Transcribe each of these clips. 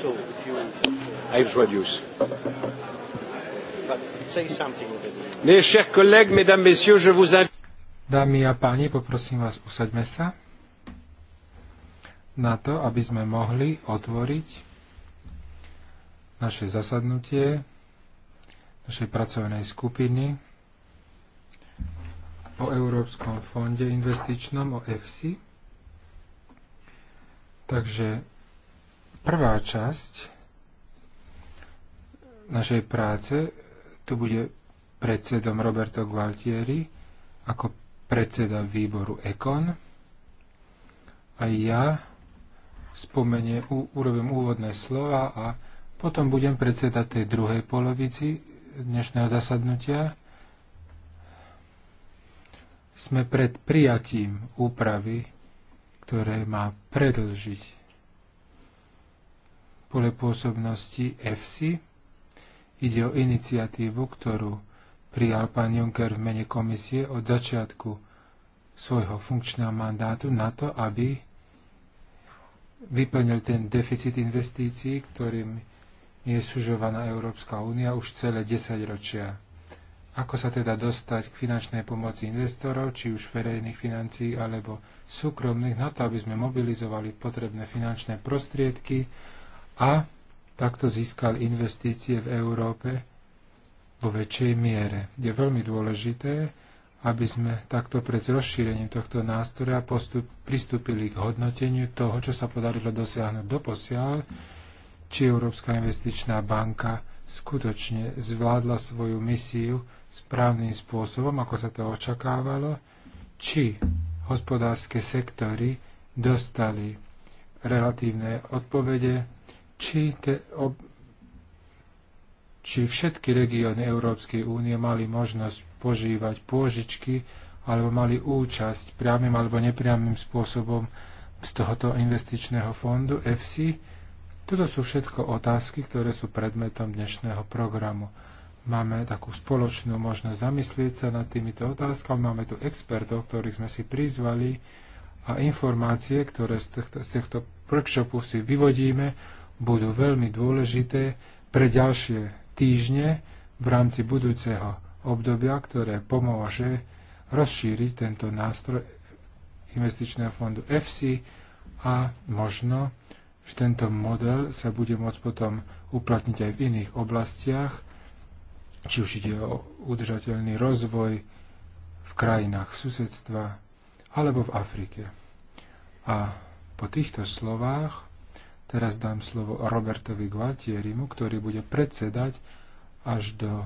So if you... I introduce. Dámy a páni, poprosím vás, usaďme sa na to, aby sme mohli otvoriť naše zasadnutie našej pracovnej skupiny o Európskom fonde investičnom, o EFSI. Takže Prvá časť našej práce, tu bude predsedom Roberto Gualtieri ako predseda výboru EKON a ja spomenie, urobím úvodné slova a potom budem predseda tej druhej polovici dnešného zasadnutia. Sme pred prijatím úpravy, ktoré má predlžiť pole pôsobnosti EFSI. Ide o iniciatívu, ktorú prijal pán Juncker v mene komisie od začiatku svojho funkčného mandátu na to, aby vyplnil ten deficit investícií, ktorým je sužovaná Európska únia už celé 10 ročia. Ako sa teda dostať k finančnej pomoci investorov, či už verejných financií alebo súkromných, na to, aby sme mobilizovali potrebné finančné prostriedky, a takto získal investície v Európe vo väčšej miere. Je veľmi dôležité, aby sme takto pred rozšírením tohto nástroja postup, pristúpili k hodnoteniu toho, čo sa podarilo dosiahnuť doposiaľ, či Európska investičná banka skutočne zvládla svoju misiu správnym spôsobom, ako sa to očakávalo, či hospodárske sektory dostali relatívne odpovede či, te, ob, či všetky regióny Európskej únie mali možnosť požívať pôžičky alebo mali účasť priamým alebo nepriamým spôsobom z tohoto investičného fondu FC. Toto sú všetko otázky, ktoré sú predmetom dnešného programu. Máme takú spoločnú možnosť zamyslieť sa nad týmito otázkami. Máme tu expertov, ktorých sme si prizvali a informácie, ktoré z tohto, z tohto workshopu si vyvodíme, budú veľmi dôležité pre ďalšie týždne v rámci budúceho obdobia, ktoré pomôže rozšíriť tento nástroj investičného fondu EFSI a možno, že tento model sa bude môcť potom uplatniť aj v iných oblastiach, či už ide o udržateľný rozvoj v krajinách susedstva alebo v Afrike. A po týchto slovách Teraz dám slovo Robertovi Gualtierimu, ktorý bude predsedať až do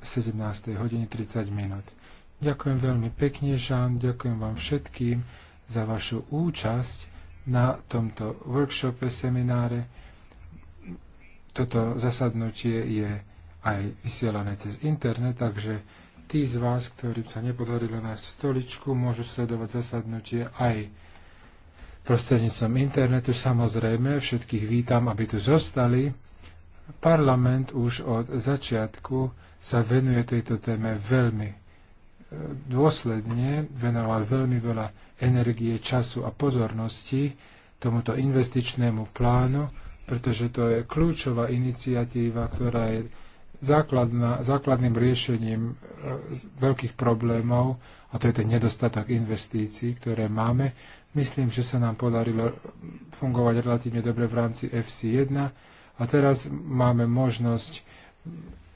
17. hodiny 30 minút. Ďakujem veľmi pekne, Žán, ďakujem vám všetkým za vašu účasť na tomto workshope, semináre. Toto zasadnutie je aj vysielané cez internet, takže tí z vás, ktorým sa nepodarilo nájsť stoličku, môžu sledovať zasadnutie aj prostredníctvom internetu. Samozrejme, všetkých vítam, aby tu zostali. Parlament už od začiatku sa venuje tejto téme veľmi e, dôsledne, venoval veľmi veľa energie, času a pozornosti tomuto investičnému plánu, pretože to je kľúčová iniciatíva, ktorá je základná, základným riešením e, veľkých problémov, a to je ten nedostatok investícií, ktoré máme. Myslím, že sa nám podarilo fungovať relatívne dobre v rámci FC1 a teraz máme možnosť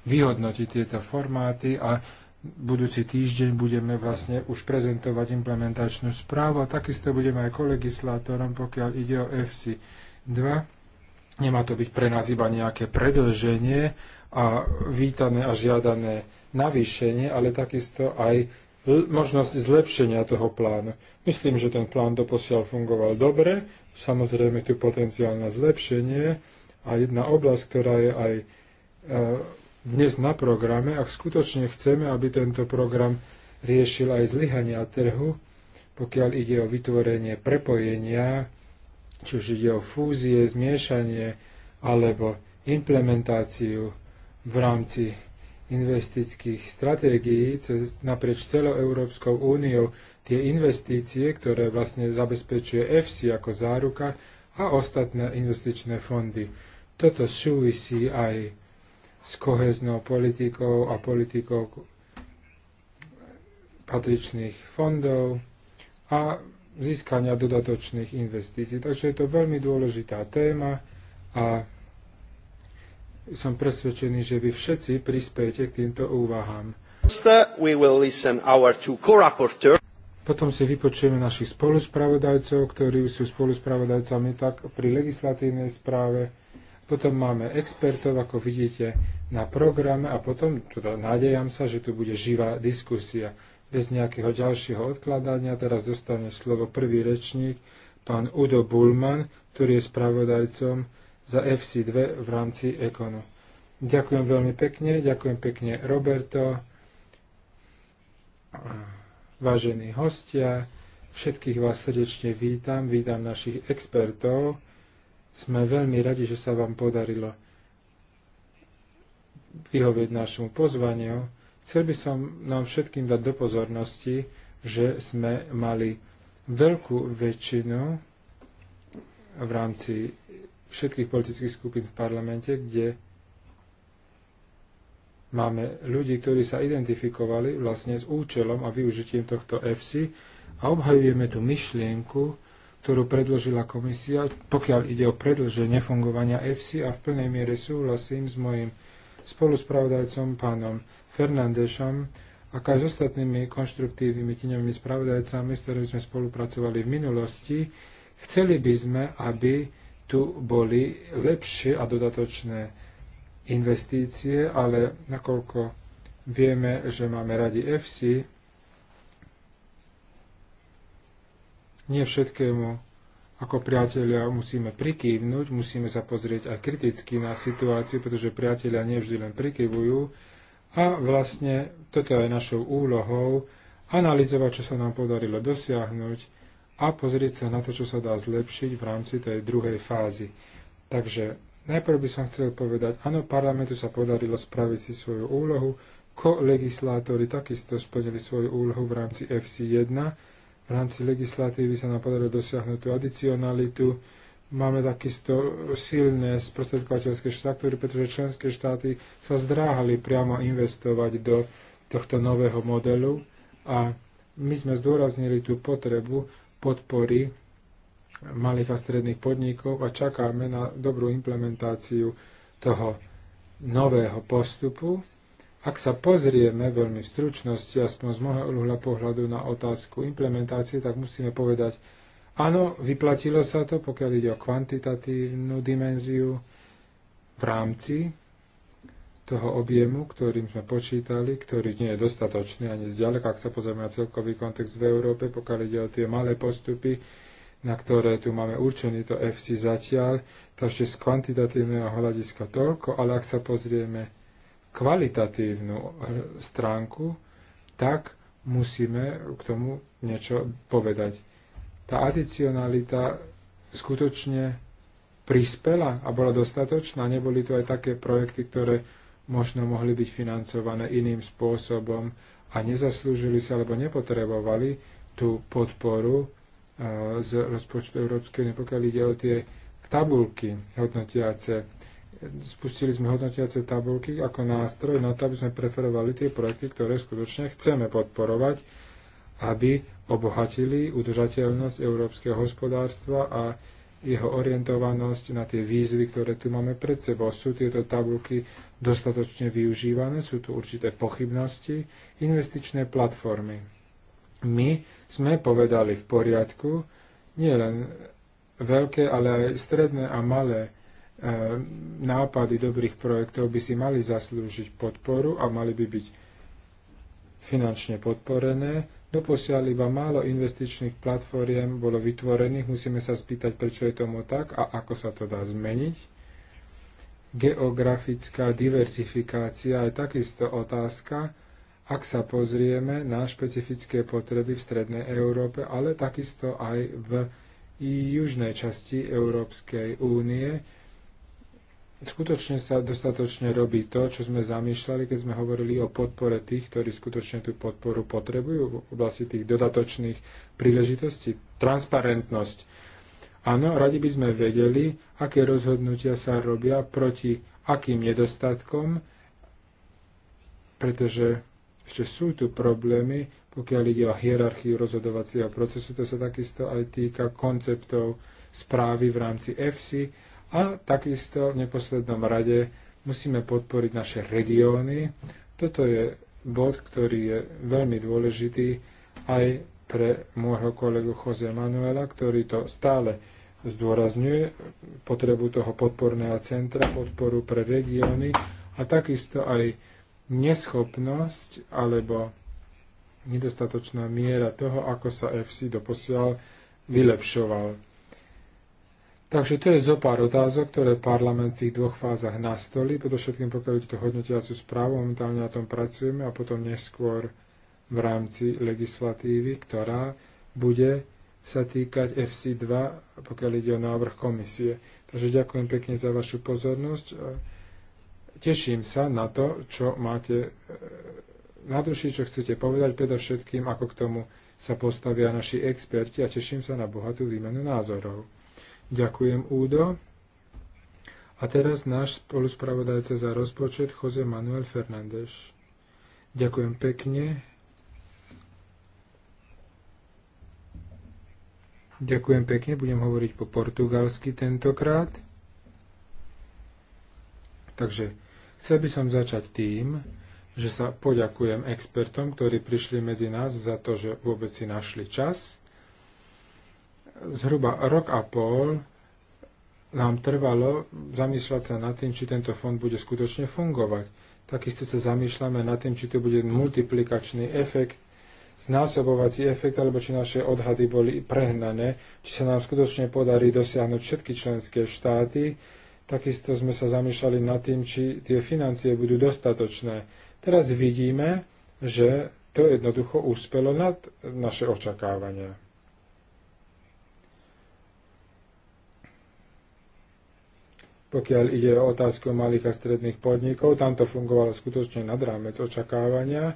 vyhodnotiť tieto formáty a budúci týždeň budeme vlastne už prezentovať implementačnú správu a takisto budeme aj kolegislátorom, pokiaľ ide o FC 2. Nemá to byť pre nás iba nejaké predlženie a vítané a žiadané navýšenie, ale takisto aj možnosť zlepšenia toho plánu. Myslím, že ten plán doposiaľ fungoval dobre, samozrejme tu potenciál na zlepšenie a jedna oblasť, ktorá je aj e, dnes na programe, ak skutočne chceme, aby tento program riešil aj zlyhania trhu, pokiaľ ide o vytvorenie prepojenia, či už ide o fúzie, zmiešanie alebo implementáciu v rámci investických stratégií cez, naprieč celou Európskou úniou tie investície, ktoré vlastne zabezpečuje EFSI ako záruka a ostatné investičné fondy. Toto súvisí aj s koheznou politikou a politikou patričných fondov a získania dodatočných investícií. Takže je to veľmi dôležitá téma a som presvedčený, že vy všetci prispiejete k týmto úvahám. Potom si vypočujeme našich spoluspravodajcov, ktorí sú spoluspravodajcami tak pri legislatívnej správe. Potom máme expertov, ako vidíte, na programe a potom teda nádejam sa, že tu bude živá diskusia. Bez nejakého ďalšieho odkladania teraz dostane slovo prvý rečník, pán Udo Bulman, ktorý je spravodajcom za FC2 v rámci Ekonu. Ďakujem veľmi pekne, ďakujem pekne Roberto, vážení hostia, všetkých vás srdečne vítam, vítam našich expertov. Sme veľmi radi, že sa vám podarilo vyhovieť našemu pozvaniu. Chcel by som nám všetkým dať do pozornosti, že sme mali veľkú väčšinu v rámci všetkých politických skupín v parlamente, kde máme ľudí, ktorí sa identifikovali vlastne s účelom a využitím tohto EFSI a obhajujeme tú myšlienku, ktorú predložila komisia, pokiaľ ide o predlženie fungovania EFSI a v plnej miere súhlasím s mojim spoluspravodajcom pánom Fernandešom, a aj s ostatnými konštruktívnymi tiňovými spravodajcami, s ktorými sme spolupracovali v minulosti. Chceli by sme, aby tu boli lepšie a dodatočné investície, ale nakoľko vieme, že máme radi FC, nie všetkému ako priatelia musíme prikývnuť, musíme sa pozrieť aj kriticky na situáciu, pretože priatelia nevždy len prikyvujú. A vlastne toto je našou úlohou analyzovať, čo sa nám podarilo dosiahnuť a pozrieť sa na to, čo sa dá zlepšiť v rámci tej druhej fázy. Takže najprv by som chcel povedať, áno, parlamentu sa podarilo spraviť si svoju úlohu, ko-legislátori takisto splnili svoju úlohu v rámci FC1, v rámci legislatívy sa nám podarilo dosiahnuť tú adicionalitu, máme takisto silné sprostredkovateľské štruktúry, pretože členské štáty sa zdráhali priamo investovať do tohto nového modelu a my sme zdôraznili tú potrebu podpory malých a stredných podnikov a čakáme na dobrú implementáciu toho nového postupu. Ak sa pozrieme veľmi v stručnosti, aspoň z môjho uhla pohľadu na otázku implementácie, tak musíme povedať, áno, vyplatilo sa to, pokiaľ ide o kvantitatívnu dimenziu v rámci toho objemu, ktorým sme počítali, ktorý nie je dostatočný ani zďaleka, ak sa pozrieme na celkový kontext v Európe, pokiaľ ide o tie malé postupy, na ktoré tu máme určený to FC zatiaľ, takže z kvantitatívneho hľadiska toľko, ale ak sa pozrieme kvalitatívnu eh, stránku, tak musíme k tomu niečo povedať. Tá adicionalita skutočne prispela a bola dostatočná. Neboli tu aj také projekty, ktoré možno mohli byť financované iným spôsobom a nezaslúžili sa alebo nepotrebovali tú podporu e, z rozpočtu Európskej únie, pokiaľ ide o tie tabulky hodnotiace. Spustili sme hodnotiace tabulky ako nástroj na to, aby sme preferovali tie projekty, ktoré skutočne chceme podporovať, aby obohatili udržateľnosť európskeho hospodárstva a jeho orientovanosť na tie výzvy, ktoré tu máme pred sebou. Sú tieto tabulky dostatočne využívané, sú tu určité pochybnosti, investičné platformy. My sme povedali v poriadku, nielen veľké, ale aj stredné a malé e, nápady dobrých projektov by si mali zaslúžiť podporu a mali by byť finančne podporené Doposiaľ iba málo investičných platform bolo vytvorených. Musíme sa spýtať, prečo je tomu tak a ako sa to dá zmeniť. Geografická diversifikácia je takisto otázka, ak sa pozrieme na špecifické potreby v Strednej Európe, ale takisto aj v južnej časti Európskej únie skutočne sa dostatočne robí to, čo sme zamýšľali, keď sme hovorili o podpore tých, ktorí skutočne tú podporu potrebujú v oblasti tých dodatočných príležitostí. Transparentnosť. Áno, radi by sme vedeli, aké rozhodnutia sa robia proti akým nedostatkom, pretože ešte sú tu problémy, pokiaľ ide o hierarchiu rozhodovacieho procesu. To sa takisto aj týka konceptov správy v rámci EFSI, a takisto v neposlednom rade musíme podporiť naše regióny. Toto je bod, ktorý je veľmi dôležitý aj pre môjho kolegu Jose Manuela, ktorý to stále zdôrazňuje, potrebu toho podporného centra, podporu pre regióny a takisto aj neschopnosť alebo nedostatočná miera toho, ako sa FC doposiaľ vylepšoval. Takže to je zo pár otázok, ktoré parlament v tých dvoch fázach nastolí, preto všetkým, pokiaľ to hodnotiacu správu, momentálne na tom pracujeme a potom neskôr v rámci legislatívy, ktorá bude sa týkať FC2, pokiaľ ide o návrh komisie. Takže ďakujem pekne za vašu pozornosť. Teším sa na to, čo máte e, na duši, čo chcete povedať, predovšetkým ako k tomu sa postavia naši experti a teším sa na bohatú výmenu názorov. Ďakujem, Údo. A teraz náš spoluspravodajca za rozpočet, Jose Manuel Fernández. Ďakujem pekne. Ďakujem pekne, budem hovoriť po portugalsky tentokrát. Takže chcel by som začať tým, že sa poďakujem expertom, ktorí prišli medzi nás za to, že vôbec si našli čas Zhruba rok a pol nám trvalo zamýšľať sa nad tým, či tento fond bude skutočne fungovať. Takisto sa zamýšľame nad tým, či to bude multiplikačný efekt, znásobovací efekt, alebo či naše odhady boli prehnané, či sa nám skutočne podarí dosiahnuť všetky členské štáty. Takisto sme sa zamýšľali nad tým, či tie financie budú dostatočné. Teraz vidíme, že to jednoducho uspelo nad naše očakávania. pokiaľ ide o otázku malých a stredných podnikov. Tam to fungovalo skutočne nad rámec očakávania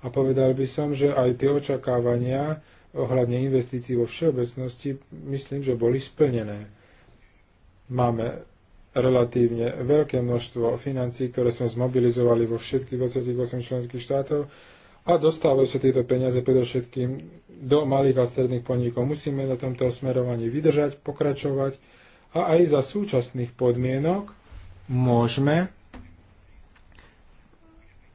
a povedal by som, že aj tie očakávania ohľadne investícií vo všeobecnosti myslím, že boli splnené. Máme relatívne veľké množstvo financí, ktoré sme zmobilizovali vo všetkých 28 členských štátov a dostávajú sa tieto peniaze predovšetkým do malých a stredných podnikov. Musíme na tomto smerovaní vydržať, pokračovať a aj za súčasných podmienok môžeme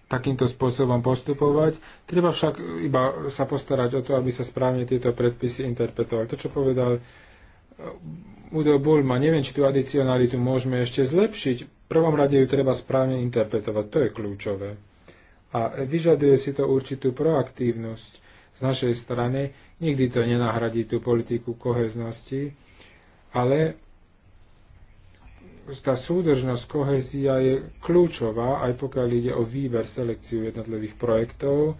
takýmto spôsobom postupovať. Treba však iba sa postarať o to, aby sa správne tieto predpisy interpretovali. To, čo povedal eh, Udo Bulma, neviem, či tú adicionalitu môžeme ešte zlepšiť. V prvom rade ju treba správne interpretovať, to je kľúčové. A vyžaduje si to určitú proaktívnosť z našej strany. Nikdy to nenahradí tú politiku koheznosti, ale tá súdržnosť, kohezia je kľúčová, aj pokiaľ ide o výber, selekciu jednotlivých projektov.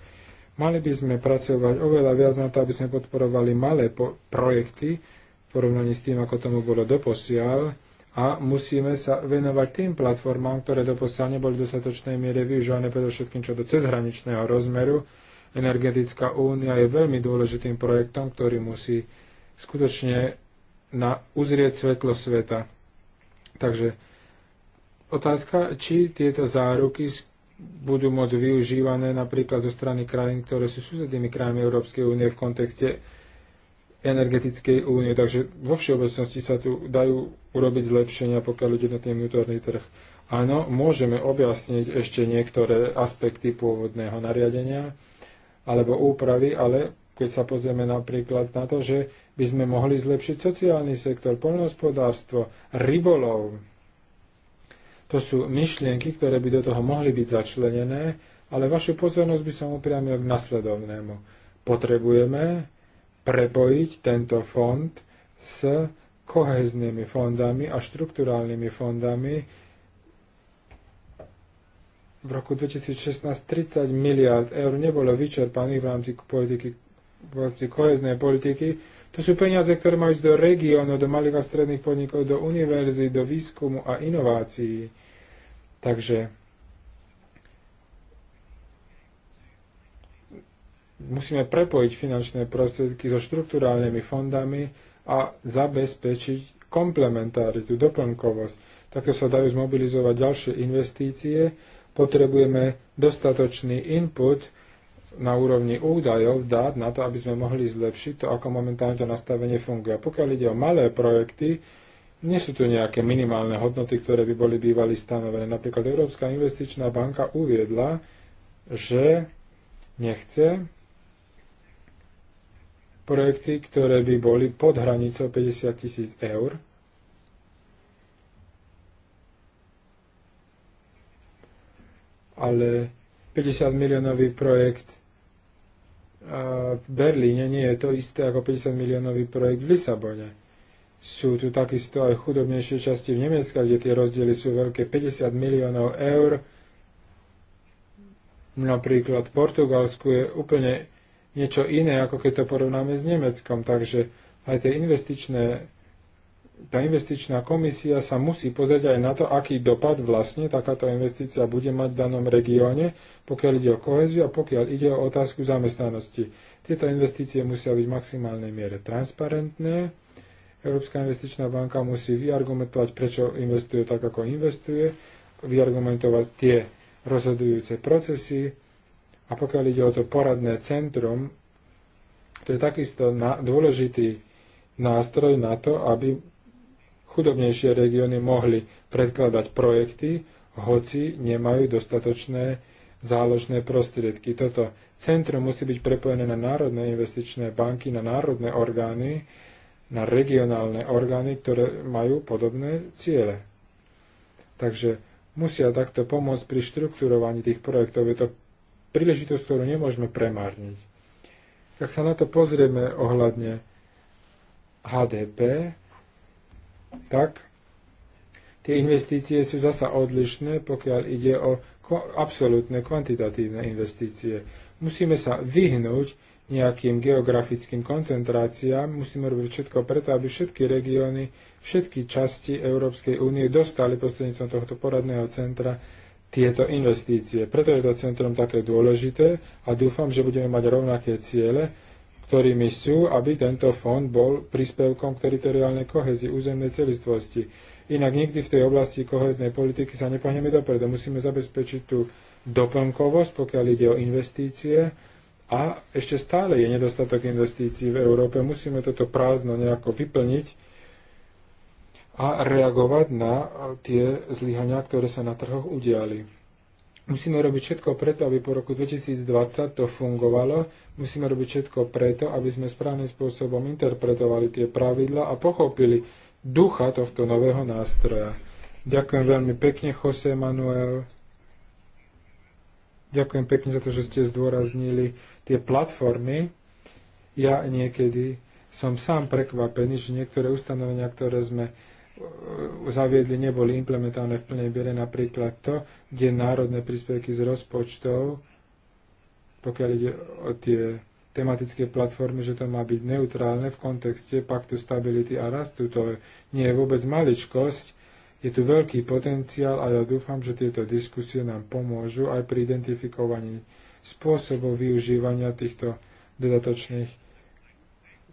Mali by sme pracovať oveľa viac na to, aby sme podporovali malé po- projekty v porovnaní s tým, ako tomu bolo doposiaľ a musíme sa venovať tým platformám, ktoré doposiaľ neboli v dostatočnej miere využívané, predovšetkým čo do cezhraničného rozmeru. Energetická únia je veľmi dôležitým projektom, ktorý musí skutočne na uzrieť svetlo sveta. Takže otázka, či tieto záruky budú môcť využívané napríklad zo strany krajín, ktoré sú susednými krajinami Európskej únie v kontexte energetickej únie. Takže vo všeobecnosti sa tu dajú urobiť zlepšenia, pokiaľ na ten vnútorný trh. Áno, môžeme objasniť ešte niektoré aspekty pôvodného nariadenia alebo úpravy, ale keď sa pozrieme napríklad na to, že by sme mohli zlepšiť sociálny sektor, poľnohospodárstvo, rybolov. To sú myšlienky, ktoré by do toho mohli byť začlenené, ale vašu pozornosť by som upriamil k nasledovnému. Potrebujeme prepojiť tento fond s koheznými fondami a štruktúrálnymi fondami, v roku 2016 30 miliard eur nebolo vyčerpaných v rámci, politiky, v rámci koheznej politiky to sú peniaze, ktoré majú ísť do regiónov, do malých a stredných podnikov, do univerzí, do výskumu a inovácií. Takže musíme prepojiť finančné prostriedky so štruktúrálnymi fondami a zabezpečiť komplementáritu, doplnkovosť. Takto sa dajú zmobilizovať ďalšie investície. Potrebujeme dostatočný input na úrovni údajov dát na to, aby sme mohli zlepšiť to, ako momentálne to nastavenie funguje. A pokiaľ ide o malé projekty, nie sú tu nejaké minimálne hodnoty, ktoré by boli bývali stanovené. Napríklad Európska investičná banka uviedla, že nechce projekty, ktoré by boli pod hranicou 50 tisíc eur. Ale 50 miliónový projekt v Berlíne nie je to isté ako 50 miliónový projekt v Lisabone. Sú tu takisto aj chudobnejšie časti v Nemecku, kde tie rozdiely sú veľké 50 miliónov eur. Napríklad v Portugalsku je úplne niečo iné, ako keď to porovnáme s Nemeckom. Takže aj tie investičné tá investičná komisia sa musí pozrieť aj na to, aký dopad vlastne takáto investícia bude mať v danom regióne, pokiaľ ide o koheziu a pokiaľ ide o otázku zamestnanosti. Tieto investície musia byť v maximálnej miere transparentné. Európska investičná banka musí vyargumentovať, prečo investuje tak, ako investuje, vyargumentovať tie rozhodujúce procesy. A pokiaľ ide o to poradné centrum, to je takisto dôležitý nástroj na to, aby chudobnejšie regióny mohli predkladať projekty, hoci nemajú dostatočné záložné prostriedky. Toto centrum musí byť prepojené na národné investičné banky, na národné orgány, na regionálne orgány, ktoré majú podobné ciele. Takže musia takto pomôcť pri štrukturovaní tých projektov. Je to príležitosť, ktorú nemôžeme premárniť. Ak sa na to pozrieme ohľadne HDP, tak tie investície sú zasa odlišné, pokiaľ ide o absolútne kvantitatívne investície. Musíme sa vyhnúť nejakým geografickým koncentráciám, musíme robiť všetko preto, aby všetky regióny, všetky časti Európskej únie dostali prostredníctvom tohto poradného centra tieto investície. Preto je to centrum také dôležité a dúfam, že budeme mať rovnaké ciele, ktorými sú, aby tento fond bol príspevkom k teritoriálnej kohezii, územnej celistvosti. Inak nikdy v tej oblasti koheznej politiky sa nepohneme dopredu. Musíme zabezpečiť tú doplnkovosť, pokiaľ ide o investície, a ešte stále je nedostatok investícií v Európe. Musíme toto prázdno nejako vyplniť a reagovať na tie zlyhania, ktoré sa na trhoch udiali. Musíme robiť všetko preto, aby po roku 2020 to fungovalo. Musíme robiť všetko preto, aby sme správnym spôsobom interpretovali tie pravidla a pochopili ducha tohto nového nástroja. Ďakujem veľmi pekne, Jose Manuel. Ďakujem pekne za to, že ste zdôraznili tie platformy. Ja niekedy som sám prekvapený, že niektoré ustanovenia, ktoré sme E, zaviedli, neboli implementované v plnej biere, napríklad to, kde národné príspevky z rozpočtov, pokiaľ ide o tie tematické platformy, že to má byť neutrálne v kontexte paktu stability a rastu. To nie je vôbec maličkosť, je tu veľký potenciál a ja dúfam, že tieto diskusie nám pomôžu aj pri identifikovaní spôsobov využívania týchto dodatočných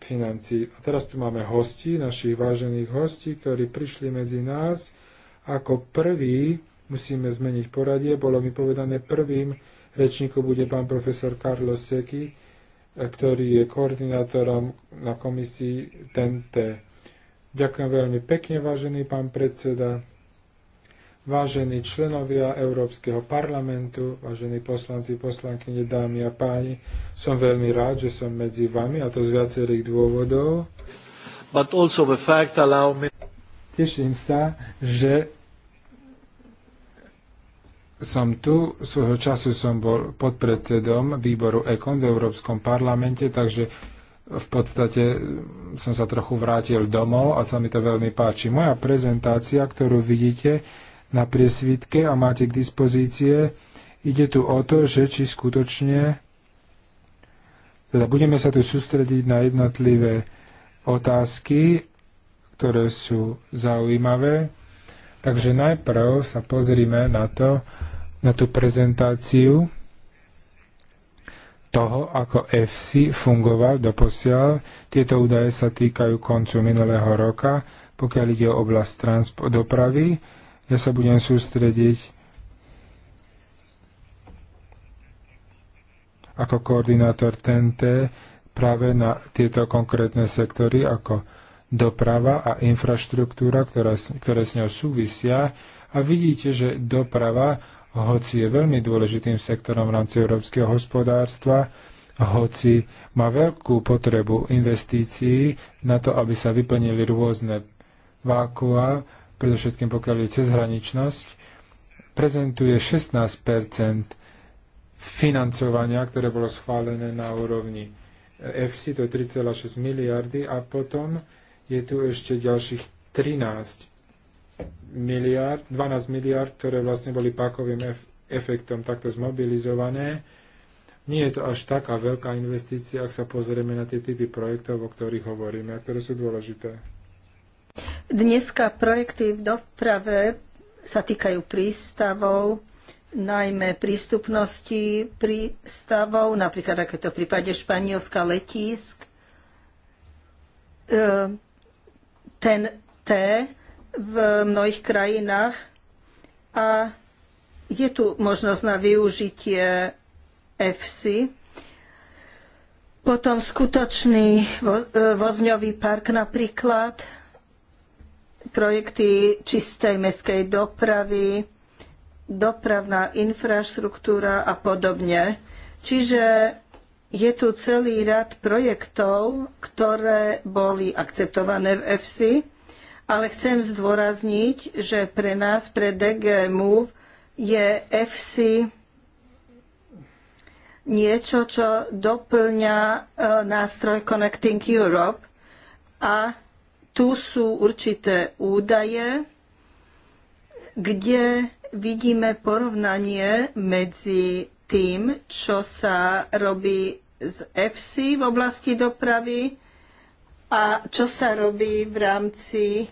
financí. A teraz tu máme hostí, našich vážených hostí, ktorí prišli medzi nás. Ako prvý, musíme zmeniť poradie, bolo mi povedané prvým rečníkom bude pán profesor Carlos Seki, eh, ktorý je koordinátorom na komisii TENTE. Ďakujem veľmi pekne, vážený pán predseda. Vážení členovia Európskeho parlamentu, vážení poslanci, poslankyne, dámy a páni, som veľmi rád, že som medzi vami, a to z viacerých dôvodov. But also the fact allow me... Teším sa, že som tu, svojho času som bol podpredsedom výboru EKON v Európskom parlamente, takže v podstate som sa trochu vrátil domov a sa mi to veľmi páči. Moja prezentácia, ktorú vidíte, na priesvitke a máte k dispozície. Ide tu o to, že či skutočne teda budeme sa tu sústrediť na jednotlivé otázky, ktoré sú zaujímavé. Takže najprv sa pozrime na to, na tú prezentáciu toho, ako FC fungoval doposiaľ. Tieto údaje sa týkajú koncu minulého roka, pokiaľ ide o oblasť dopravy ja sa budem sústrediť ako koordinátor TNT práve na tieto konkrétne sektory ako doprava a infraštruktúra, ktorá, ktoré s ňou súvisia. A vidíte, že doprava, hoci je veľmi dôležitým sektorom v rámci európskeho hospodárstva, hoci má veľkú potrebu investícií na to, aby sa vyplnili rôzne vákua, predovšetkým pokiaľ je cezhraničnosť, prezentuje 16 financovania, ktoré bolo schválené na úrovni FC, to je 3,6 miliardy, a potom je tu ešte ďalších 13 miliard, 12 miliard, ktoré vlastne boli pákovým efektom takto zmobilizované. Nie je to až taká veľká investícia, ak sa pozrieme na tie typy projektov, o ktorých hovoríme a ktoré sú dôležité. Dneska projekty v doprave sa týkajú prístavov, najmä prístupnosti prístavov, napríklad takéto v prípade Španielska letísk. E, ten T v mnohých krajinách a je tu možnosť na využitie FC. Potom skutočný e, vozňový park napríklad, projekty čistej mestskej dopravy, dopravná infraštruktúra a podobne. Čiže je tu celý rad projektov, ktoré boli akceptované v EFSI, ale chcem zdôrazniť, že pre nás, pre DG Move, je EFSI niečo, čo doplňa e, nástroj Connecting Europe a tu sú určité údaje, kde vidíme porovnanie medzi tým, čo sa robí z EFSI v oblasti dopravy a čo sa robí v rámci e,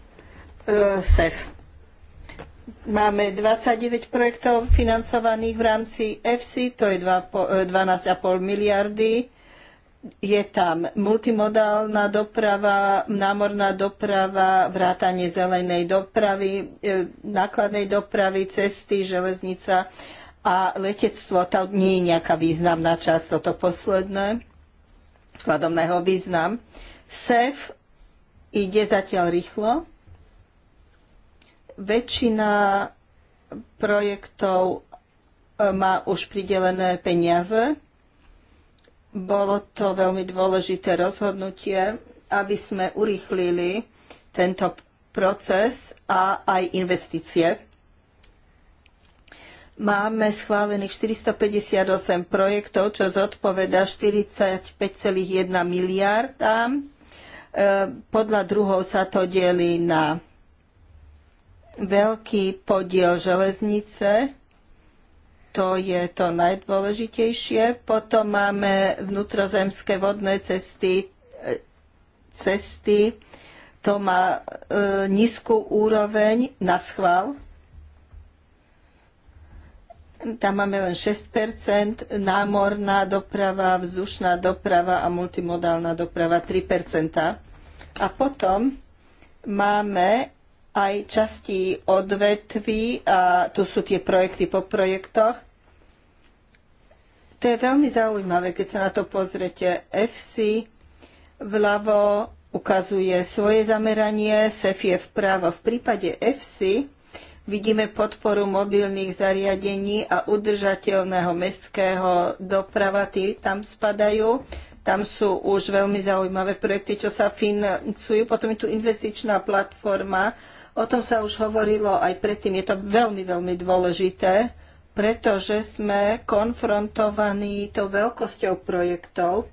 SEF. Máme 29 projektov financovaných v rámci EFSI, to je 12,5 e, miliardy je tam multimodálna doprava, námorná doprava, vrátanie zelenej dopravy, e, nákladnej dopravy, cesty, železnica a letectvo. To nie je nejaká významná časť, toto posledné, vzhľadom na jeho význam. SEF ide zatiaľ rýchlo. Väčšina projektov e, má už pridelené peniaze bolo to veľmi dôležité rozhodnutie, aby sme urýchlili tento proces a aj investície. Máme schválených 458 projektov, čo zodpoveda 45,1 miliardám. Podľa druhov sa to delí na veľký podiel železnice, to je to najdôležitejšie. Potom máme vnútrozemské vodné cesty, e, cesty to má e, nízku úroveň na schvál. Tam máme len 6 námorná doprava, vzdušná doprava a multimodálna doprava 3 A potom máme aj časti odvetví, a tu sú tie projekty po projektoch, to je veľmi zaujímavé, keď sa na to pozrete. FC vľavo ukazuje svoje zameranie, SEF je vpravo. V prípade FC vidíme podporu mobilných zariadení a udržateľného mestského doprava, tí tam spadajú. Tam sú už veľmi zaujímavé projekty, čo sa financujú. Potom je tu investičná platforma. O tom sa už hovorilo aj predtým. Je to veľmi, veľmi dôležité pretože sme konfrontovaní tou veľkosťou projektov,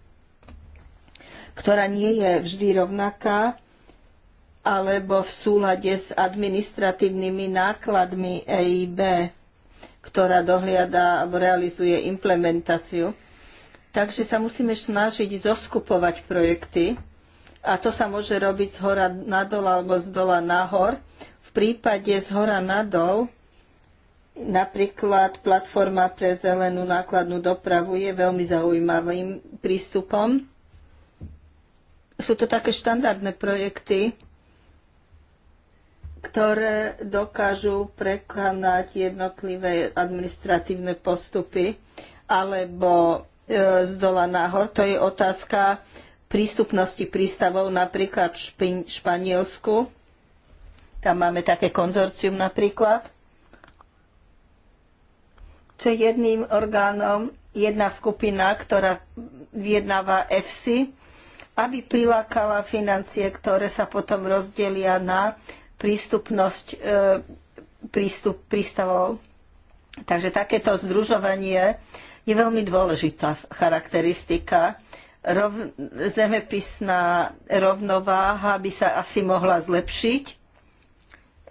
ktorá nie je vždy rovnaká alebo v súlade s administratívnymi nákladmi EIB, ktorá dohliada alebo realizuje implementáciu. Takže sa musíme snažiť zoskupovať projekty a to sa môže robiť z hora nadol alebo z dola nahor. V prípade z hora nadol Napríklad platforma pre zelenú nákladnú dopravu je veľmi zaujímavým prístupom. Sú to také štandardné projekty, ktoré dokážu prekonať jednotlivé administratívne postupy alebo e, z dola nahor. To je otázka prístupnosti prístavov napríklad v Španielsku. Tam máme také konzorcium napríklad čo je jedným orgánom jedna skupina, ktorá vyjednáva EFSI, aby prilákala financie, ktoré sa potom rozdelia na prístupnosť e, prístup prístavov. Takže takéto združovanie je veľmi dôležitá charakteristika. Rov, zemepisná rovnováha by sa asi mohla zlepšiť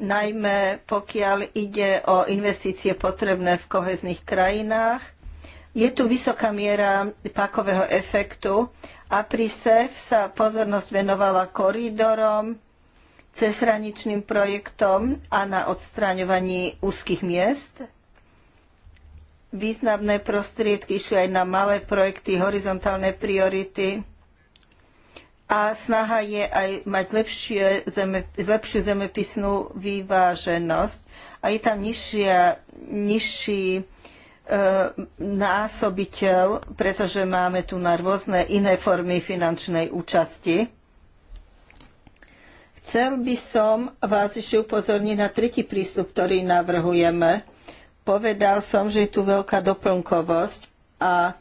najmä pokiaľ ide o investície potrebné v kohezných krajinách. Je tu vysoká miera pakového efektu a pri SEF sa pozornosť venovala koridorom, cezhraničným projektom a na odstraňovaní úzkých miest. Významné prostriedky išli aj na malé projekty, horizontálne priority a snaha je aj mať zeme, lepšiu zemepisnú vyváženosť a je tam nižšia, nižší e, násobiteľ, pretože máme tu na rôzne iné formy finančnej účasti. Chcel by som vás ešte upozorniť na tretí prístup, ktorý navrhujeme. Povedal som, že je tu veľká doplnkovosť a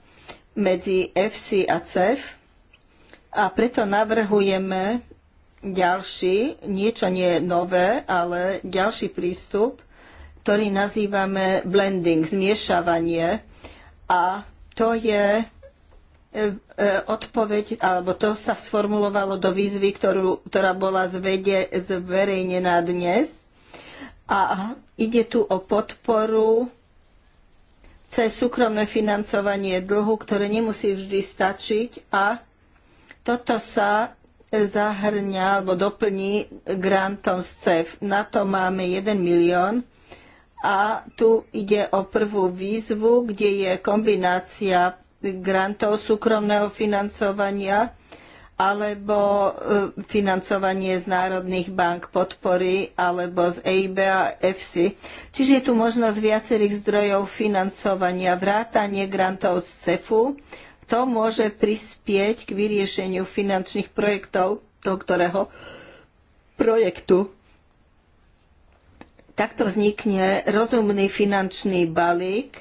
medzi FC a CEF a preto navrhujeme ďalší, niečo nie je nové, ale ďalší prístup, ktorý nazývame blending, zmiešavanie. A to je e, e, odpoveď, alebo to sa sformulovalo do výzvy, ktorú, ktorá bola zvede, zverejnená dnes. A ide tu o podporu cez súkromné financovanie dlhu, ktoré nemusí vždy stačiť a toto sa zahrňa alebo doplní grantom z CEF. Na to máme 1 milión a tu ide o prvú výzvu, kde je kombinácia grantov súkromného financovania alebo e, financovanie z národných bank podpory alebo z EIB a EFSI. Čiže je tu možnosť viacerých zdrojov financovania, vrátanie grantov z CEFu to môže prispieť k vyriešeniu finančných projektov toho ktorého projektu. Takto vznikne rozumný finančný balík,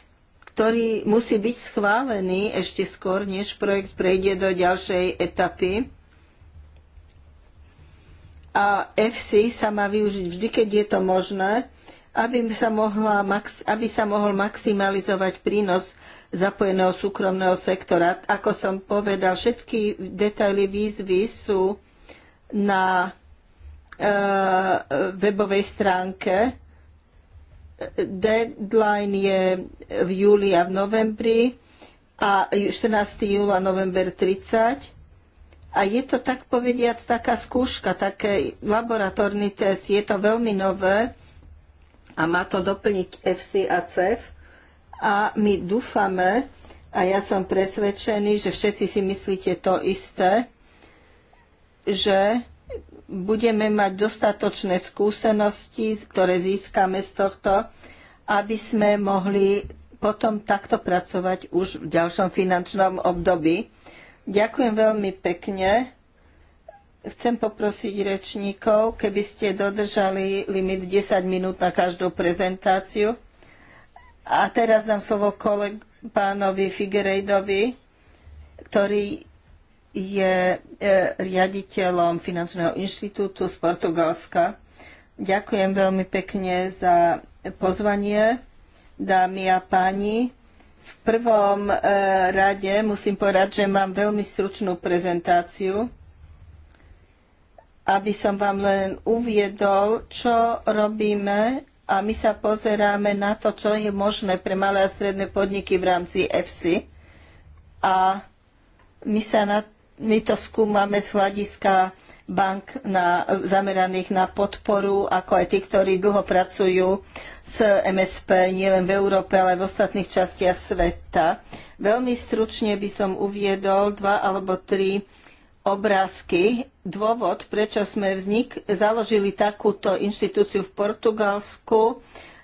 ktorý musí byť schválený ešte skôr, než projekt prejde do ďalšej etapy. A FC sa má využiť vždy, keď je to možné, aby sa, mohla, aby sa mohol maximalizovať prínos zapojeného súkromného sektora. Ako som povedal, všetky detaily výzvy sú na e, webovej stránke. Deadline je v júli a v novembri a 14. júla november 30. A je to tak povediac taká skúška, taký laboratórny test. Je to veľmi nové a má to doplniť FC a CEF a my dúfame, a ja som presvedčený, že všetci si myslíte to isté, že budeme mať dostatočné skúsenosti, ktoré získame z tohto, aby sme mohli potom takto pracovať už v ďalšom finančnom období. Ďakujem veľmi pekne. Chcem poprosiť rečníkov, keby ste dodržali limit 10 minút na každú prezentáciu. A teraz dám slovo koleg pánovi Figerejdovi, ktorý je e, riaditeľom Finančného inštitútu z Portugalska. Ďakujem veľmi pekne za pozvanie, dámy a páni. V prvom e, rade musím povedať, že mám veľmi stručnú prezentáciu, aby som vám len uviedol, čo robíme a my sa pozeráme na to, čo je možné pre malé a stredné podniky v rámci EFSI a my, sa na, my to skúmame z hľadiska bank na, zameraných na podporu, ako aj tí, ktorí dlho pracujú s MSP nielen v Európe, ale aj v ostatných častiach sveta. Veľmi stručne by som uviedol dva alebo tri obrázky. Dôvod, prečo sme vznik, založili takúto inštitúciu v Portugalsku,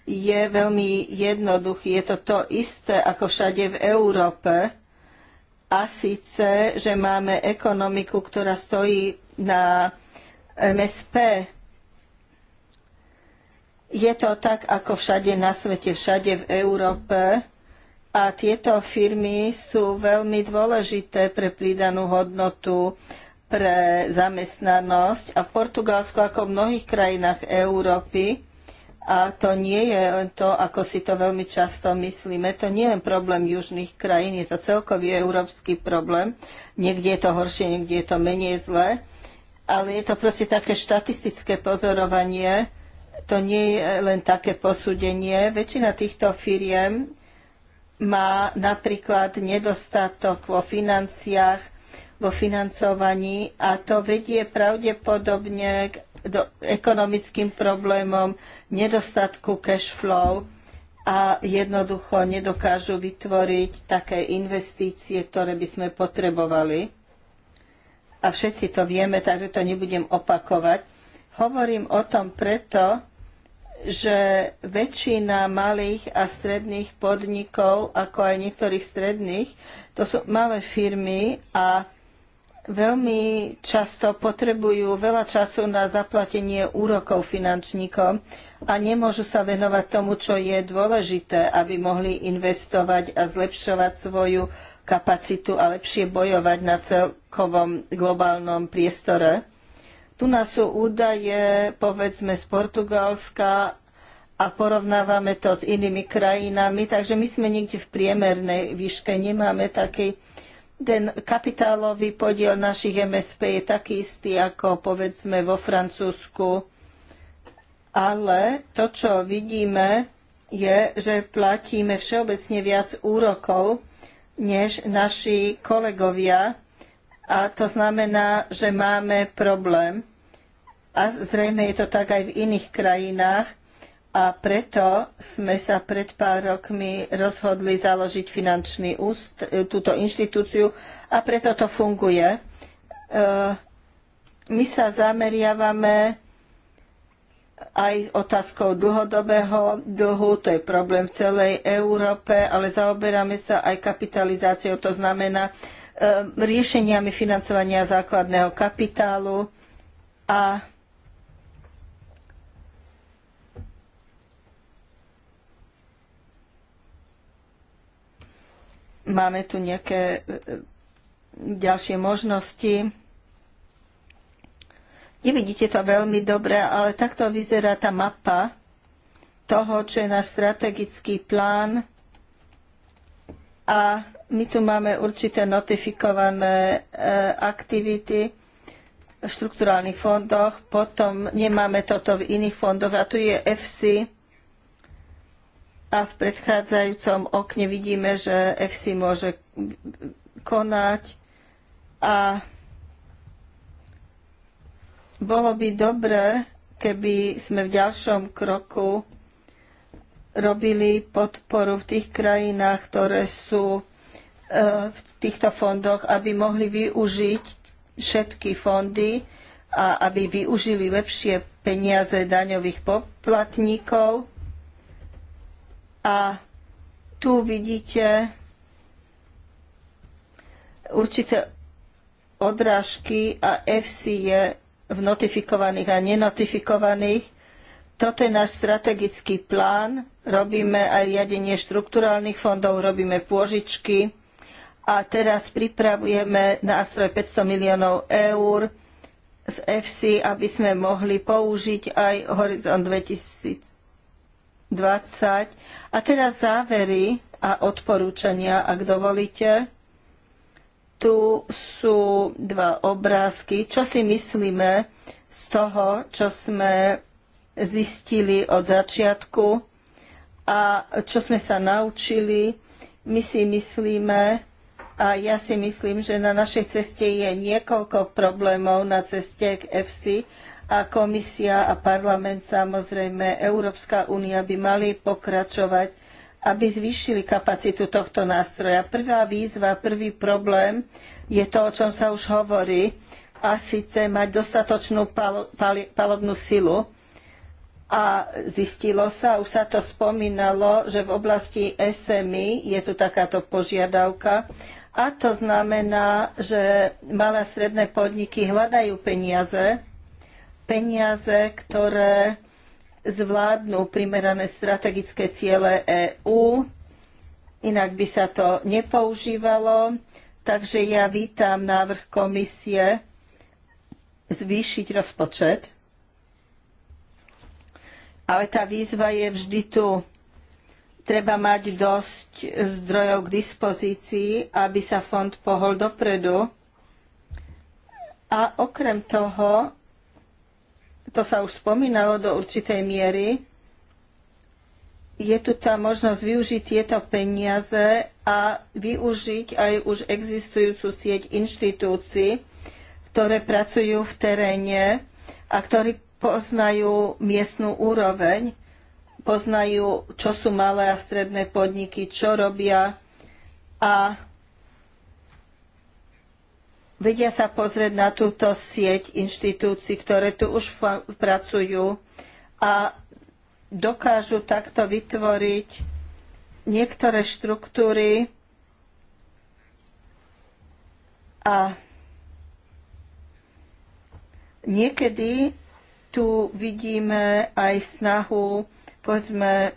je veľmi jednoduchý. Je to to isté ako všade v Európe. A síce, že máme ekonomiku, ktorá stojí na MSP. Je to tak ako všade na svete, všade v Európe a tieto firmy sú veľmi dôležité pre pridanú hodnotu, pre zamestnanosť a v Portugalsku ako v mnohých krajinách Európy. A to nie je len to, ako si to veľmi často myslíme. To nie je len problém južných krajín, je to celkový európsky problém. Niekde je to horšie, niekde je to menej zlé. Ale je to proste také štatistické pozorovanie, to nie je len také posúdenie. Väčšina týchto firiem má napríklad nedostatok vo financiách, vo financovaní a to vedie pravdepodobne k do ekonomickým problémom, nedostatku cash flow a jednoducho nedokážu vytvoriť také investície, ktoré by sme potrebovali. A všetci to vieme, takže to nebudem opakovať. Hovorím o tom preto, že väčšina malých a stredných podnikov, ako aj niektorých stredných, to sú malé firmy a veľmi často potrebujú veľa času na zaplatenie úrokov finančníkom a nemôžu sa venovať tomu, čo je dôležité, aby mohli investovať a zlepšovať svoju kapacitu a lepšie bojovať na celkovom globálnom priestore. Tu nás sú údaje, povedzme, z Portugalska a porovnávame to s inými krajinami, takže my sme niekde v priemernej výške, nemáme taký ten kapitálový podiel našich MSP je taký istý ako povedzme vo Francúzsku, ale to, čo vidíme, je, že platíme všeobecne viac úrokov než naši kolegovia a to znamená, že máme problém a zrejme je to tak aj v iných krajinách. A preto sme sa pred pár rokmi rozhodli založiť finančný úst, e, túto inštitúciu a preto to funguje. E, my sa zameriavame aj otázkou dlhodobého dlhu, to je problém v celej Európe, ale zaoberáme sa aj kapitalizáciou, to znamená e, riešeniami financovania základného kapitálu a Máme tu nejaké e, e, ďalšie možnosti. Nevidíte to veľmi dobre, ale takto vyzerá tá mapa toho, čo je náš strategický plán. A my tu máme určité notifikované e, aktivity v štrukturálnych fondoch, potom nemáme toto v iných fondoch a tu je FC a v predchádzajúcom okne vidíme, že FC môže konať a bolo by dobré, keby sme v ďalšom kroku robili podporu v tých krajinách, ktoré sú e, v týchto fondoch, aby mohli využiť všetky fondy a aby využili lepšie peniaze daňových poplatníkov a tu vidíte určité odrážky a FC je v notifikovaných a nenotifikovaných. Toto je náš strategický plán. Robíme aj riadenie štrukturálnych fondov, robíme pôžičky a teraz pripravujeme nástroj 500 miliónov eur z FC, aby sme mohli použiť aj Horizon 2000 20. A teraz závery a odporúčania, ak dovolíte. Tu sú dva obrázky. Čo si myslíme z toho, čo sme zistili od začiatku a čo sme sa naučili? My si myslíme, a ja si myslím, že na našej ceste je niekoľko problémov na ceste k EFSI a komisia a parlament samozrejme, Európska únia by mali pokračovať, aby zvýšili kapacitu tohto nástroja. Prvá výzva, prvý problém je to, o čom sa už hovorí, a síce mať dostatočnú pal pal palobnú silu a zistilo sa, už sa to spomínalo, že v oblasti SMI je tu takáto požiadavka a to znamená, že malé a stredné podniky hľadajú peniaze peniaze, ktoré zvládnu primerané strategické ciele EÚ, inak by sa to nepoužívalo. Takže ja vítam návrh komisie zvýšiť rozpočet. Ale tá výzva je vždy tu. Treba mať dosť zdrojov k dispozícii, aby sa fond pohol dopredu. A okrem toho to sa už spomínalo do určitej miery, je tu tá možnosť využiť tieto peniaze a využiť aj už existujúcu sieť inštitúcií, ktoré pracujú v teréne a ktorí poznajú miestnú úroveň, poznajú, čo sú malé a stredné podniky, čo robia a vedia sa pozrieť na túto sieť inštitúcií, ktoré tu už pracujú a dokážu takto vytvoriť niektoré štruktúry a niekedy tu vidíme aj snahu, povedzme,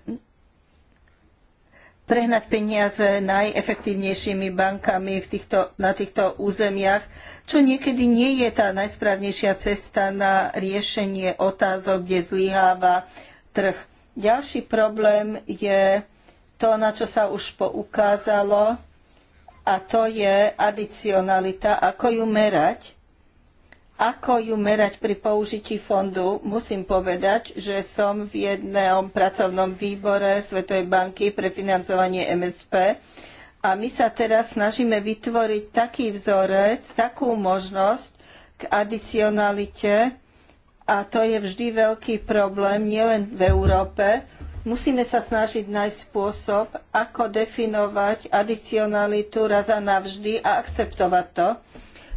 prehnať peniaze najefektívnejšími bankami v týchto, na týchto územiach, čo niekedy nie je tá najsprávnejšia cesta na riešenie otázok, kde zlyháva trh. Ďalší problém je to, na čo sa už poukázalo, a to je adicionalita, ako ju merať ako ju merať pri použití fondu? Musím povedať, že som v jednom pracovnom výbore Svetovej banky pre financovanie MSP a my sa teraz snažíme vytvoriť taký vzorec, takú možnosť k adicionalite a to je vždy veľký problém, nielen v Európe. Musíme sa snažiť nájsť spôsob, ako definovať adicionalitu raz a navždy a akceptovať to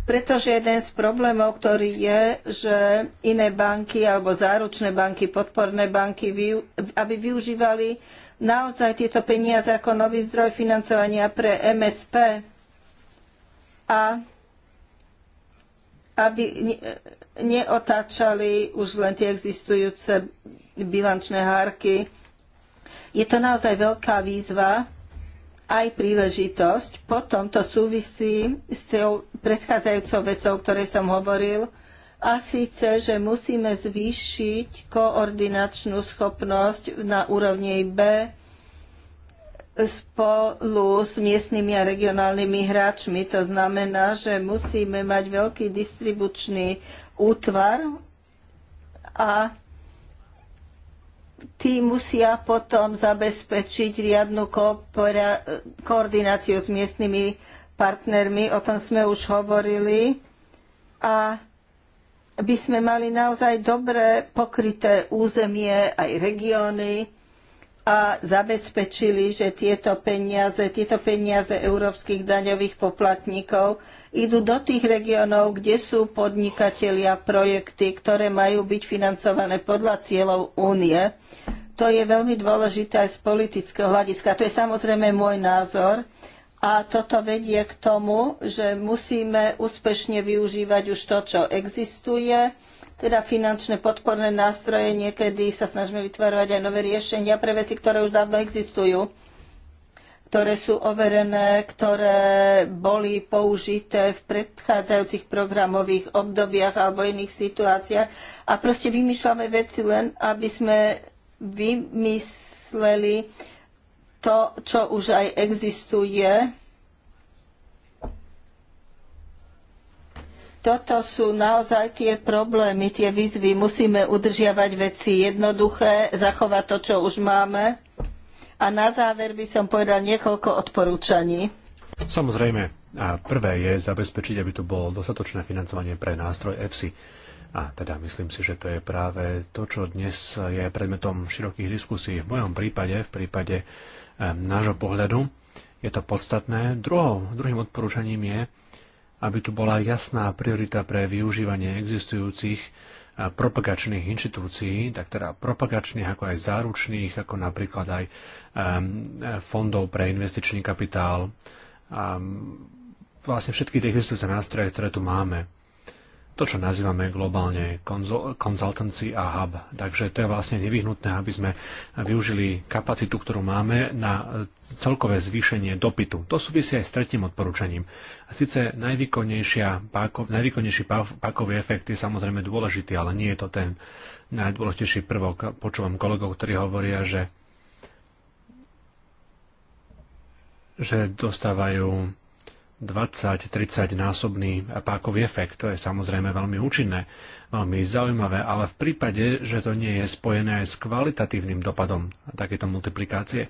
pretože jeden z problémov, ktorý je, že iné banky alebo záručné banky, podporné banky, aby využívali naozaj tieto peniaze ako nový zdroj financovania pre MSP a aby neotáčali už len tie existujúce bilančné hárky. Je to naozaj veľká výzva aj príležitosť. Potom to súvisí s tou predchádzajúcou vecou, o ktorej som hovoril, a síce, že musíme zvýšiť koordinačnú schopnosť na úrovni B spolu s miestnymi a regionálnymi hráčmi. To znamená, že musíme mať veľký distribučný útvar a tí musia potom zabezpečiť riadnu koordináciu s miestnymi partnermi, o tom sme už hovorili. A by sme mali naozaj dobre pokryté územie, aj regióny, a zabezpečili, že tieto peniaze, tieto peniaze európskych daňových poplatníkov idú do tých regiónov, kde sú podnikatelia projekty, ktoré majú byť financované podľa cieľov únie. To je veľmi dôležité aj z politického hľadiska. To je samozrejme môj názor. A toto vedie k tomu, že musíme úspešne využívať už to, čo existuje, teda finančné podporné nástroje, niekedy sa snažíme vytvárať aj nové riešenia pre veci, ktoré už dávno existujú, ktoré sú overené, ktoré boli použité v predchádzajúcich programových obdobiach alebo iných situáciách. A proste vymýšľame veci len, aby sme vymysleli to, čo už aj existuje toto sú naozaj tie problémy, tie výzvy. Musíme udržiavať veci jednoduché, zachovať to, čo už máme. A na záver by som povedal niekoľko odporúčaní. Samozrejme, a prvé je zabezpečiť, aby tu bolo dostatočné financovanie pre nástroj EFSI. A teda myslím si, že to je práve to, čo dnes je predmetom širokých diskusí. V mojom prípade, v prípade eh, nášho pohľadu, je to podstatné. Druhou, druhým odporúčaním je aby tu bola jasná priorita pre využívanie existujúcich eh, propagačných inštitúcií, tak teda propagačných ako aj záručných, ako napríklad aj ehm, eh, fondov pre investičný kapitál, ehm, vlastne všetky tie existujúce nástroje, ktoré tu máme to, čo nazývame globálne consultancy a hub. Takže to je vlastne nevyhnutné, aby sme využili kapacitu, ktorú máme na celkové zvýšenie dopytu. To súvisí aj s tretím odporúčaním. A síce pákov, najvýkonnejší pákový efekt je samozrejme dôležitý, ale nie je to ten najdôležitejší prvok. Počúvam kolegov, ktorí hovoria, že že dostávajú 20-30 násobný pákový efekt. To je samozrejme veľmi účinné, veľmi zaujímavé, ale v prípade, že to nie je spojené aj s kvalitatívnym dopadom takéto multiplikácie,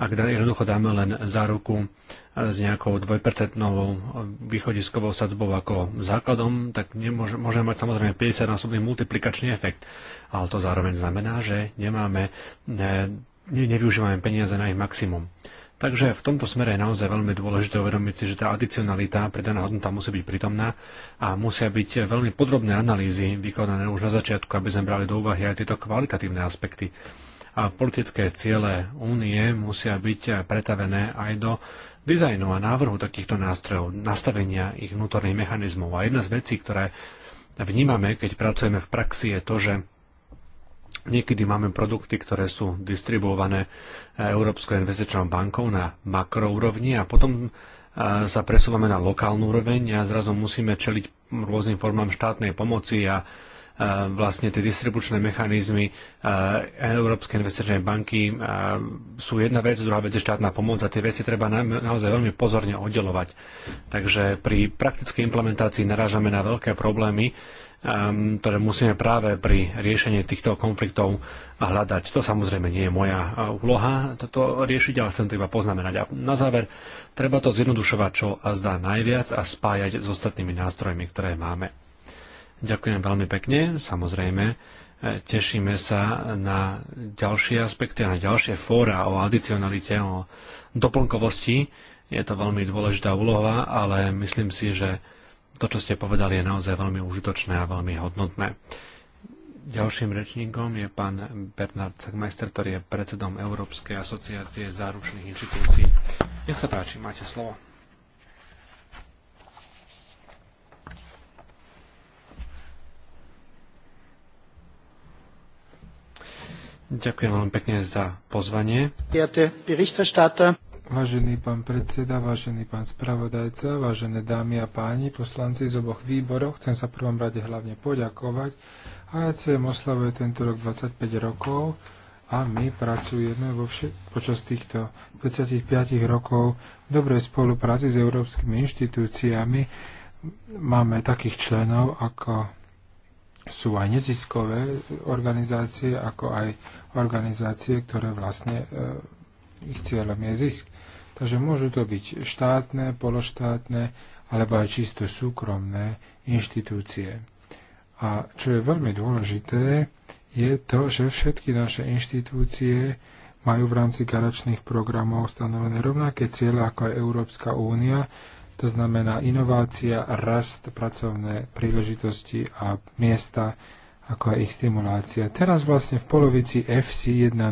ak jednoducho dáme len za ruku s nejakou dvojpercentnou východiskovou sadzbou ako základom, tak nemôže, môže mať samozrejme 50-násobný multiplikačný efekt. Ale to zároveň znamená, že nemáme, ne, nevyužívame peniaze na ich maximum. Takže v tomto smere je naozaj veľmi dôležité uvedomiť si, že tá adicionalita, pridaná hodnota musí byť prítomná a musia byť veľmi podrobné analýzy vykonané už na začiatku, aby sme brali do úvahy aj tieto kvalitatívne aspekty. A politické ciele únie musia byť pretavené aj do dizajnu a návrhu takýchto nástrojov, nastavenia ich vnútorných mechanizmov. A jedna z vecí, ktoré vnímame, keď pracujeme v praxi, je to, že Niekedy máme produkty, ktoré sú distribuované e, Európskou investičnou bankou na makroúrovni a potom e, sa presúvame na lokálnu úroveň a zrazu musíme čeliť rôznym formám štátnej pomoci a e, vlastne tie distribučné mechanizmy Európskej investičnej banky sú jedna vec, druhá vec je štátna pomoc a tie veci treba naozaj veľmi pozorne oddelovať. Takže pri praktickej implementácii narážame na veľké problémy, Ehm, ktoré musíme práve pri riešení týchto konfliktov hľadať. To samozrejme nie je moja eh, úloha toto riešiť, ale chcem to iba poznamenať. A na záver, treba to zjednodušovať čo a zdá najviac a spájať s ostatnými nástrojmi, ktoré máme. Ďakujem veľmi pekne, samozrejme. Eh, tešíme sa na ďalšie aspekty a na ďalšie fóra o adicionalite, o doplnkovosti. Je to veľmi dôležitá úloha, ale myslím si, že to, čo ste povedali, je naozaj veľmi užitočné a veľmi hodnotné. Ďalším rečníkom je pán Bernard Zagmeister, ktorý je predsedom Európskej asociácie záručných inštitúcií. Nech sa páči, máte slovo. Ďakujem veľmi pekne za pozvanie. Vážený pán predseda, vážený pán spravodajca, vážené dámy a páni, poslanci z oboch výborov, chcem sa prvom rade hlavne poďakovať. AECM oslavuje tento rok 25 rokov a my pracujeme vo všet- počas týchto 25 rokov v dobrej spolupráci s európskymi inštitúciami. Máme takých členov, ako sú aj neziskové organizácie, ako aj organizácie, ktoré vlastne e, ich cieľom je zisk. Takže môžu to byť štátne, pološtátne alebo aj čisto súkromné inštitúcie. A čo je veľmi dôležité, je to, že všetky naše inštitúcie majú v rámci garačných programov stanovené rovnaké ciele ako aj Európska únia, to znamená inovácia, rast, pracovné príležitosti a miesta, ako aj ich stimulácia. Teraz vlastne v polovici FC 1.0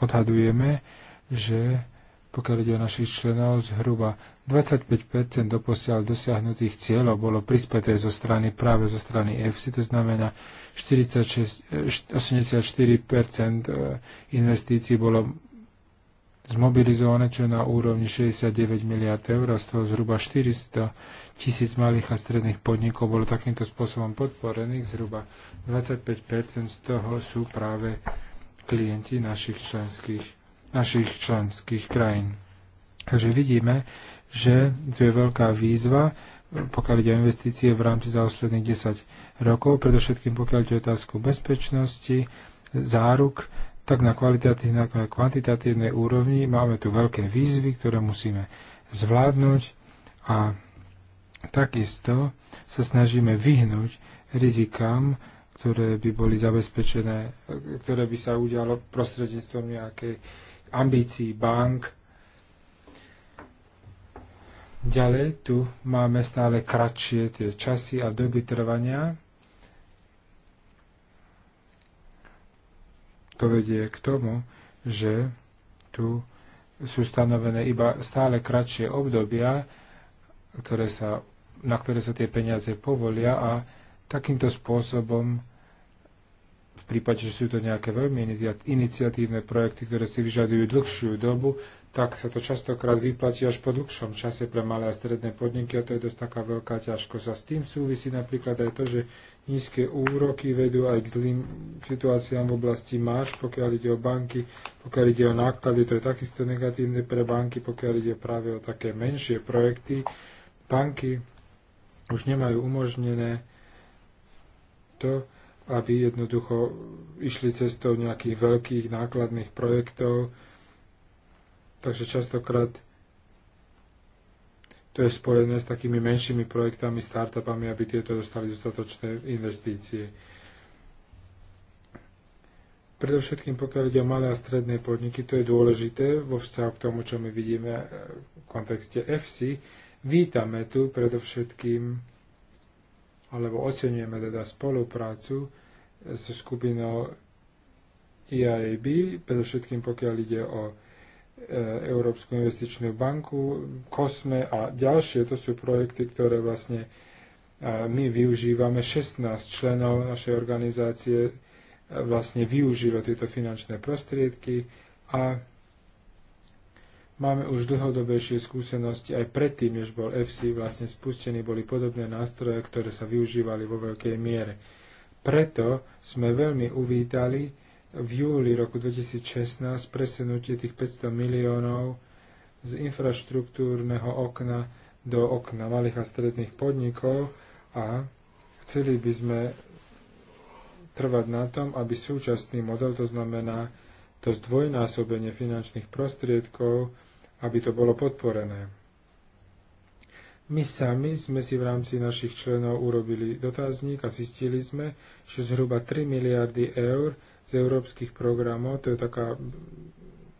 odhadujeme, že pokiaľ ide o našich členov, zhruba 25 doposiaľ dosiahnutých cieľov bolo prispäté zo strany práve zo strany EFSI, to znamená 46, 84 e, investícií bolo zmobilizované, čo je na úrovni 69 miliard eur, z toho zhruba 400 tisíc malých a stredných podnikov bolo takýmto spôsobom podporených, zhruba 25 z toho sú práve klienti našich členských, našich členských krajín. Takže vidíme, že tu je veľká výzva, pokiaľ ide o investície v rámci za ostatných 10 rokov, predovšetkým pokiaľ ide o otázku bezpečnosti, záruk, tak na kvalitatívnej ako aj kvantitatívnej úrovni máme tu veľké výzvy, ktoré musíme zvládnuť a takisto sa snažíme vyhnúť rizikám ktoré by boli zabezpečené, ktoré by sa udialo prostredníctvom nejakej ambícií bank. Ďalej tu máme stále kratšie tie časy a doby trvania. To vedie k tomu, že tu sú stanovené iba stále kratšie obdobia, ktoré sa, na ktoré sa tie peniaze povolia a takýmto spôsobom prípade, že sú to nejaké veľmi iniciatívne projekty, ktoré si vyžadujú dlhšiu dobu, tak sa to častokrát vyplatí až po dlhšom čase pre malé a stredné podniky a to je dosť taká veľká ťažkosť. A s tým súvisí napríklad aj to, že nízke úroky vedú aj k zlým situáciám v oblasti máš, pokiaľ ide o banky, pokiaľ ide o náklady, to je takisto negatívne pre banky, pokiaľ ide práve o také menšie projekty. Banky už nemajú umožnené to, aby jednoducho išli cestou nejakých veľkých nákladných projektov. Takže častokrát to je spojené s takými menšími projektami, startupami, aby tieto dostali dostatočné investície. Predovšetkým pokiaľ ide o malé a stredné podniky, to je dôležité vo vzťahu k tomu, čo my vidíme eh, v kontexte FC. Vítame tu predovšetkým, alebo oceňujeme teda spoluprácu so skupinou EIB, predovšetkým pokiaľ ide o e, Európsku investičnú banku, COSME a ďalšie, to sú projekty, ktoré vlastne e, my využívame. 16 členov našej organizácie e, vlastne využilo tieto finančné prostriedky a máme už dlhodobejšie skúsenosti aj predtým, než bol FC vlastne spustený, boli podobné nástroje, ktoré sa využívali vo veľkej miere. Preto sme veľmi uvítali v júli roku 2016 presunutie tých 500 miliónov z infraštruktúrneho okna do okna malých a stredných podnikov a chceli by sme trvať na tom, aby súčasný model, to znamená to zdvojnásobenie finančných prostriedkov, aby to bolo podporené. My sami sme si v rámci našich členov urobili dotazník a zistili sme, že zhruba 3 miliardy eur z európskych programov, to je taká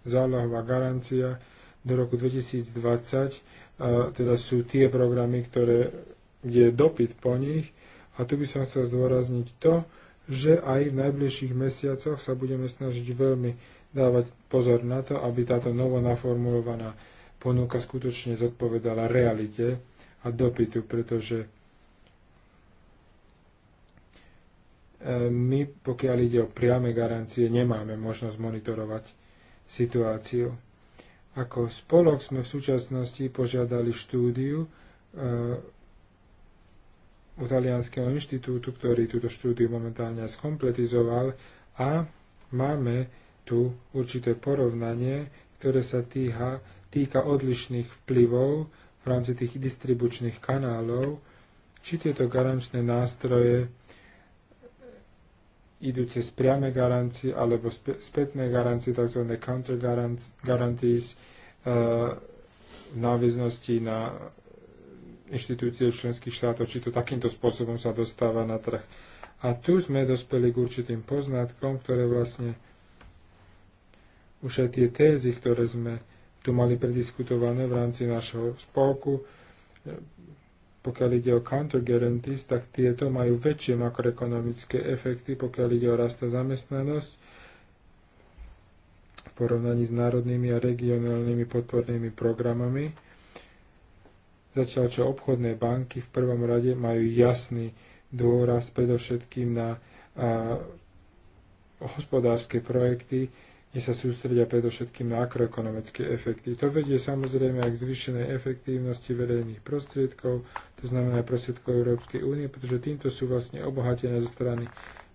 zálohová garancia, do roku 2020, a teda sú tie programy, ktoré, kde je dopyt po nich. A tu by som chcel zdôrazniť to, že aj v najbližších mesiacoch sa budeme snažiť veľmi dávať pozor na to, aby táto novo naformulovaná ponuka skutočne zodpovedala realite a dopytu, pretože e, my, pokiaľ ide o priame garancie, nemáme možnosť monitorovať situáciu. Ako spolok sme v súčasnosti požiadali štúdiu e, u Talianského inštitútu, ktorý túto štúdiu momentálne skompletizoval a máme tu určité porovnanie, ktoré sa týha, týka odlišných vplyvov v rámci tých distribučných kanálov, či tieto garančné nástroje idú cez priame garancie alebo spätné garancie, tzv. counter guarantees e, v náväznosti na inštitúcie členských štátov, či to takýmto spôsobom sa dostáva na trh. A tu sme dospeli k určitým poznatkom, ktoré vlastne už aj tie tézy, ktoré sme tu mali prediskutované v rámci našho spolku. Pokiaľ ide o counter guarantees, tak tieto majú väčšie makroekonomické efekty, pokiaľ ide o rast a zamestnanosť v porovnaní s národnými a regionálnymi podpornými programami. Zatiaľ čo obchodné banky v prvom rade majú jasný dôraz predovšetkým na a, hospodárske projekty, kde sa sústredia predovšetkým makroekonomické akroekonomické efekty. To vedie samozrejme aj k zvýšenej efektívnosti verejných prostriedkov, to znamená aj prostriedkov Európskej únie, pretože týmto sú vlastne obohatené zo strany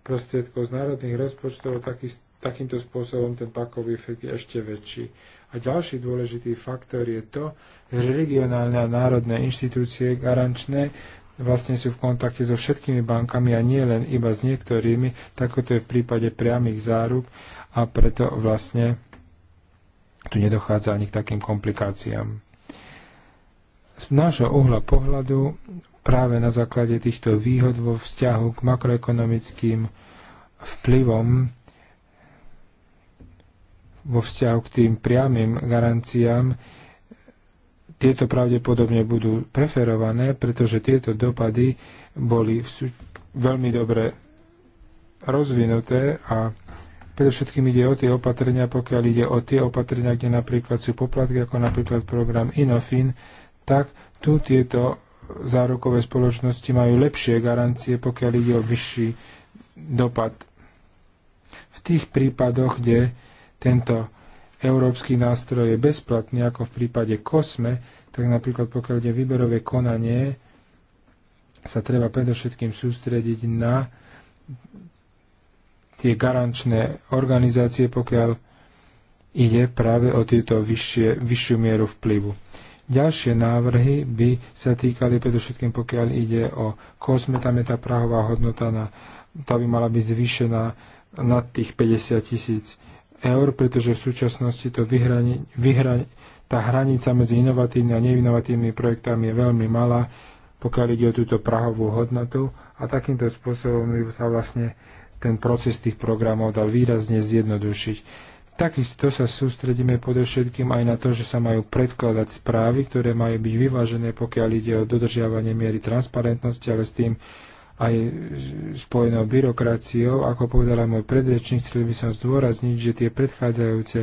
prostriedkov z národných rozpočtov a taký, takýmto spôsobom ten pakový efekt je ešte väčší. A ďalší dôležitý faktor je to, že regionálne a národné inštitúcie garančné vlastne sú v kontakte so všetkými bankami a nie len iba s niektorými, tako to je v prípade priamých záruk a preto vlastne tu nedochádza ani k takým komplikáciám. Z nášho uhla pohľadu práve na základe týchto výhod vo vzťahu k makroekonomickým vplyvom vo vzťahu k tým priamým garanciám tieto pravdepodobne budú preferované, pretože tieto dopady boli veľmi dobre rozvinuté a Predovšetkým ide o tie opatrenia, pokiaľ ide o tie opatrenia, kde napríklad sú poplatky, ako napríklad program Inofin, tak tu tieto zárokové spoločnosti majú lepšie garancie, pokiaľ ide o vyšší dopad. V tých prípadoch, kde tento európsky nástroj je bezplatný, ako v prípade kosme, tak napríklad pokiaľ ide výberové konanie, sa treba predovšetkým sústrediť na tie garančné organizácie, pokiaľ ide práve o tieto vyššie, vyššiu mieru vplyvu. Ďalšie návrhy by sa týkali predovšetkým, pokiaľ ide o kozme, tam je tá prahová hodnota, na, tá by mala byť zvýšená nad tých 50 tisíc eur, pretože v súčasnosti to vyhrani, vyhrani, tá hranica medzi inovatívnymi a neinovatívnymi projektami je veľmi malá, pokiaľ ide o túto prahovú hodnotu a takýmto spôsobom by sa vlastne ten proces tých programov dal výrazne zjednodušiť. Takisto sa sústredíme podovšetkým aj na to, že sa majú predkladať správy, ktoré majú byť vyvážené, pokiaľ ide o dodržiavanie miery transparentnosti, ale s tým aj spojenou byrokraciou. Ako povedala môj predrečník, chcel by som zdôrazniť, že tie predchádzajúce,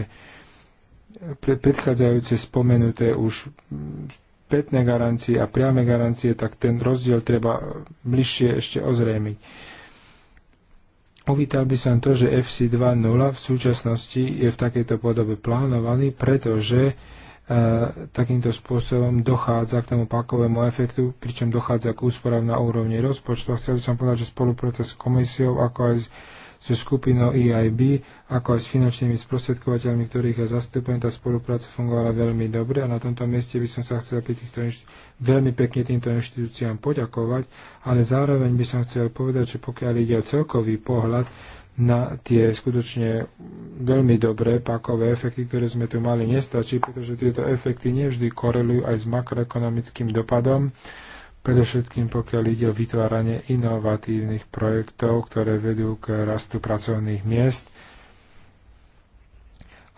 pre, predchádzajúce spomenuté už spätné garancie a priame garancie, tak ten rozdiel treba bližšie ešte ozrejmiť. Uvítal by som to, že FC 2.0 v súčasnosti je v takejto podobe plánovaný, pretože e, takýmto spôsobom dochádza k tomu pakovému efektu, pričom dochádza k úsporám na úrovni rozpočtu. A chcel by som povedať, že spolupráca s komisiou, ako aj s so skupinou EIB, ako aj s finančnými sprostredkovateľmi, ktorých ja zastupujem. Tá spolupráca fungovala veľmi dobre a na tomto mieste by som sa chcel pri týchto inšti- veľmi pekne týmto inštitúciám poďakovať, ale zároveň by som chcel povedať, že pokiaľ ide o celkový pohľad, na tie skutočne veľmi dobré pakové efekty, ktoré sme tu mali, nestačí, pretože tieto efekty nevždy korelujú aj s makroekonomickým dopadom predovšetkým pokiaľ ide o vytváranie inovatívnych projektov, ktoré vedú k rastu pracovných miest.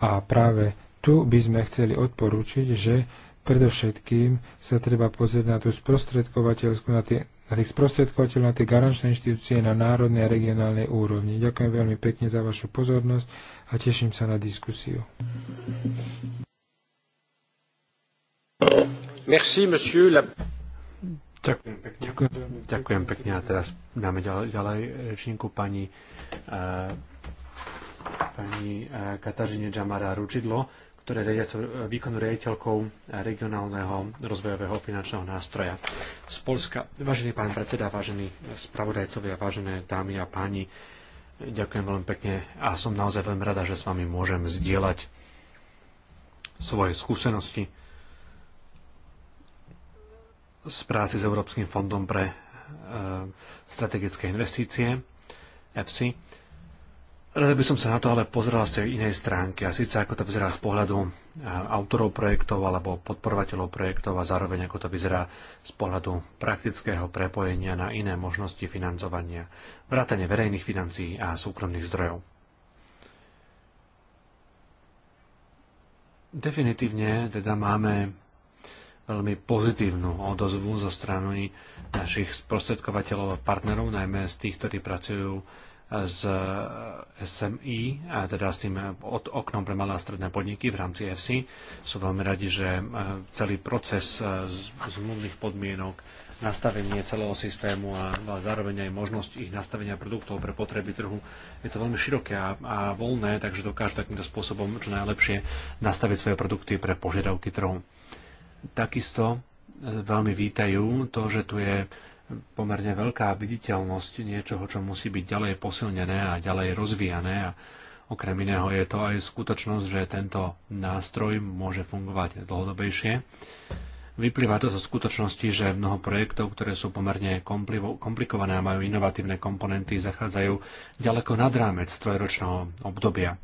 A práve tu by sme chceli odporučiť, že predovšetkým sa treba pozrieť na tú sprostredkovateľskú, na tie, na tých sprostredkovateľov, na tie garančné inštitúcie na národnej a regionálnej úrovni. Ďakujem veľmi pekne za vašu pozornosť a teším sa na diskusiu. Merci, monsieur. Ďakujem pekne. Ďakujem, ďakujem pekne. A teraz dáme ďalej, ďalej rečníku pani, uh, pani uh, Katažine Džamara Ručidlo, ktoré je výkonu riaditeľkou regionálneho rozvojového finančného nástroja z Polska. Vážený pán predseda, vážení spravodajcovia, vážené dámy a páni, ďakujem veľmi pekne a som naozaj veľmi rada, že s vami môžem zdieľať svoje skúsenosti z práci s Európskym fondom pre e, strategické investície, EFSI. Rada by som sa na to ale pozrel z tej inej stránky, a síce ako to vyzerá z pohľadu e, autorov projektov alebo podporovateľov projektov a zároveň ako to vyzerá z pohľadu praktického prepojenia na iné možnosti financovania, vrátane verejných financií a súkromných zdrojov. Definitívne teda máme veľmi pozitívnu odozvu zo strany našich sprostredkovateľov a partnerov, najmä z tých, ktorí pracujú e, e, s SMI, a teda s tým e, od oknom pre malé a stredné podniky v rámci FC. Sú veľmi radi, že celý proces zmluvných podmienok, nastavenie celého systému no a zároveň aj možnosť ich nastavenia produktov pre potreby trhu je to veľmi široké a, a voľné, takže dokážu takýmto spôsobom čo najlepšie nastaviť svoje produkty pre požiadavky trhu takisto e, veľmi vítajú to, že tu je pomerne veľká viditeľnosť niečoho, čo musí byť ďalej posilnené a ďalej rozvíjané. A okrem iného je to aj skutočnosť, že tento nástroj môže fungovať dlhodobejšie. Vyplýva to zo skutočnosti, že mnoho projektov, ktoré sú pomerne komplikované a majú inovatívne komponenty, zachádzajú ďaleko nad rámec trojročného obdobia.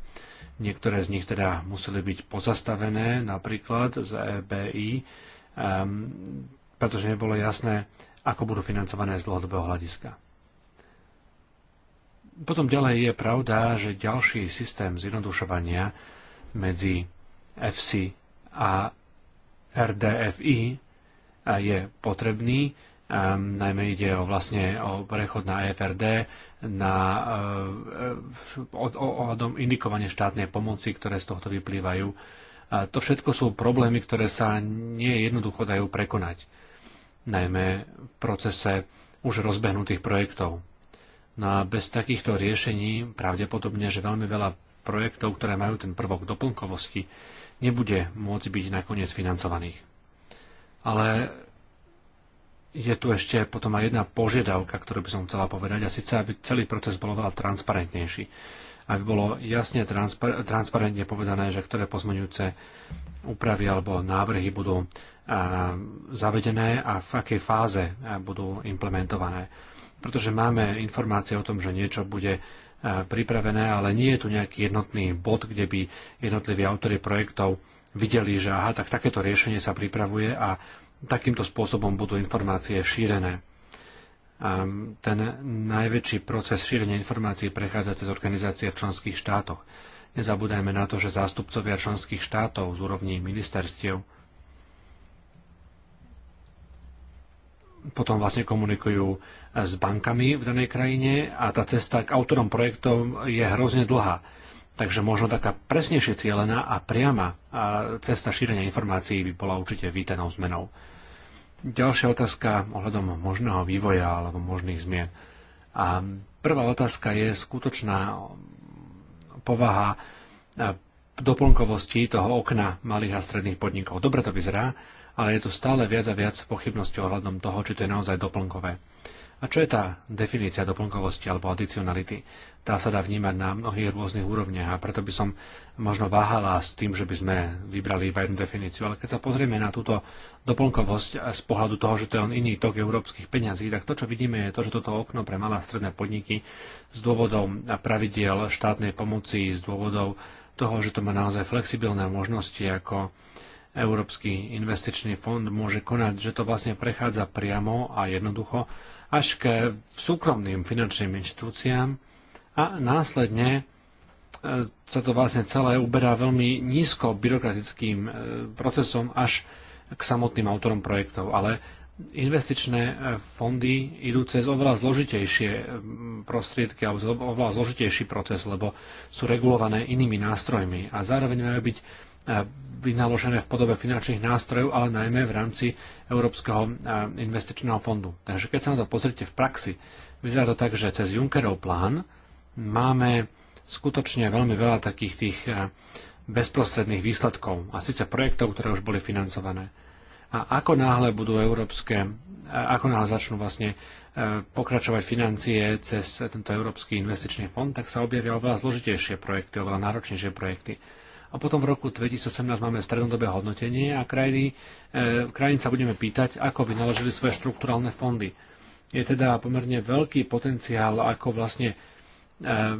Niektoré z nich teda museli byť pozastavené, napríklad z EBI, ehm, pretože nebolo jasné, ako budú financované z dlhodobého hľadiska. Potom ďalej je pravda, že ďalší systém zjednodušovania medzi FC a RDFI eh, je potrebný, Um, najmä ide o vlastne o prechod na EFRD, na uh, o, indikovanie štátnej pomoci, ktoré z tohto vyplývajú. A to všetko sú problémy, ktoré sa nie jednoducho dajú prekonať, najmä v procese už rozbehnutých projektov. No a bez takýchto riešení pravdepodobne, že veľmi veľa projektov, ktoré majú ten prvok doplnkovosti, nebude môcť byť nakoniec financovaných. Ale je tu ešte potom aj jedna požiadavka, ktorú by som chcela povedať, a síce, aby celý proces bol veľa transparentnejší. Aby bolo jasne transpar- transparentne povedané, že ktoré pozmeňujúce úpravy alebo návrhy budú a, zavedené a v akej fáze a, budú implementované. Pretože máme informácie o tom, že niečo bude a, pripravené, ale nie je tu nejaký jednotný bod, kde by jednotliví autory projektov videli, že aha, tak takéto riešenie sa pripravuje a takýmto spôsobom budú informácie šírené. A ten najväčší proces šírenia informácií prechádza cez organizácie v členských štátoch. Nezabúdajme na to, že zástupcovia členských štátov z úrovní ministerstiev potom vlastne komunikujú s bankami v danej krajine a tá cesta k autorom projektov je hrozne dlhá. Takže možno taká presnejšie cieľená a priama cesta šírenia informácií by bola určite vítanou zmenou. Ďalšia otázka ohľadom možného vývoja alebo možných zmien. A prvá otázka je skutočná povaha e, doplnkovosti toho okna malých a stredných podnikov. Dobre to vyzerá, ale je tu stále viac a viac pochybností ohľadom toho, či to je naozaj doplnkové. A čo je tá definícia doplnkovosti alebo adicionality? tá sa dá vnímať na mnohých rôznych úrovniach a preto by som možno váhala s tým, že by sme vybrali iba jednu definíciu. Ale keď sa pozrieme na túto doplnkovosť z pohľadu toho, že to je on iný tok európskych peňazí, tak to, čo vidíme, je to, že toto okno pre malé a stredné podniky z dôvodov pravidiel štátnej pomoci, z dôvodov toho, že to má naozaj flexibilné možnosti ako Európsky investičný fond môže konať, že to vlastne prechádza priamo a jednoducho až k súkromným finančným inštitúciám, a následne e, sa to vlastne celé uberá veľmi nízko byrokratickým e, procesom až k samotným autorom projektov. Ale investičné e, fondy idú cez oveľa zložitejšie prostriedky alebo oveľa zložitejší proces, lebo sú regulované inými nástrojmi a zároveň majú byť vynaložené v podobe finančných nástrojov, ale najmä v rámci Európskeho investičného fondu. Takže keď sa na to pozrite v praxi, vyzerá to tak, že cez Junckerov plán, máme skutočne veľmi veľa takých tých eh, bezprostredných výsledkov, a síce projektov, ktoré už boli financované. A ako náhle budú európske, eh, ako náhle začnú vlastne eh, pokračovať financie cez tento Európsky investičný fond, tak sa objavia oveľa zložitejšie projekty, oveľa náročnejšie projekty. A potom v roku 2018 máme strednodobé hodnotenie a krajiny, krajín sa budeme pýtať, ako vynaložili svoje štruktúralne fondy. Je teda pomerne veľký potenciál, ako vlastne Eh,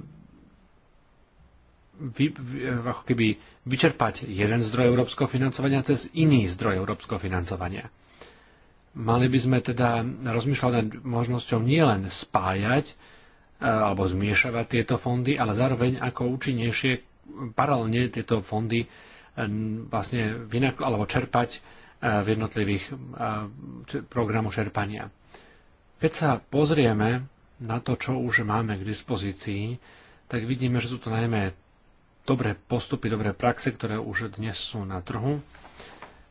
vy, vy, eh, ako keby vyčerpať jeden zdroj európskeho financovania cez iný zdroj európskeho financovania. Mali by sme teda rozmýšľať nad možnosťou nielen spájať eh, alebo zmiešavať tieto fondy, ale zároveň ako účinnejšie paralelne tieto fondy vlastne vynak- alebo čerpať v jednotlivých programoch čerpania. Keď sa pozrieme na to, čo už máme k dispozícii, tak vidíme, že sú to najmä dobré postupy, dobré praxe, ktoré už dnes sú na trhu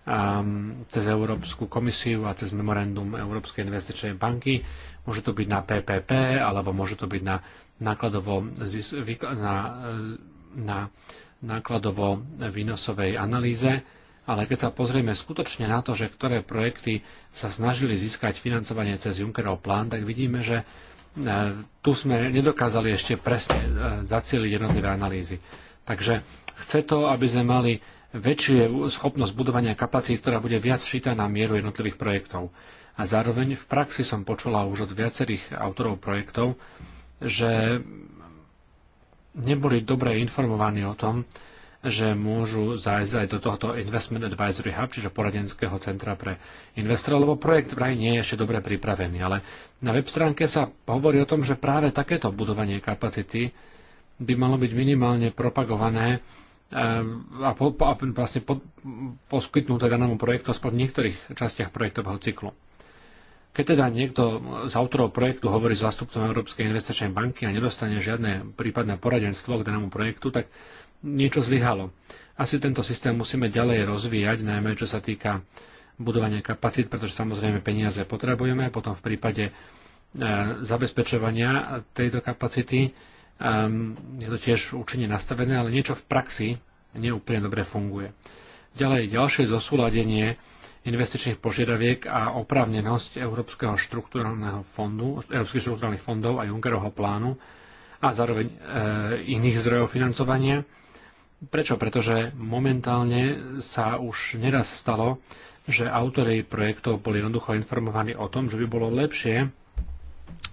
a cez Európsku komisiu a cez memorandum Európskej investičnej banky. Môže to byť na PPP, alebo môže to byť na nákladovo, na, na nákladovo výnosovej analýze. Ale keď sa pozrieme skutočne na to, že ktoré projekty sa snažili získať financovanie cez Junckerov plán, tak vidíme, že E, tu sme nedokázali ešte presne e, zacieliť jednotlivé analýzy. Takže chce to, aby sme mali väčšiu schopnosť budovania kapacít, ktorá bude viac šitá na mieru jednotlivých projektov. A zároveň v praxi som počula už od viacerých autorov projektov, že neboli dobre informovaní o tom, že môžu zájsť aj do tohoto Investment Advisory Hub, čiže poradenského centra pre investora, lebo projekt vraj nie je ešte dobre pripravený. Ale na web stránke sa hovorí o tom, že práve takéto budovanie kapacity by malo byť minimálne propagované eh, a, po, a vlastne po, poskytnuté danému projektu aspoň v niektorých častiach projektového cyklu. Keď teda niekto z autorov projektu hovorí s zástupcom Európskej investičnej banky a nedostane žiadne prípadné poradenstvo k danému projektu, tak niečo zlyhalo. Asi tento systém musíme ďalej rozvíjať, najmä čo sa týka budovania kapacít, pretože samozrejme peniaze potrebujeme. Potom v prípade e, zabezpečovania tejto kapacity e, je to tiež účinne nastavené, ale niečo v praxi neúplne dobre funguje. Ďalej, ďalšie zosúladenie investičných požiadaviek a oprávnenosť Európskeho štruktúrneho fondu, Európskych štruktúrnych fondov a Junckerovho plánu a zároveň e, iných zdrojov financovania Prečo? Pretože momentálne sa už neraz stalo, že autory projektov boli jednoducho informovaní o tom, že by bolo lepšie,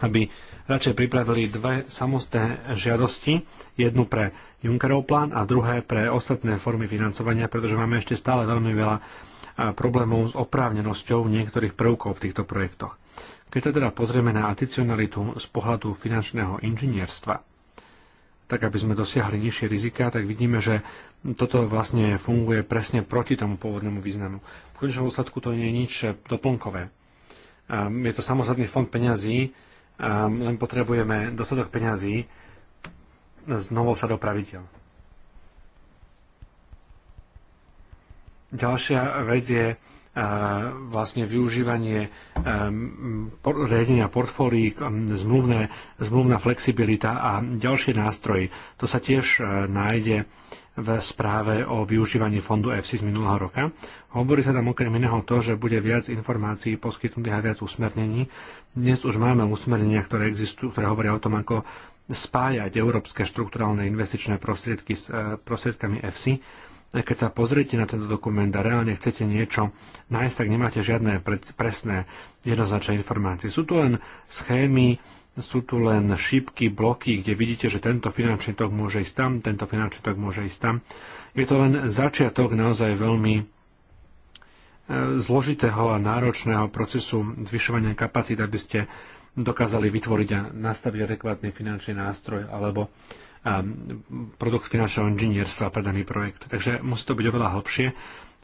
aby radšej pripravili dve samostné žiadosti, jednu pre Junckerov plán a druhé pre ostatné formy financovania, pretože máme ešte stále veľmi veľa problémov s oprávnenosťou niektorých prvkov v týchto projektoch. Keď sa teda pozrieme na adicionalitu z pohľadu finančného inžinierstva, tak aby sme dosiahli nižšie rizika, tak vidíme, že toto vlastne funguje presne proti tomu pôvodnému významu. V konečnom dôsledku to nie je nič doplnkové. Je to samozadný fond peňazí, len potrebujeme dostatok peňazí z novou sadou pravidel. Ďalšia vec je, vlastne využívanie e, riadenia portfólií, zmluvné, zmluvná flexibilita a ďalšie nástroje. To sa tiež e, nájde v správe o využívaní fondu EFSI z minulého roka. Hovorí sa tam okrem iného to, že bude viac informácií poskytnutých a viac usmernení. Dnes už máme usmernenia, ktoré existujú, ktoré hovoria o tom, ako spájať európske štrukturálne investičné prostriedky s e, prostriedkami EFSI keď sa pozriete na tento dokument a reálne chcete niečo nájsť, tak nemáte žiadne presné jednoznačné informácie. Sú tu len schémy, sú tu len šípky, bloky, kde vidíte, že tento finančný tok môže ísť tam, tento finančný tok môže ísť tam. Je to len začiatok naozaj veľmi e, zložitého a náročného procesu zvyšovania kapacít, aby ste dokázali vytvoriť a nastaviť adekvátny finančný nástroj alebo produkt finančného inžinierstva pre daný projekt. Takže musí to byť oveľa hlbšie.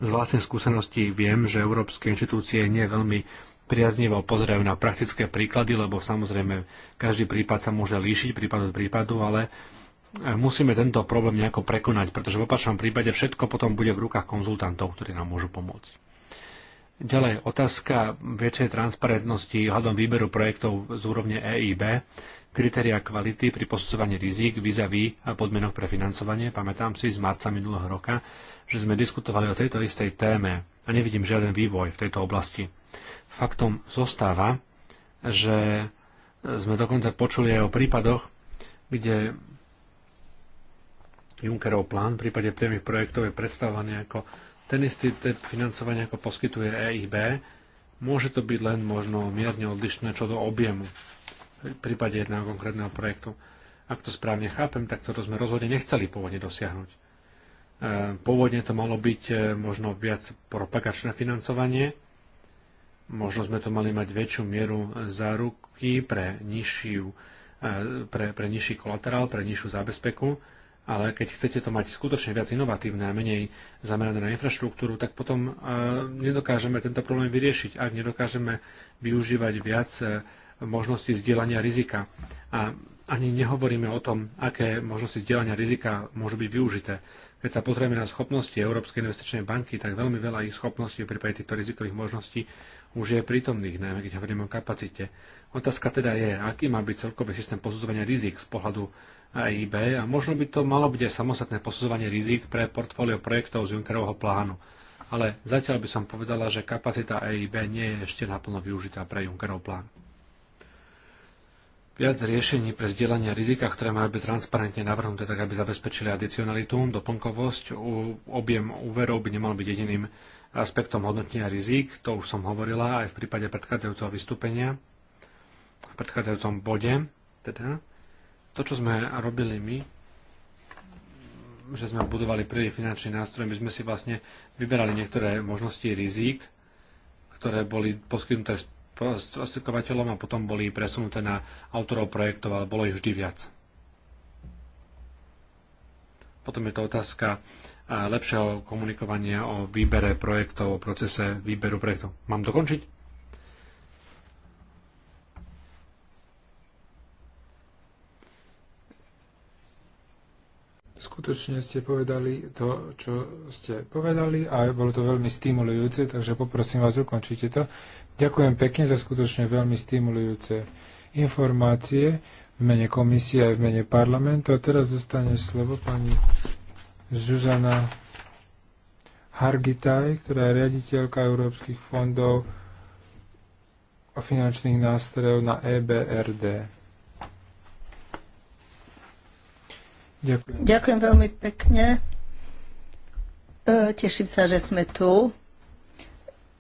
Z vlastnej skúsenosti viem, že európske inštitúcie nie veľmi priaznivo pozerajú na praktické príklady, lebo samozrejme každý prípad sa môže líšiť prípad od prípadu, ale e, musíme tento problém nejako prekonať, pretože v opačnom prípade všetko potom bude v rukách konzultantov, ktorí nám môžu pomôcť. Ďalej, otázka väčšej transparentnosti hľadom výberu projektov z úrovne EIB kritéria kvality pri posudzovaní rizik vis-a-vis podmienok pre financovanie. Pamätám si z marca minulého roka, že sme diskutovali o tejto istej téme a nevidím žiaden vývoj v tejto oblasti. Faktom zostáva, že sme dokonca počuli aj o prípadoch, kde Junckerov plán v prípade priamých projektov je predstavovaný ako ten istý typ financovania, ako poskytuje EIB. Môže to byť len možno mierne odlišné čo do objemu v prípade jedného konkrétneho projektu. Ak to správne chápem, tak toto sme rozhodne nechceli pôvodne dosiahnuť. E, pôvodne to malo byť e, možno viac propagačné financovanie, možno sme to mali mať väčšiu mieru záruky pre nižšiu, e, pre, pre nižší kolaterál, pre nižšiu zábezpeku, ale keď chcete to mať skutočne viac inovatívne a menej zamerané na infraštruktúru, tak potom nedokážeme tento problém vyriešiť, ak nedokážeme využívať viac možnosti zdieľania rizika. A ani nehovoríme o tom, aké možnosti zdieľania rizika môžu byť využité. Keď sa pozrieme na schopnosti Európskej investičnej banky, tak veľmi veľa ich schopností v prípade týchto rizikových možností už je prítomných, najmä keď hovoríme o kapacite. Otázka teda je, aký má byť celkový systém posudzovania rizik z pohľadu EIB a možno by to malo byť aj samostatné posudzovanie rizik pre portfólio projektov z Junckerovho plánu. Ale zatiaľ by som povedala, že kapacita EIB nie je ešte naplno využitá pre Junckerov plán viac riešení pre zdieľanie rizika, ktoré majú byť transparentne navrhnuté, tak aby zabezpečili adicionalitu, doplnkovosť. Objem úverov by nemal byť jediným aspektom hodnotenia rizik, to už som hovorila aj v prípade predchádzajúceho vystúpenia, v predchádzajúcom bode. Teda to, čo sme robili my, že sme budovali prvý finančný nástroj, my sme si vlastne vyberali niektoré možnosti rizik, ktoré boli poskytnuté sprostredkovateľom a potom boli presunuté na autorov projektov, ale bolo ich vždy viac. Potom je to otázka lepšieho komunikovania o výbere projektov, o procese výberu projektov. Mám dokončiť? skutočne ste povedali to, čo ste povedali a bolo to veľmi stimulujúce, takže poprosím vás, ukončite to. Ďakujem pekne za skutočne veľmi stimulujúce informácie v mene komisie aj v mene parlamentu. A teraz zostane slovo pani Zuzana Hargitaj, ktorá je riaditeľka európskych fondov a finančných nástrojov na EBRD. Ďakujem. Ďakujem veľmi pekne. E, teším sa, že sme tu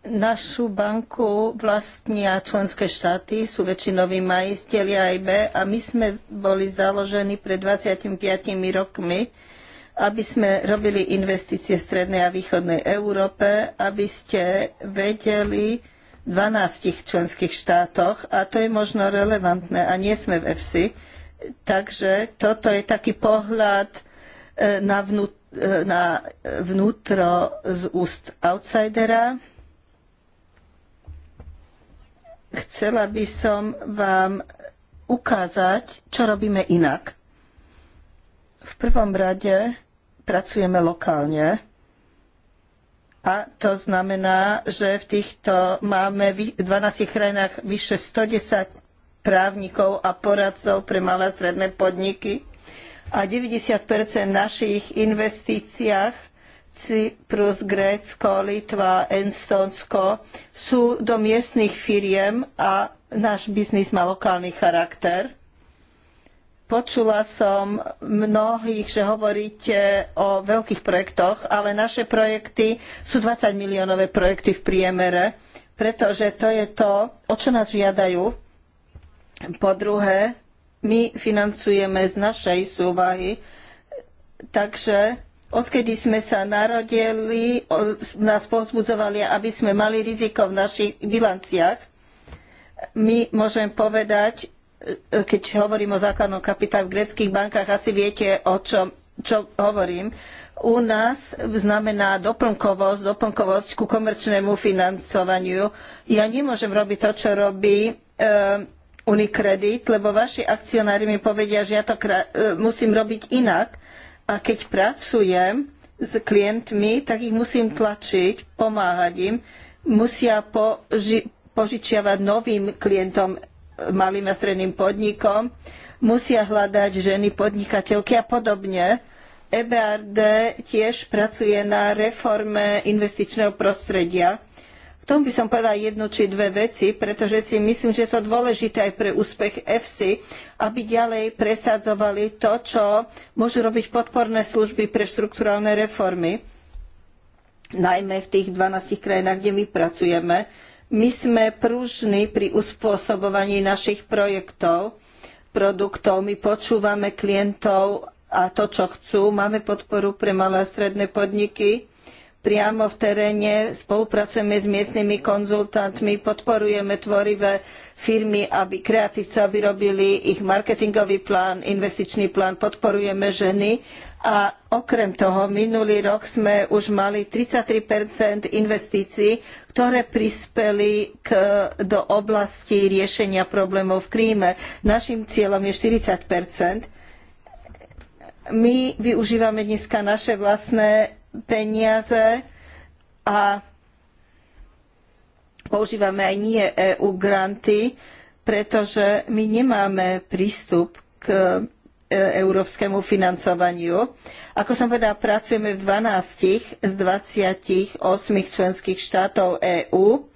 Našu banku vlastnia členské štáty, sú väčšinoví majiteľi AIB a my sme boli založení pred 25 rokmi, aby sme robili investície v strednej a východnej Európe, aby ste vedeli v 12 členských štátoch a to je možno relevantné a nie sme v EFSI. Takže toto je taký pohľad e, na, vnú, e, na vnútro z úst outsidera Chcela by som vám ukázať, čo robíme inak. V prvom rade pracujeme lokálne. A to znamená, že v týchto máme v 12 krajinách vyše 110 právnikov a poradcov pre malé a stredné podniky a 90 našich investíciách Cyprus, Grécko, Litva, Estonsko sú do miestnych firiem a náš biznis má lokálny charakter. Počula som mnohých, že hovoríte o veľkých projektoch, ale naše projekty sú 20 miliónové projekty v priemere, pretože to je to, o čo nás žiadajú. Po druhé, my financujeme z našej súvahy, takže Odkedy sme sa narodili, nás povzbudzovali, aby sme mali riziko v našich bilanciách. My môžem povedať, e, e, keď hovorím o základnom kapitáli v greckých bankách, asi viete, o čom čo hovorím. U nás znamená doplnkovosť, doplnkovosť ku komerčnému financovaniu. Ja nemôžem robiť to, čo robí e, Unicredit, lebo vaši akcionári mi povedia, že ja to e, musím robiť inak. A keď pracujem s klientmi, tak ich musím tlačiť, pomáhať im. Musia poži- požičiavať novým klientom, malým a stredným podnikom, musia hľadať ženy podnikateľky a podobne. EBRD tiež pracuje na reforme investičného prostredia k tomu by som povedala jednu či dve veci, pretože si myslím, že je to dôležité aj pre úspech FC, aby ďalej presadzovali to, čo môžu robiť podporné služby pre štrukturálne reformy, najmä v tých 12 krajinách, kde my pracujeme. My sme pružní pri uspôsobovaní našich projektov, produktov, my počúvame klientov a to, čo chcú. Máme podporu pre malé a stredné podniky priamo v teréne, spolupracujeme s miestnymi konzultantmi, podporujeme tvorivé firmy, aby kreatívce, aby robili ich marketingový plán, investičný plán, podporujeme ženy. A okrem toho, minulý rok sme už mali 33 investícií, ktoré prispeli k, do oblasti riešenia problémov v Kríme. Naším cieľom je 40 My využívame dneska naše vlastné peniaze a používame aj nie EU granty, pretože my nemáme prístup k e, európskemu financovaniu. Ako som povedala, pracujeme v 12 z 28 členských štátov EÚ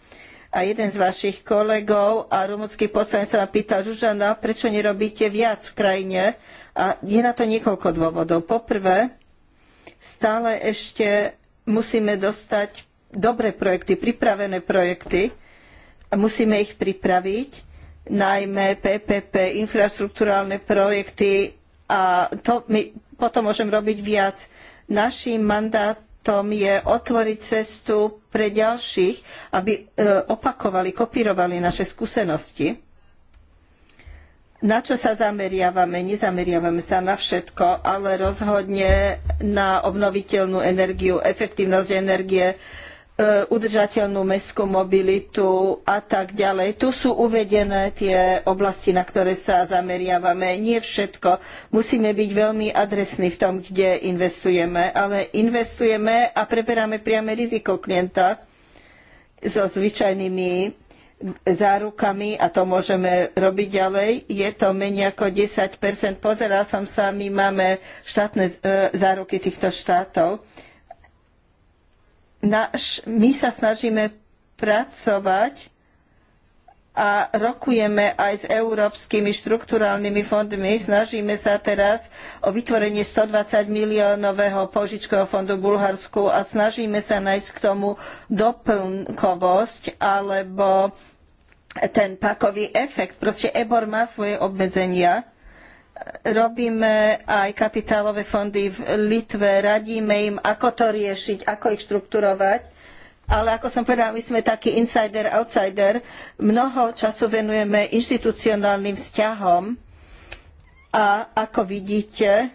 a jeden z vašich kolegov a rumunský poslanec sa ma pýtal, Žužana, prečo nerobíte viac v krajine? A je na to niekoľko dôvodov. Poprvé, stále ešte musíme dostať dobré projekty, pripravené projekty a musíme ich pripraviť, najmä PPP, infraštruktúrálne projekty a to my potom môžem robiť viac. Naším mandátom je otvoriť cestu pre ďalších, aby e, opakovali, kopírovali naše skúsenosti na čo sa zameriavame? Nezameriavame sa na všetko, ale rozhodne na obnoviteľnú energiu, efektívnosť energie, e, udržateľnú mestskú mobilitu a tak ďalej. Tu sú uvedené tie oblasti, na ktoré sa zameriavame. Nie všetko. Musíme byť veľmi adresní v tom, kde investujeme, ale investujeme a preberáme priame riziko klienta so zvyčajnými zárukami a to môžeme robiť ďalej. Je to menej ako 10 Pozeral som sa, my máme štátne e, záruky týchto štátov. my sa snažíme pracovať a rokujeme aj s európskymi štrukturálnymi fondmi. Snažíme sa teraz o vytvorenie 120 miliónového požičkového fondu v Bulharsku a snažíme sa nájsť k tomu doplnkovosť alebo ten pakový efekt. Proste EBOR má svoje obmedzenia robíme aj kapitálové fondy v Litve, radíme im, ako to riešiť, ako ich štrukturovať ale ako som povedala, my sme taký insider, outsider. Mnoho času venujeme inštitucionálnym vzťahom a ako vidíte,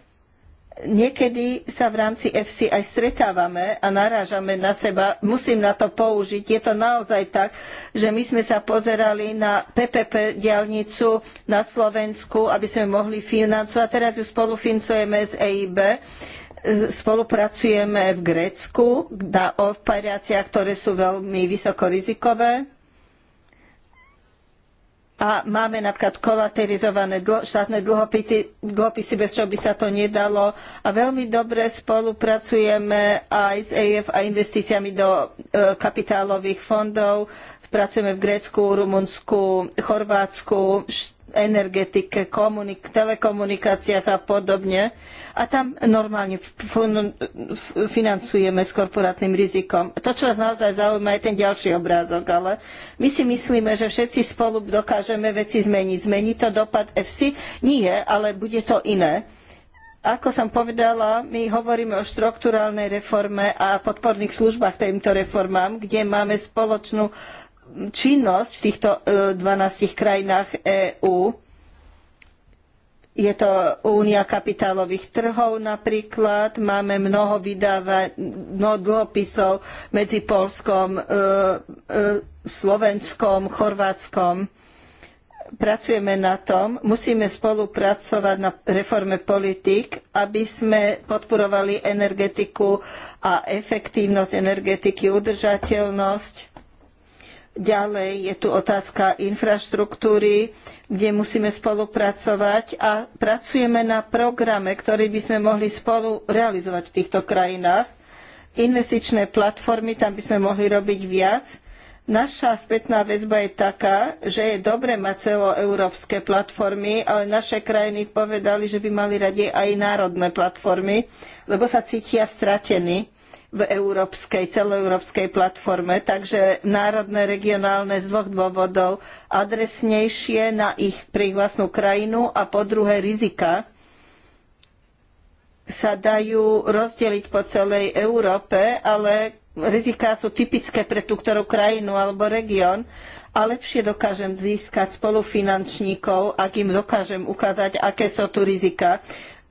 niekedy sa v rámci FC aj stretávame a narážame na seba. Musím na to použiť. Je to naozaj tak, že my sme sa pozerali na PPP diaľnicu na Slovensku, aby sme mohli financovať. Teraz ju spolufinancujeme z EIB Spolupracujeme v Grécku na operáciách, ktoré sú veľmi vysokorizikové. A máme napríklad kolaterizované štátne dlhopisy, dlhopisy, bez čoho by sa to nedalo. A veľmi dobre spolupracujeme aj s EIF a investíciami do e, kapitálových fondov. Pracujeme v Grécku, Rumunsku, Chorvátsku, energetike, komunik- telekomunikáciách a podobne. A tam normálne financujeme s korporátnym rizikom. To, čo vás naozaj zaujíma, je ten ďalší obrázok, ale my si myslíme, že všetci spolu dokážeme veci zmeniť. Zmení to dopad EFSI? Nie, ale bude to iné. Ako som povedala, my hovoríme o štrukturálnej reforme a podporných službách týmto reformám, kde máme spoločnú činnosť v týchto 12 e, krajinách EÚ. Je to únia kapitálových trhov napríklad, máme mnoho vydáva, mnoho dlhopisov medzi Polskom, e, e, Slovenskom, Chorvátskom. Pracujeme na tom, musíme spolupracovať na reforme politik, aby sme podporovali energetiku a efektívnosť energetiky, udržateľnosť Ďalej je tu otázka infraštruktúry, kde musíme spolupracovať a pracujeme na programe, ktorý by sme mohli spolu realizovať v týchto krajinách. Investičné platformy, tam by sme mohli robiť viac. Naša spätná väzba je taká, že je dobre mať celoeurópske platformy, ale naše krajiny povedali, že by mali radi aj národné platformy, lebo sa cítia stratení v európskej, celoeurópskej platforme. Takže národné, regionálne z dvoch dôvodov adresnejšie na ich prihlasnú krajinu a po druhé rizika sa dajú rozdeliť po celej Európe, ale riziká sú typické pre tú ktorú krajinu alebo región a lepšie dokážem získať spolufinančníkov, ak im dokážem ukázať, aké sú tu rizika.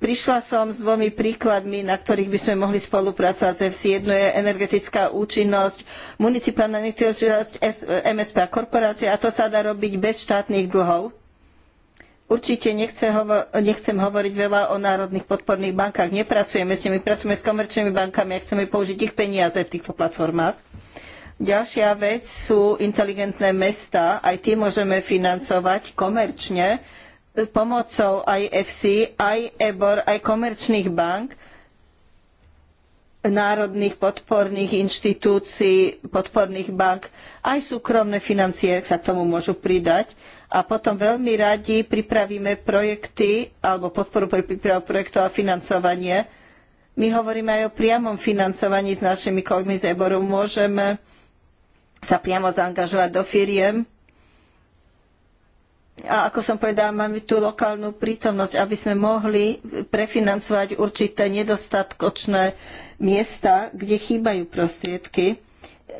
Prišla som s dvomi príkladmi, na ktorých by sme mohli spolupracovať s EFSI. Jedno je energetická účinnosť, municipálna účinnosť MSP a korporácie a to sa dá robiť bez štátnych dlhov. Určite nechcem, hovo- nechcem hovoriť veľa o národných podporných bankách. Nepracujeme s nimi, pracujeme s komerčnými bankami a chceme použiť ich peniaze v týchto platformách. Ďalšia vec sú inteligentné mestá. Aj tie môžeme financovať komerčne pomocou aj FC, aj EBOR, aj komerčných bank, národných podporných inštitúcií, podporných bank, aj súkromné financie sa k tomu môžu pridať. A potom veľmi radi pripravíme projekty alebo podporu pre prípravu projektov a financovanie. My hovoríme aj o priamom financovaní s našimi kolegmi z Eboru. Môžeme sa priamo zaangažovať do firiem a ako som povedala, máme tu lokálnu prítomnosť, aby sme mohli prefinancovať určité nedostatkočné miesta, kde chýbajú prostriedky.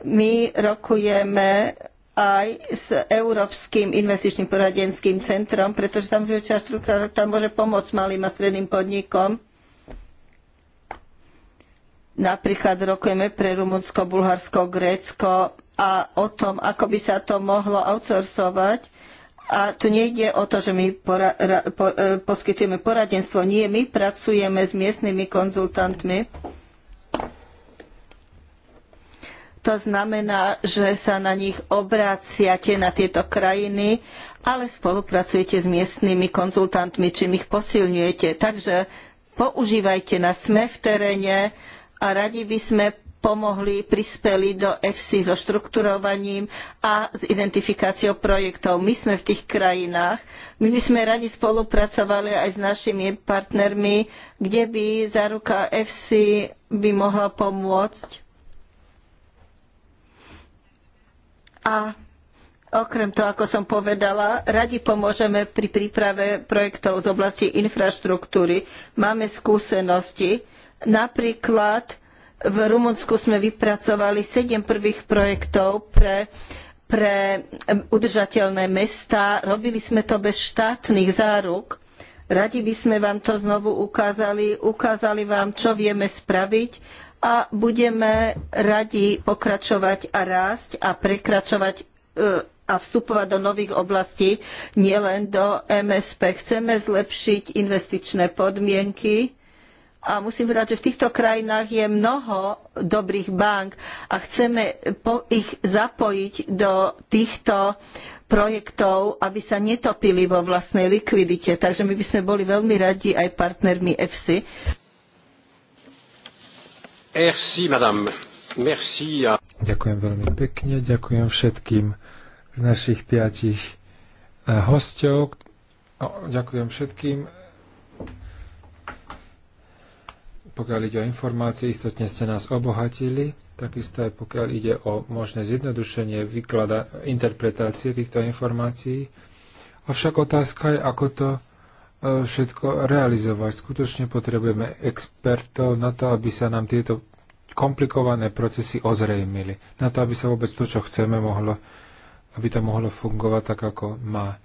My rokujeme aj s Európskym investičným poradenským centrom, pretože tam žijúca štruktúra tam môže pomôcť malým a stredným podnikom. Napríklad rokujeme pre Rumunsko, Bulharsko, Grécko a o tom, ako by sa to mohlo outsourcovať a tu nejde o to, že my pora- ra- po- e, poskytujeme poradenstvo. Nie, my pracujeme s miestnymi konzultantmi. To znamená, že sa na nich obráciate na tieto krajiny, ale spolupracujete s miestnymi konzultantmi, čím ich posilňujete. Takže používajte na sme v teréne a radi by sme pomohli, prispeli do EFSI so štrukturovaním a s identifikáciou projektov. My sme v tých krajinách, my by sme radi spolupracovali aj s našimi partnermi, kde by záruka EFSI by mohla pomôcť. A Okrem toho, ako som povedala, radi pomôžeme pri príprave projektov z oblasti infraštruktúry. Máme skúsenosti. Napríklad v Rumunsku sme vypracovali sedem prvých projektov pre pre udržateľné mestá. Robili sme to bez štátnych záruk. Radi by sme vám to znovu ukázali, ukázali vám, čo vieme spraviť a budeme radi pokračovať a rásť a prekračovať e, a vstupovať do nových oblastí, nielen do MSP. Chceme zlepšiť investičné podmienky, a musím povedať, že v týchto krajinách je mnoho dobrých bank a chceme ich zapojiť do týchto projektov, aby sa netopili vo vlastnej likvidite. Takže my by sme boli veľmi radi aj partnermi EFSI. Merci, madame. Merci. Ďakujem veľmi pekne, ďakujem všetkým z našich piatich eh, hostov. Ďakujem všetkým pokiaľ ide o informácie, istotne ste nás obohatili, takisto aj pokiaľ ide o možné zjednodušenie výklada interpretácie týchto informácií. Avšak otázka je, ako to e, všetko realizovať. Skutočne potrebujeme expertov na to, aby sa nám tieto komplikované procesy ozrejmili. Na to, aby sa vôbec to, čo chceme, mohlo, aby to mohlo fungovať tak, ako má.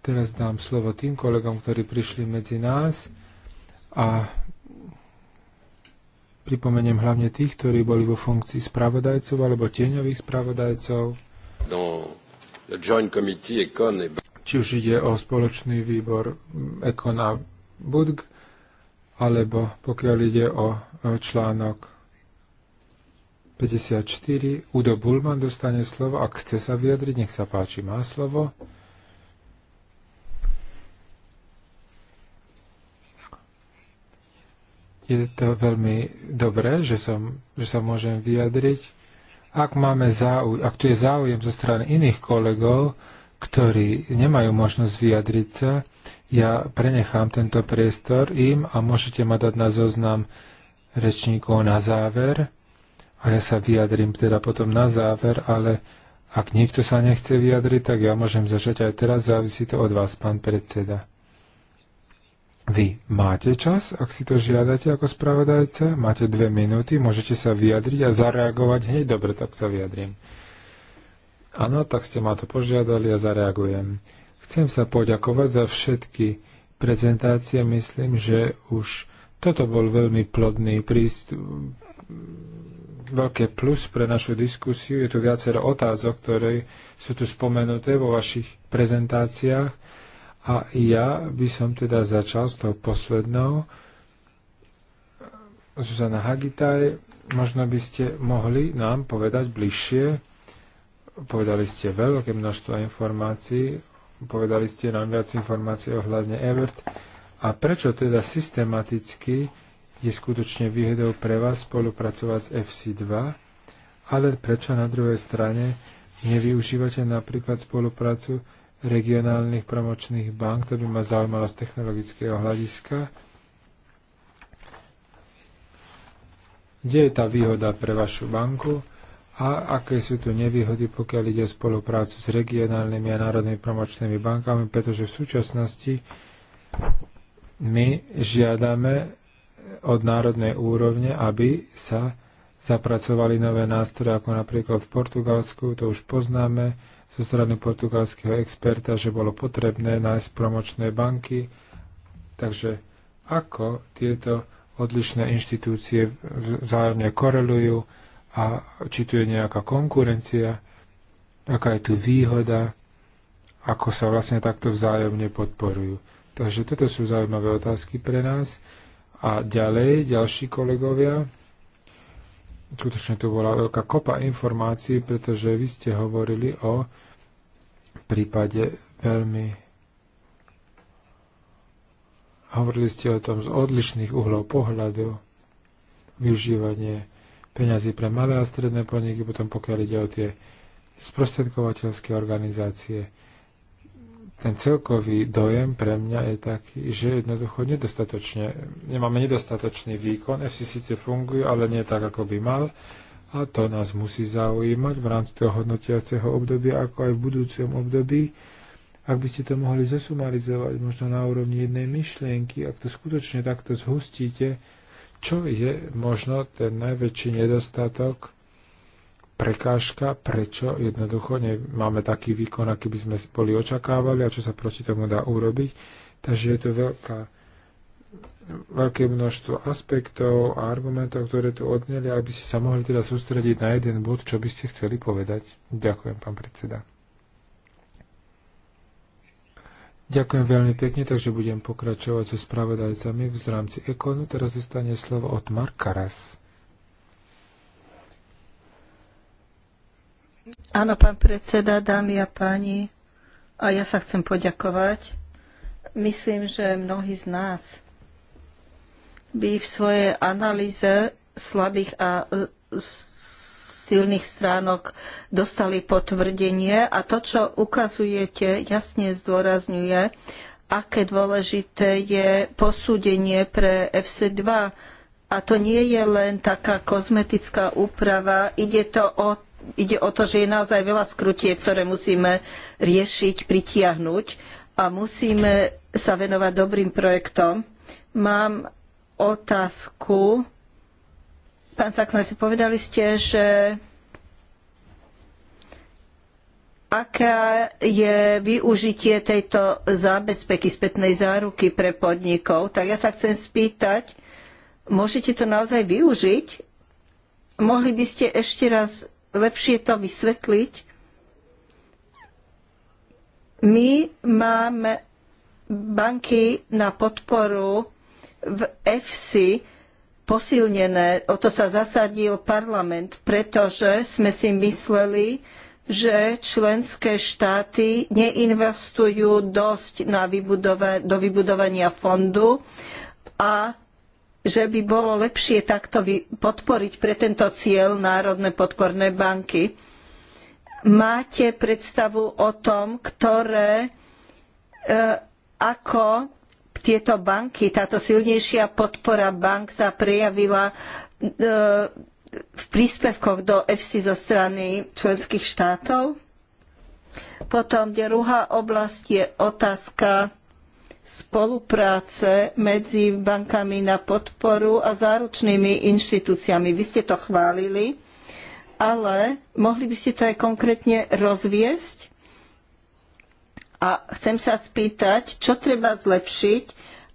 Teraz dám slovo tým kolegom, ktorí prišli medzi nás a Pripomeniem hlavne tých, ktorí boli vo funkcii spravodajcov alebo tieňových spravodajcov. Či už ide o spoločný výbor Ekona Budg, alebo pokiaľ ide o článok 54, Udo Bulman dostane slovo, ak chce sa vyjadriť, nech sa páči, má slovo. Je to veľmi dobré, že, som, že sa môžem vyjadriť. Ak, máme záuj, ak tu je záujem zo strany iných kolegov, ktorí nemajú možnosť vyjadriť sa, ja prenechám tento priestor im a môžete ma dať na zoznam rečníkov na záver a ja sa vyjadrím teda potom na záver, ale ak nikto sa nechce vyjadriť, tak ja môžem začať aj teraz, závisí to od vás, pán predseda. Vy máte čas, ak si to žiadate ako spravodajca? Máte dve minúty, môžete sa vyjadriť a zareagovať hneď. Dobre, tak sa vyjadrím. Áno, tak ste ma to požiadali a zareagujem. Chcem sa poďakovať za všetky prezentácie. Myslím, že už toto bol veľmi plodný prístup, veľké plus pre našu diskusiu. Je tu viacero otázok, ktoré sú tu spomenuté vo vašich prezentáciách. A ja by som teda začal s tou poslednou. Zuzana Hagitaj, možno by ste mohli nám povedať bližšie, povedali ste veľké množstvo informácií, povedali ste nám viac informácií ohľadne Evert a prečo teda systematicky je skutočne výhodou pre vás spolupracovať s FC2, ale prečo na druhej strane nevyužívate napríklad spoluprácu regionálnych promočných bank. To by ma zaujímalo z technologického hľadiska. Kde je tá výhoda pre vašu banku a aké sú tu nevýhody, pokiaľ ide o spoluprácu s regionálnymi a národnými promočnými bankami, pretože v súčasnosti my žiadame od národnej úrovne, aby sa zapracovali nové nástroje, ako napríklad v Portugalsku, to už poznáme, zo strany portugalského experta, že bolo potrebné nájsť promočné banky. Takže ako tieto odlišné inštitúcie vzájomne korelujú a či tu je nejaká konkurencia, aká je tu výhoda, ako sa vlastne takto vzájomne podporujú. Takže toto sú zaujímavé otázky pre nás. A ďalej, ďalší kolegovia skutočne to bola veľká kopa informácií, pretože vy ste hovorili o prípade veľmi Hovorili ste o tom z odlišných uhlov pohľadu, využívanie peňazí pre malé a stredné podniky, potom pokiaľ ide o tie sprostredkovateľské organizácie ten celkový dojem pre mňa je taký, že jednoducho nedostatočne, nemáme nedostatočný výkon, FC síce fungujú, ale nie tak, ako by mal a to nás musí zaujímať v rámci toho hodnotiaceho obdobia, ako aj v budúcom období. Ak by ste to mohli zosumarizovať možno na úrovni jednej myšlienky, ak to skutočne takto zhustíte, čo je možno ten najväčší nedostatok prekážka, prečo jednoducho nemáme taký výkon, aký by sme boli očakávali a čo sa proti tomu dá urobiť. Takže je to veľká, veľké množstvo aspektov a argumentov, ktoré tu odneli, aby ste sa mohli teda sústrediť na jeden bod, čo by ste chceli povedať. Ďakujem, pán predseda. Ďakujem veľmi pekne, takže budem pokračovať so spravodajcami v rámci Ekonu. Teraz zostane slovo od Marka Karas. Áno, pán predseda, dámy a páni, a ja sa chcem poďakovať. Myslím, že mnohí z nás by v svojej analýze slabých a e, silných stránok dostali potvrdenie a to, čo ukazujete, jasne zdôrazňuje, aké dôležité je posúdenie pre FC2. A to nie je len taká kozmetická úprava, ide to o ide o to, že je naozaj veľa skrutiek, ktoré musíme riešiť, pritiahnuť a musíme sa venovať dobrým projektom. Mám otázku. Pán si povedali ste, že aká je využitie tejto zábezpeky, spätnej záruky pre podnikov. Tak ja sa chcem spýtať, môžete to naozaj využiť? Mohli by ste ešte raz lepšie to vysvetliť. My máme banky na podporu v EFSI posilnené, o to sa zasadil parlament, pretože sme si mysleli, že členské štáty neinvestujú dosť na vybudova- do vybudovania fondu a že by bolo lepšie takto podporiť pre tento cieľ národné podporné banky. Máte predstavu o tom, ktoré, e, ako tieto banky, táto silnejšia podpora bank sa prejavila e, v príspevkoch do EFSI zo strany členských štátov? Potom druhá oblasť je otázka spolupráce medzi bankami na podporu a záručnými inštitúciami. Vy ste to chválili, ale mohli by ste to aj konkrétne rozviesť? A chcem sa spýtať, čo treba zlepšiť,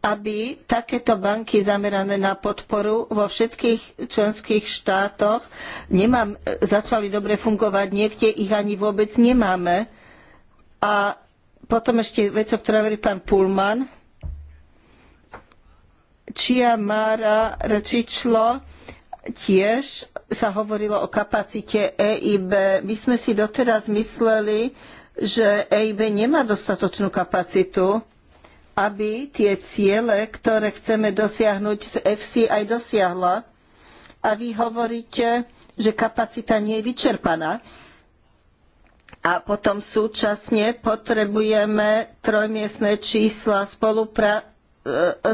aby takéto banky zamerané na podporu vo všetkých členských štátoch nemám, e, začali dobre fungovať, niekde ich ani vôbec nemáme. A potom ešte vec, o ktorej hovorí pán Pullman. Čia Mara Rečičlo tiež sa hovorilo o kapacite EIB. My sme si doteraz mysleli, že EIB nemá dostatočnú kapacitu, aby tie ciele, ktoré chceme dosiahnuť z FC, aj dosiahla. A vy hovoríte, že kapacita nie je vyčerpaná a potom súčasne potrebujeme trojmiestne čísla spolupra e, e, e,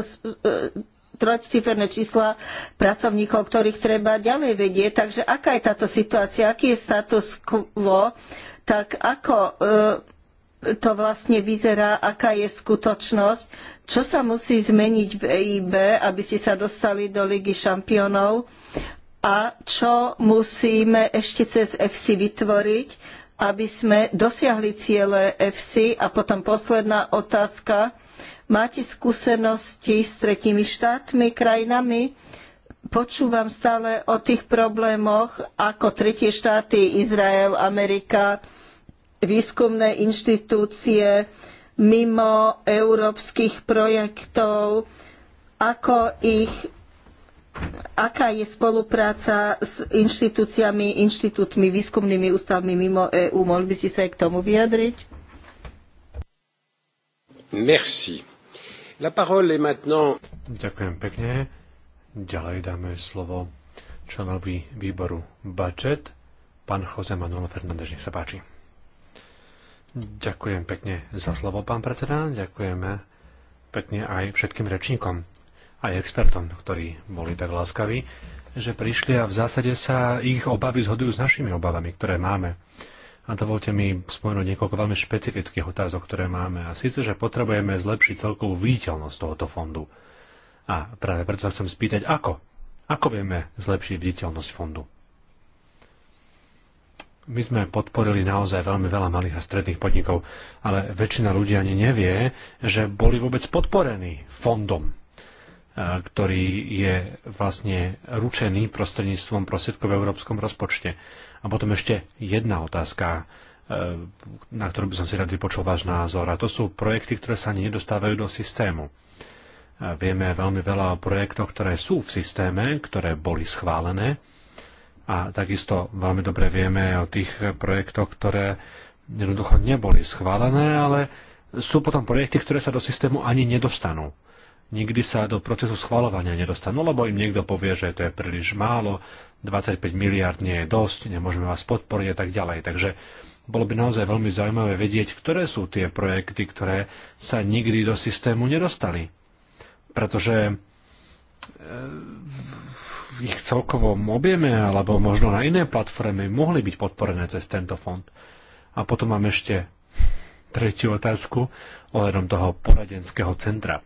trojciferné čísla pracovníkov, ktorých treba ďalej vedieť. Takže aká je táto situácia, aký je status quo, tak ako to vlastne vyzerá, aká je skutočnosť, čo sa musí zmeniť v EIB, aby ste sa dostali do Ligy šampiónov a čo musíme ešte cez FC vytvoriť, aby sme dosiahli ciele EFSI A potom posledná otázka. Máte skúsenosti s tretími štátmi, krajinami? Počúvam stále o tých problémoch, ako tretie štáty, Izrael, Amerika, výskumné inštitúcie, mimo európskych projektov, ako ich aká je spolupráca s inštitúciami, inštitútmi, výskumnými ústavmi mimo EÚ? Mohli by ste sa aj k tomu vyjadriť? Merci. La parole est maintenant... Ďakujem pekne. Ďalej dáme slovo členovi výboru budget, pán Jose Manuel Fernández, nech sa páči. Ďakujem pekne za slovo, pán predseda. Ďakujeme pekne aj všetkým rečníkom aj expertom, ktorí boli tak láskaví, že prišli a v zásade sa ich obavy zhodujú s našimi obavami, ktoré máme. A dovolte mi spomenúť niekoľko veľmi špecifických otázok, ktoré máme. A síce, že potrebujeme zlepšiť celkovú viditeľnosť tohoto fondu. A práve preto sa chcem spýtať, ako? Ako vieme zlepšiť viditeľnosť fondu? My sme podporili naozaj veľmi veľa malých a stredných podnikov, ale väčšina ľudí ani nevie, že boli vôbec podporení fondom ktorý je vlastne ručený prostredníctvom prostriedkov v európskom rozpočte. A potom ešte jedna otázka, e, na ktorú by som si rád vypočul váš názor. A to sú projekty, ktoré sa ani nedostávajú do systému. E, vieme veľmi veľa o projektoch, ktoré sú v systéme, ktoré boli schválené. A takisto veľmi dobre vieme o tých projektoch, ktoré jednoducho neboli schválené, ale sú potom projekty, ktoré sa do systému ani nedostanú nikdy sa do procesu schvalovania nedostanú, lebo im niekto povie, že to je príliš málo, 25 miliard nie je dosť, nemôžeme vás podporiť a tak ďalej. Takže bolo by naozaj veľmi zaujímavé vedieť, ktoré sú tie projekty, ktoré sa nikdy do systému nedostali. Pretože e, v ich celkovom objeme alebo možno na iné platforme mohli byť podporené cez tento fond. A potom mám ešte tretiu otázku ohľadom toho poradenského centra.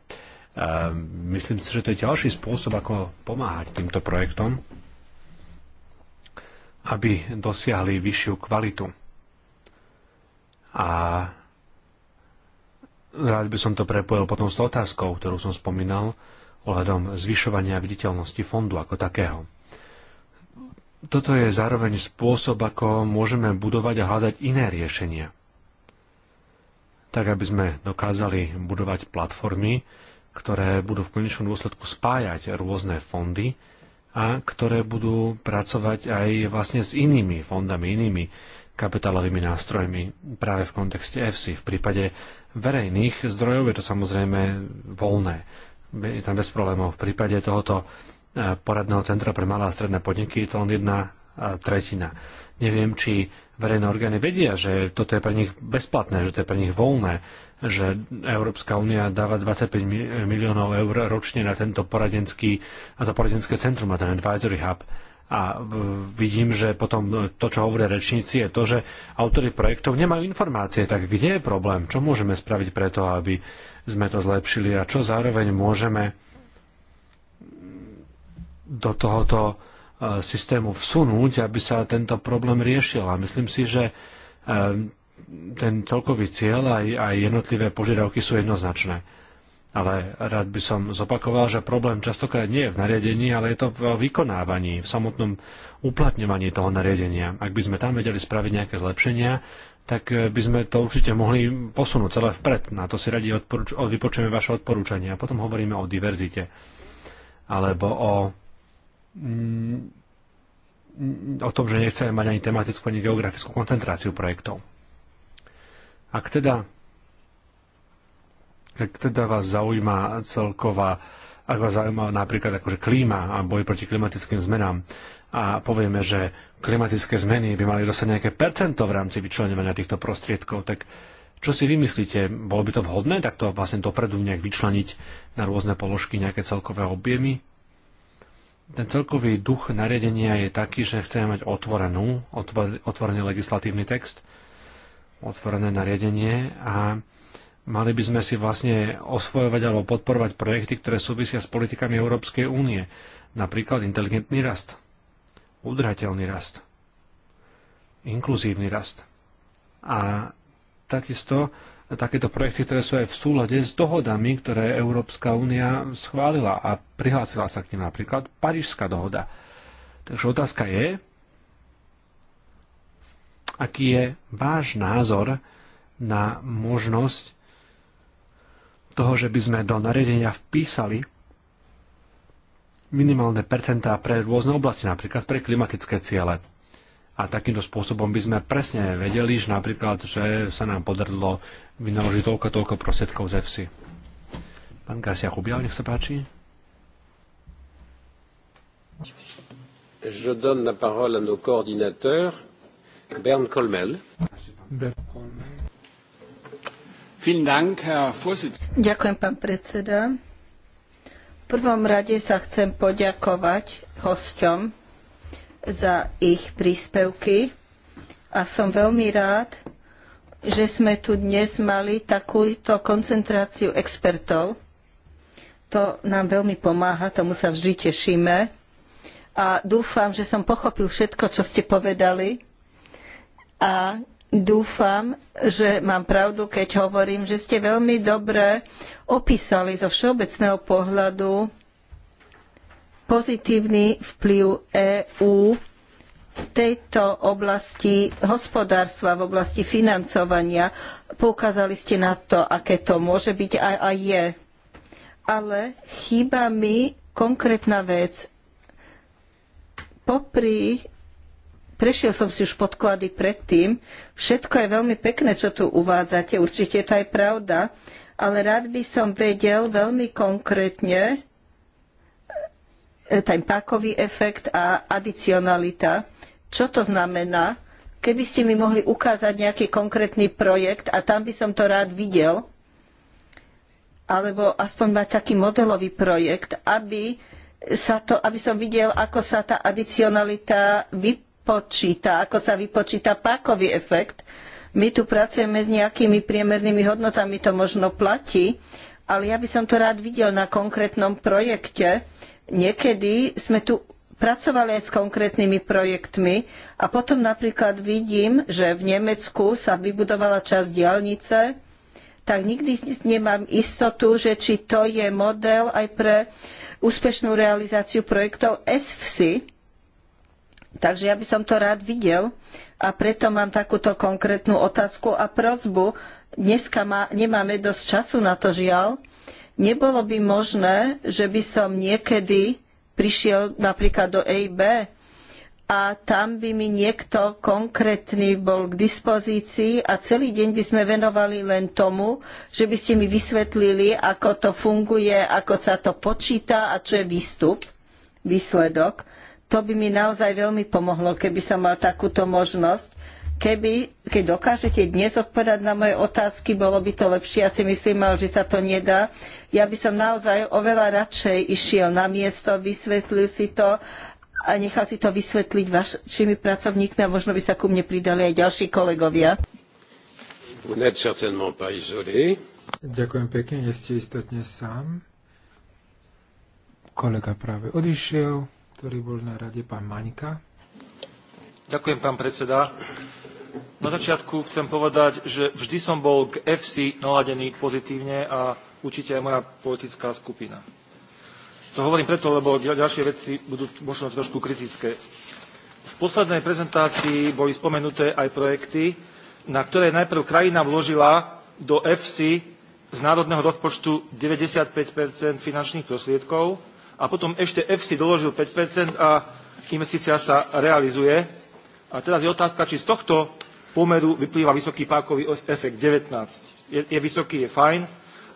Ehm, myslím si, že to je ďalší spôsob, ako pomáhať týmto projektom, aby dosiahli vyššiu kvalitu. A rád by som to prepojil potom s otázkou, ktorú som spomínal, ohľadom zvyšovania viditeľnosti fondu ako takého. Toto je zároveň spôsob, ako môžeme budovať a hľadať iné riešenia. Tak, aby sme dokázali budovať platformy, ktoré budú v konečnom dôsledku spájať rôzne fondy a ktoré budú pracovať aj vlastne s inými fondami, inými kapitálovými nástrojmi práve v kontexte EFSI. V prípade verejných zdrojov je to samozrejme voľné. Je tam bez problémov. V prípade tohoto e, poradného centra pre malé a stredné podniky je to len jedna e, tretina. Neviem, či verejné orgány vedia, že toto je pre nich bezplatné, že to je pre nich voľné že Európska únia dáva 25 miliónov eur ročne na tento poradenský, na to poradenské centrum, na ten advisory hub. A vidím, že potom to, čo hovoria rečníci, je to, že autory projektov nemajú informácie. Tak kde je problém? Čo môžeme spraviť preto, aby sme to zlepšili a čo zároveň môžeme do tohoto e, systému vsunúť, aby sa tento problém riešil. A myslím si, že e, ten celkový cieľ aj, aj jednotlivé požiadavky sú jednoznačné. Ale rád by som zopakoval, že problém častokrát nie je v nariadení, ale je to v vykonávaní, v samotnom uplatňovaní toho nariadenia. Ak by sme tam vedeli spraviť nejaké zlepšenia, tak eh, by sme to určite mohli posunúť celé vpred. Na to si radi odporuč- vypočujeme vaše odporúčania. A potom hovoríme o diverzite. Alebo o mm, o tom, že nechceme mať ani tematickú, ani geografickú koncentráciu projektov. Ak teda, ak teda vás zaujíma celková, ak vás zaujíma napríklad akože klíma a boj proti klimatickým zmenám a povieme, že klimatické zmeny by mali dosať nejaké percento v rámci vyčlenovania týchto prostriedkov, tak čo si vymyslíte, bolo by to vhodné takto vlastne dopredu nejak vyčleniť na rôzne položky nejaké celkové objemy? Ten celkový duch nariadenia je taký, že chceme mať otvorenú, otvorený legislatívny text, otvorené nariadenie a mali by sme si vlastne osvojovať alebo podporovať projekty, ktoré súvisia s politikami Európskej únie, napríklad inteligentný rast, udržateľný rast, inkluzívny rast. A takisto takéto projekty, ktoré sú aj v súlade s dohodami, ktoré Európska únia schválila a prihlásila sa k nim napríklad Parížská dohoda. Takže otázka je, aký je váš názor na možnosť toho, že by sme do nariadenia vpísali minimálne percentá pre rôzne oblasti, napríklad pre klimatické ciele. A takýmto spôsobom by sme presne vedeli, že napríklad, že sa nám podarilo vynaložiť toľko, toľko prostriedkov z EFSI. Pán Garcia Chubial, nech sa páči. Je donne la parole à nos coordinateurs. Bernd Kolmel. Ďakujem, pán predseda. V prvom rade sa chcem poďakovať hosťom za ich príspevky a som veľmi rád, že sme tu dnes mali takúto koncentráciu expertov. To nám veľmi pomáha, tomu sa vždy tešíme. A dúfam, že som pochopil všetko, čo ste povedali a dúfam, že mám pravdu, keď hovorím, že ste veľmi dobre opísali zo všeobecného pohľadu pozitívny vplyv EÚ v tejto oblasti hospodárstva, v oblasti financovania. Poukázali ste na to, aké to môže byť a, a je. Ale chýba mi konkrétna vec. Popri Prešiel som si už podklady predtým. Všetko je veľmi pekné, čo tu uvádzate. Určite to aj pravda. Ale rád by som vedel veľmi konkrétne e, ten pákový efekt a adicionalita. Čo to znamená? Keby ste mi mohli ukázať nejaký konkrétny projekt a tam by som to rád videl, alebo aspoň mať taký modelový projekt, aby, sa to, aby som videl, ako sa tá adicionalita vy, vypočíta, ako sa vypočíta pákový efekt. My tu pracujeme s nejakými priemernými hodnotami, to možno platí, ale ja by som to rád videl na konkrétnom projekte. Niekedy sme tu pracovali aj s konkrétnymi projektmi a potom napríklad vidím, že v Nemecku sa vybudovala časť diaľnice, tak nikdy nemám istotu, že či to je model aj pre úspešnú realizáciu projektov SFSI, Takže ja by som to rád videl a preto mám takúto konkrétnu otázku a prozbu. Dneska má, nemáme dosť času na to žiaľ. Nebolo by možné, že by som niekedy prišiel napríklad do EIB a tam by mi niekto konkrétny bol k dispozícii a celý deň by sme venovali len tomu, že by ste mi vysvetlili, ako to funguje, ako sa to počíta a čo je výstup, výsledok to by mi naozaj veľmi pomohlo, keby som mal takúto možnosť. Keby, keď dokážete dnes odpovedať na moje otázky, bolo by to lepšie. Ja si myslím, že sa to nedá. Ja by som naozaj oveľa radšej išiel na miesto, vysvetlil si to a nechal si to vysvetliť vašimi pracovníkmi a možno by sa ku mne pridali aj ďalší kolegovia. Ďakujem pekne, nie ste istotne sám. Kolega práve odišiel ktorý bol na rade pán Maňka. Ďakujem, pán predseda. Na začiatku chcem povedať, že vždy som bol k FC naladený pozitívne a určite aj moja politická skupina. To hovorím preto, lebo ďalšie veci budú možno trošku kritické. V poslednej prezentácii boli spomenuté aj projekty, na ktoré najprv krajina vložila do FC z národného rozpočtu 95 finančných prostriedkov, a potom ešte EFSI doložil 5 a investícia sa realizuje. A teraz je otázka, či z tohto pomeru vyplýva vysoký pákový efekt 19. Je, je vysoký, je fajn,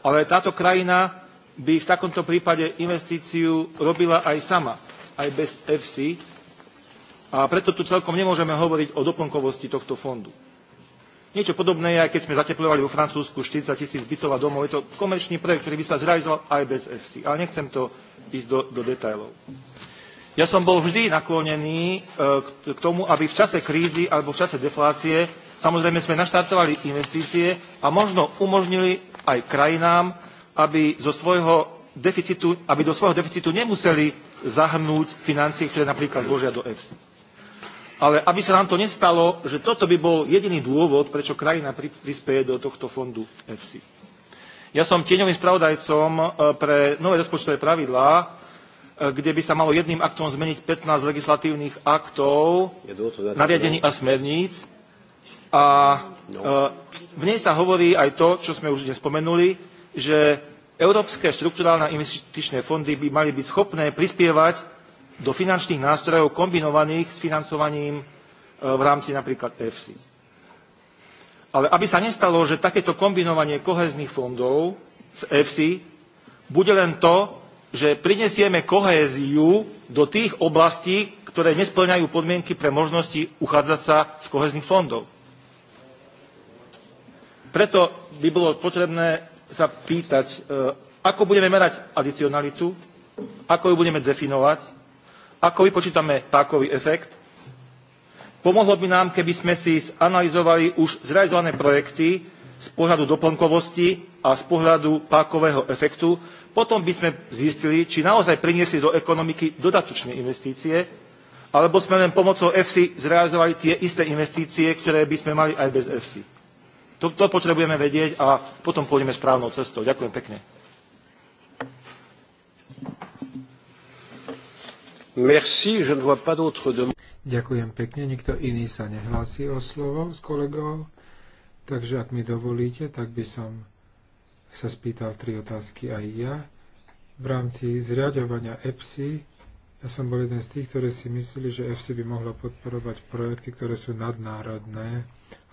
ale táto krajina by v takomto prípade investíciu robila aj sama, aj bez EFSI. A preto tu celkom nemôžeme hovoriť o doplnkovosti tohto fondu. Niečo podobné je, aj keď sme zateplovali vo Francúzsku 40 tisíc bytov a domov. Je to komerčný projekt, ktorý by sa zrealizoval aj bez FC. Ale nechcem to ísť do, do detajlov. Ja som bol vždy naklonený e, k tomu, aby v čase krízy alebo v čase deflácie samozrejme sme naštartovali investície a možno umožnili aj krajinám, aby, zo svojho deficitu, aby do svojho deficitu nemuseli zahrnúť financie, ktoré napríklad vložia do EFSI. Ale aby sa nám to nestalo, že toto by bol jediný dôvod, prečo krajina prispieje do tohto fondu EFSI. Ja som tieňovým spravodajcom e, pre nové rozpočtové pravidlá, e, kde by sa malo jedným aktom zmeniť 15 legislatívnych aktov, nariadení a smerníc. A no. e, v nej sa hovorí aj to, čo sme už dnes spomenuli, že európske štrukturálne investičné fondy by mali byť schopné prispievať do finančných nástrojov kombinovaných s financovaním v rámci napríklad EFSI. Ale aby sa nestalo, že takéto kombinovanie kohezných fondov z EFSI bude len to, že prinesieme kohéziu do tých oblastí, ktoré nesplňajú podmienky pre možnosti uchádzať sa z kohezných fondov. Preto by bolo potrebné sa pýtať, e, ako budeme merať adicionalitu, ako ju budeme definovať, ako vypočítame pákový efekt Pomohlo by nám, keby sme si zanalizovali už zrealizované projekty z pohľadu doplnkovosti a z pohľadu pákového efektu. Potom by sme zistili, či naozaj priniesli do ekonomiky dodatočné investície, alebo sme len pomocou EFSI zrealizovali tie isté investície, ktoré by sme mali aj bez EFSI. To, to potrebujeme vedieť a potom pôjdeme správnou cestou. Ďakujem pekne. Merci, je ne vois pas d'autres demandes. Ďakujem pekne. Nikto iný sa nehlási o slovo s kolegou, Takže ak mi dovolíte, tak by som sa spýtal tri otázky aj ja. V rámci zriadovania EPSI ja som bol jeden z tých, ktorí si mysleli, že EPSI by mohlo podporovať projekty, ktoré sú nadnárodné,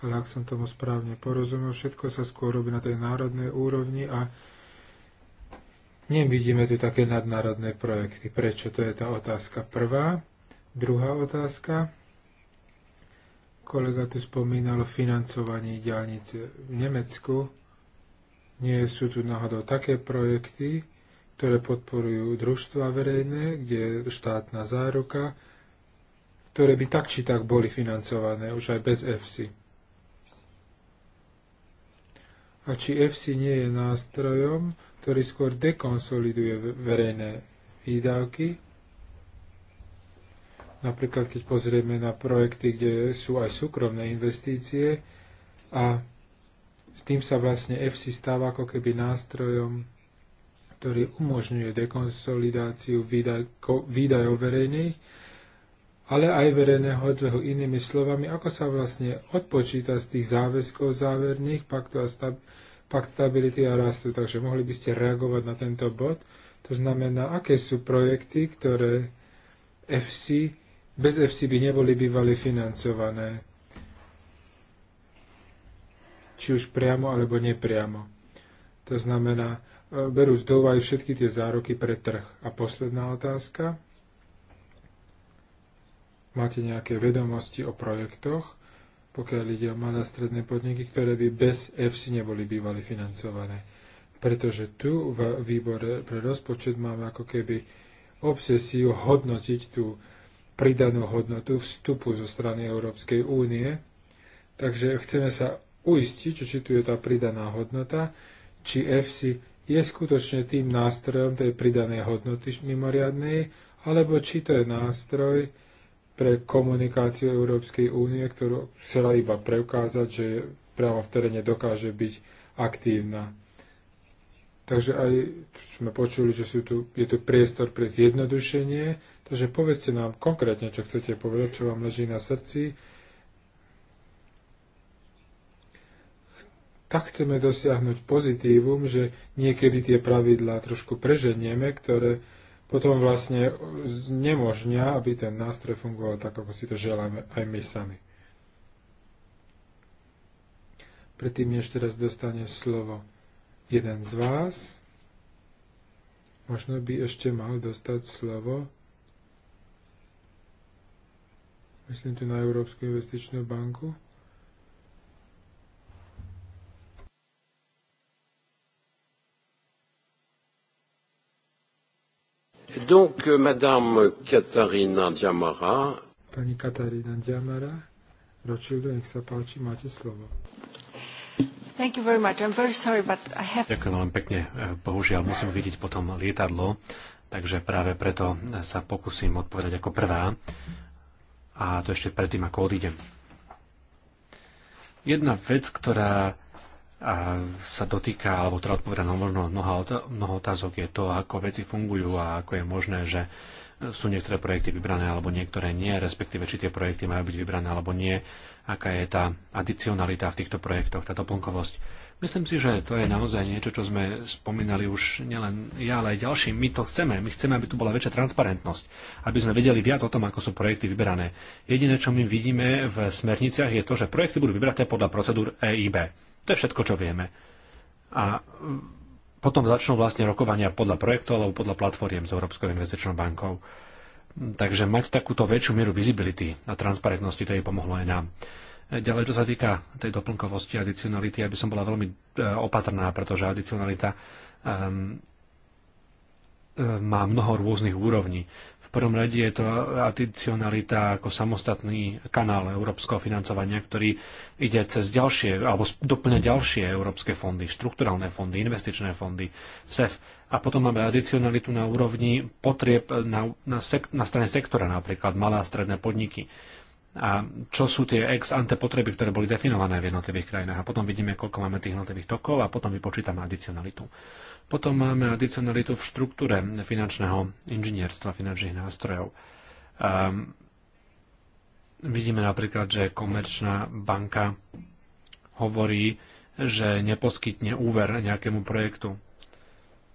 ale ak som tomu správne porozumel, všetko sa skôr robí na tej národnej úrovni a nevidíme tu také nadnárodné projekty. Prečo? To je tá otázka prvá. Druhá otázka. Kolega tu spomínal o financovaní diálnice v Nemecku. Nie sú tu náhodou také projekty, ktoré podporujú družstva verejné, kde je štátna záruka, ktoré by tak či tak boli financované už aj bez EFSI. A či EFSI nie je nástrojom, ktorý skôr dekonsoliduje verejné výdavky, Napríklad, keď pozrieme na projekty, kde sú aj súkromné investície a s tým sa vlastne EFSI stáva ako keby nástrojom, ktorý umožňuje dekonsolidáciu výdajov verejných, ale aj verejného dlhu. Inými slovami, ako sa vlastne odpočíta z tých záväzkov záverných paktu, a stab- pakt stability a rastu. Takže mohli by ste reagovať na tento bod. To znamená, aké sú projekty, ktoré FC bez FC by neboli bývali financované. Či už priamo, alebo nepriamo. To znamená, e, berú z aj všetky tie zároky pre trh. A posledná otázka. Máte nejaké vedomosti o projektoch, pokiaľ ide o malé a stredné podniky, ktoré by bez FC neboli bývali financované. Pretože tu v výbore pre rozpočet máme ako keby obsesiu hodnotiť tú pridanú hodnotu vstupu zo strany Európskej únie. Takže chceme sa uistiť, či tu je tá pridaná hodnota, či EFSI je skutočne tým nástrojom tej pridanej hodnoty mimoriadnej, alebo či to je nástroj pre komunikáciu Európskej únie, ktorú chcela iba preukázať, že priamo v teréne dokáže byť aktívna. Takže aj sme počuli, že sú tu, je tu priestor pre zjednodušenie, Takže povedzte nám konkrétne, čo chcete povedať, čo vám leží na srdci. Tak chceme dosiahnuť pozitívum, že niekedy tie pravidlá trošku preženieme, ktoré potom vlastne nemožňa, aby ten nástroj fungoval tak, ako si to želáme aj my sami. Predtým, ešte teraz dostane slovo jeden z vás, možno by ešte mal dostať slovo myslím tu na Európsku investičnú banku. Donc, euh, Madame Katarina Diamara. Pani Katarina Diamara, Ročildo, nech sa páči, máte slovo. Thank you very much. I'm very sorry, but I have... Ďakujem veľmi pekne. E, Bohužiaľ, musím vidieť potom lietadlo, takže práve preto sa pokúsim odpovedať ako prvá a to ešte predtým, ako odídem. Jedna vec, ktorá a sa dotýka, alebo teda odpoveda na možno mnoho otázok, je to, ako veci fungujú a ako je možné, že sú niektoré projekty vybrané alebo niektoré nie, respektíve či tie projekty majú byť vybrané alebo nie, aká je tá adicionalita v týchto projektoch, tá doplnkovosť. Myslím si, že to je naozaj niečo, čo sme spomínali už nielen ja, ale aj ďalší. My to chceme. My chceme, aby tu bola väčšia transparentnosť, aby sme vedeli viac o tom, ako sú projekty vyberané. Jediné, čo my vidíme v smerniciach, je to, že projekty budú vybraté podľa procedúr EIB. To je všetko, čo vieme. A mm, potom začnú vlastne rokovania podľa projektov alebo podľa platformiem s Európskou investičnou bankou. Mm, takže mať takúto väčšiu mieru visibility a transparentnosti, to jej pomohlo aj nám. Ďalej, čo sa týka tej doplnkovosti adicionality, aby som bola veľmi e, opatrná, pretože adicionalita um, má mnoho rôznych úrovní. V prvom rade je to adicionalita ako samostatný kanál európskeho financovania, ktorý ide cez ďalšie, alebo doplňa ďalšie európske fondy, štrukturálne fondy, investičné fondy, SEF. A potom máme adicionalitu na úrovni potrieb na, na, sek, na strane sektora, napríklad malé a stredné podniky a čo sú tie ex ante potreby, ktoré boli definované v jednotlivých krajinách. A potom vidíme, koľko máme tých jednotlivých tokov a potom vypočítame adicionalitu. Potom máme adicionalitu v štruktúre finančného inžinierstva, finančných nástrojov. Um, vidíme napríklad, že komerčná banka hovorí, že neposkytne úver nejakému projektu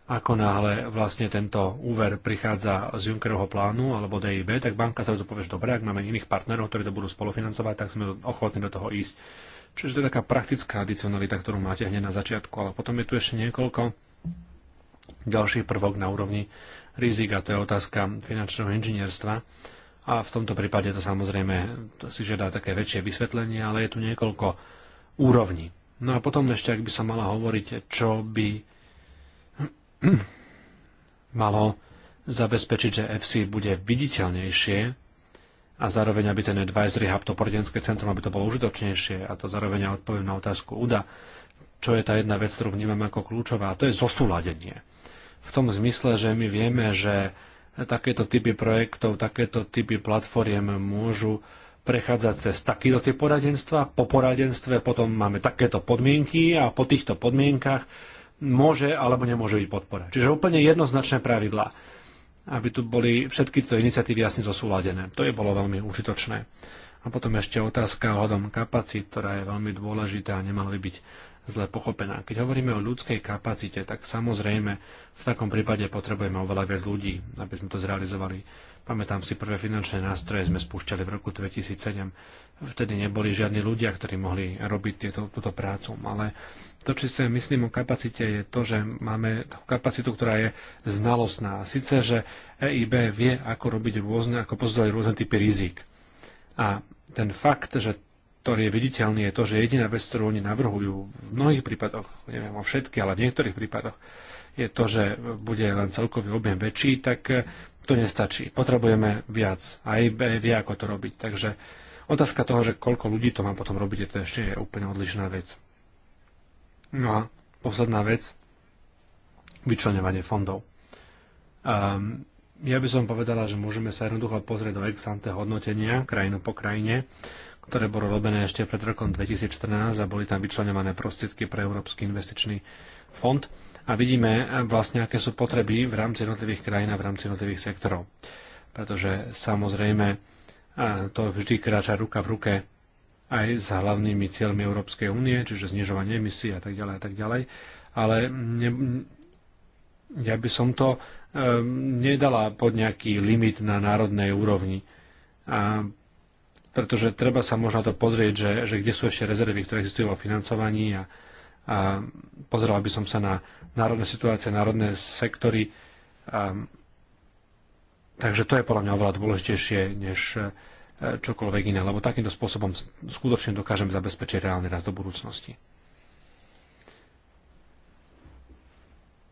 ako náhle vlastne tento úver prichádza z Junckerovho plánu alebo DIB, tak banka sa povie, že dobre, ak máme iných partnerov, ktorí to budú spolufinancovať, tak sme ochotní do toho ísť. Čiže to je taká praktická adicionalita, ktorú máte hneď na začiatku, ale potom je tu ešte niekoľko ďalší prvok na úrovni rizika, to je otázka finančného inžinierstva. A v tomto prípade to samozrejme to si žiada také väčšie vysvetlenie, ale je tu niekoľko úrovní. No a potom ešte, ak by sa mala hovoriť, čo by malo zabezpečiť, že FC bude viditeľnejšie a zároveň, aby ten advisory hub, to poradenské centrum, aby to bolo užitočnejšie a to zároveň ja odpoviem na otázku UDA, čo je tá jedna vec, ktorú vnímam ako kľúčová a to je zosúladenie. V tom zmysle, že my vieme, že takéto typy projektov, takéto typy platformiem môžu prechádzať cez takýto typ poradenstva, po poradenstve potom máme takéto podmienky a po týchto podmienkach môže alebo nemôže byť podpora. Čiže úplne jednoznačné pravidlá, aby tu boli všetky tieto iniciatívy jasne zosúladené. To je bolo veľmi užitočné. A potom ešte otázka ohľadom kapacít, ktorá je veľmi dôležitá a nemala by byť zle pochopená. Keď hovoríme o ľudskej kapacite, tak samozrejme v takom prípade potrebujeme oveľa viac ľudí, aby sme to zrealizovali. Pamätám si, prvé finančné nástroje sme spúšťali v roku 2007. Vtedy neboli žiadni ľudia, ktorí mohli robiť tieto, túto prácu, ale to, čo si myslím o kapacite, je to, že máme takú kapacitu, ktorá je znalostná. Sice, že EIB vie, ako robiť rôzne, ako pozorovať rôzne typy rizik. A ten fakt, že ktorý je viditeľný, je to, že jediná vec, ktorú oni navrhujú v mnohých prípadoch, neviem o všetky, ale v niektorých prípadoch, je to, že bude len celkový objem väčší, tak to nestačí. Potrebujeme viac. A EIB vie, ako to robiť. Takže otázka toho, že koľko ľudí to má potom robiť, je to ešte je úplne odlišná vec. No a posledná vec, vyčlenovanie fondov. Um, ja by som povedala, že môžeme sa jednoducho pozrieť do ex ante hodnotenia krajinu po krajine, ktoré bolo robené ešte pred rokom 2014 a boli tam vyčlenované prostriedky pre Európsky investičný fond a vidíme eh, vlastne, aké sú potreby v rámci jednotlivých krajín a v rámci jednotlivých sektorov. Pretože samozrejme eh, to vždy kráča ruka v ruke aj s hlavnými cieľmi Európskej únie, čiže znižovanie emisí a tak ďalej a tak ďalej. Ale ne, ja by som to e, nedala pod nejaký limit na národnej úrovni. A, pretože treba sa možno to pozrieť, že, že kde sú ešte rezervy, ktoré existujú vo financovaní a, a pozrela by som sa na národné situácie, národné sektory. A, takže to je podľa mňa oveľa dôležitejšie, než čokoľvek iné, lebo takýmto spôsobom skutočne dokážeme zabezpečiť reálny rast do budúcnosti.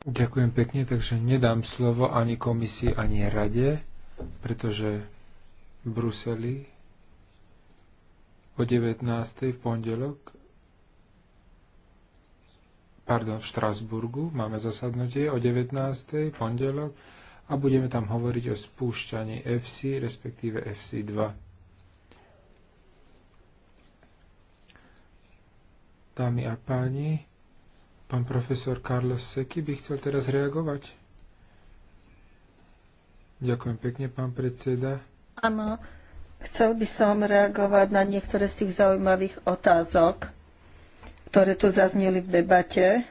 Ďakujem pekne, takže nedám slovo ani komisii, ani rade, pretože v Bruseli o 19. v pondelok pardon, v Štrasburgu máme zasadnutie o 19. pondelok a budeme tam hovoriť o spúšťaní FC, respektíve FC2. Dámy a páni, pán profesor Carlos Seky by chcel teraz reagovať. Ďakujem pekne, pán predseda. Áno, chcel by som reagovať na niektoré z tých zaujímavých otázok, ktoré tu zazneli v debate.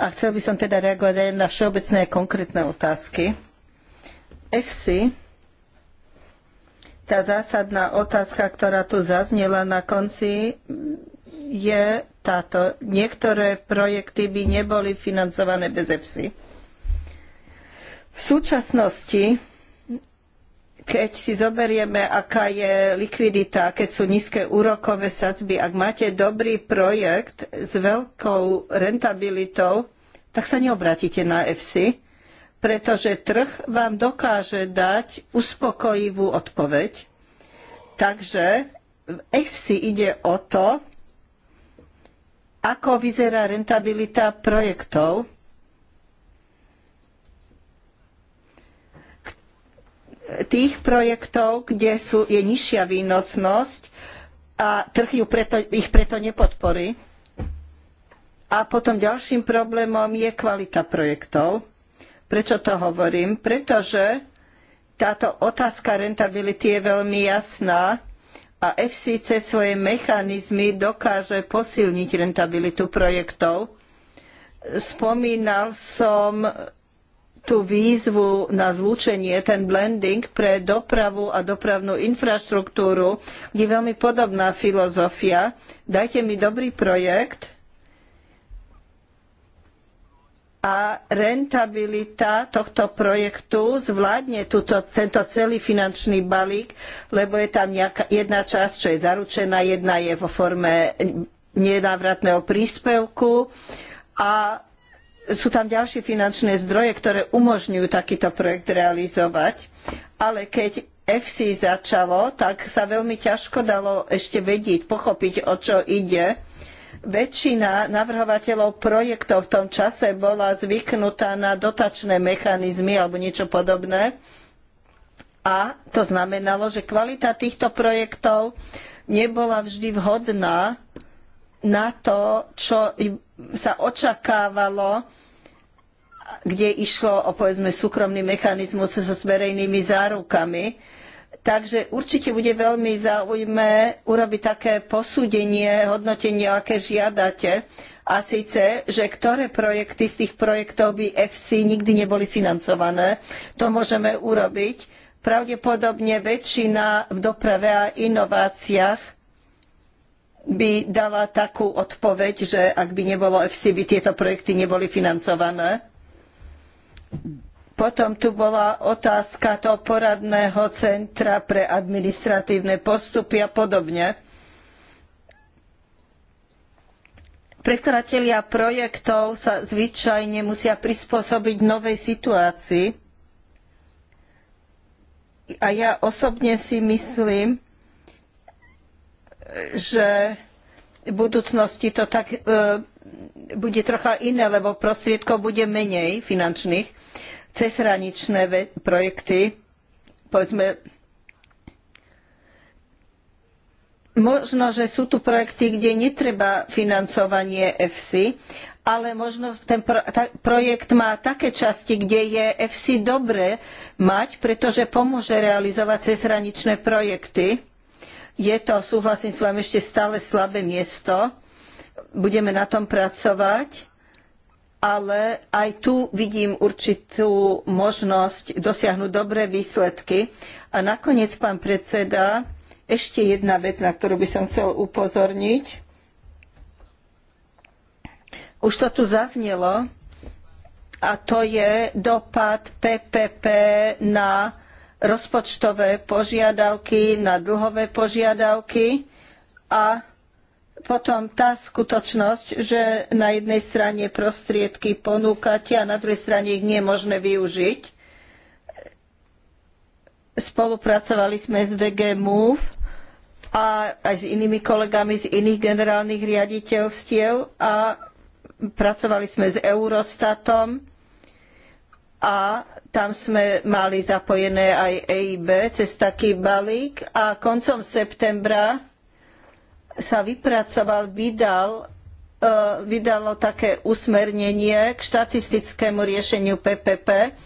A chcel by som teda reagovať aj na všeobecné konkrétne otázky. FC tá zásadná otázka, ktorá tu zaznela na konci, je táto. Niektoré projekty by neboli financované bez EFSI. V súčasnosti, keď si zoberieme, aká je likvidita, aké sú nízke úrokové sadzby, ak máte dobrý projekt s veľkou rentabilitou, tak sa neobratíte na EFSI pretože trh vám dokáže dať uspokojivú odpoveď. Takže v EFSI ide o to, ako vyzerá rentabilita projektov, tých projektov, kde sú, je nižšia výnosnosť a trh preto, ich preto nepodporí. A potom ďalším problémom je kvalita projektov Prečo to hovorím? Pretože táto otázka rentability je veľmi jasná a FCC cez svoje mechanizmy dokáže posilniť rentabilitu projektov. Spomínal som tú výzvu na zlúčenie, ten blending pre dopravu a dopravnú infraštruktúru, kde je veľmi podobná filozofia. Dajte mi dobrý projekt, a rentabilita tohto projektu zvládne túto, tento celý finančný balík, lebo je tam nejaká, jedna časť, čo je zaručená, jedna je vo forme nenávratného príspevku a sú tam ďalšie finančné zdroje, ktoré umožňujú takýto projekt realizovať. Ale keď FC začalo, tak sa veľmi ťažko dalo ešte vedieť, pochopiť, o čo ide Väčšina navrhovateľov projektov v tom čase bola zvyknutá na dotačné mechanizmy alebo niečo podobné. A to znamenalo, že kvalita týchto projektov nebola vždy vhodná na to, čo sa očakávalo, kde išlo o povedzme súkromný mechanizmus so verejnými zárukami. Takže určite bude veľmi zaujímavé urobiť také posúdenie, hodnotenie, aké žiadate. A síce, že ktoré projekty z tých projektov by FC nikdy neboli financované, to môžeme urobiť. Pravdepodobne väčšina v doprave a inováciách by dala takú odpoveď, že ak by nebolo FC, by tieto projekty neboli financované. Potom tu bola otázka toho poradného centra pre administratívne postupy a podobne. Predkladatelia projektov sa zvyčajne musia prispôsobiť novej situácii. A ja osobne si myslím, že v budúcnosti to tak e, bude trocha iné, lebo prostriedkov bude menej finančných cezhraničné projekty, povedzme, možno, že sú tu projekty, kde netreba financovanie EFSI, ale možno ten pro, ta, projekt má také časti, kde je EFSI dobré mať, pretože pomôže realizovať cezhraničné projekty. Je to, súhlasím s vami, ešte stále slabé miesto. Budeme na tom pracovať ale aj tu vidím určitú možnosť dosiahnuť dobré výsledky. A nakoniec, pán predseda, ešte jedna vec, na ktorú by som chcel upozorniť. Už to tu zaznelo, a to je dopad PPP na rozpočtové požiadavky, na dlhové požiadavky a potom tá skutočnosť, že na jednej strane prostriedky ponúkate a na druhej strane ich nie je možné využiť. Spolupracovali sme s DG Move a aj s inými kolegami z iných generálnych riaditeľstiev a pracovali sme s Eurostatom a tam sme mali zapojené aj EIB cez taký balík a koncom septembra sa vypracoval, vydal, e, vydalo také usmernenie k štatistickému riešeniu PPP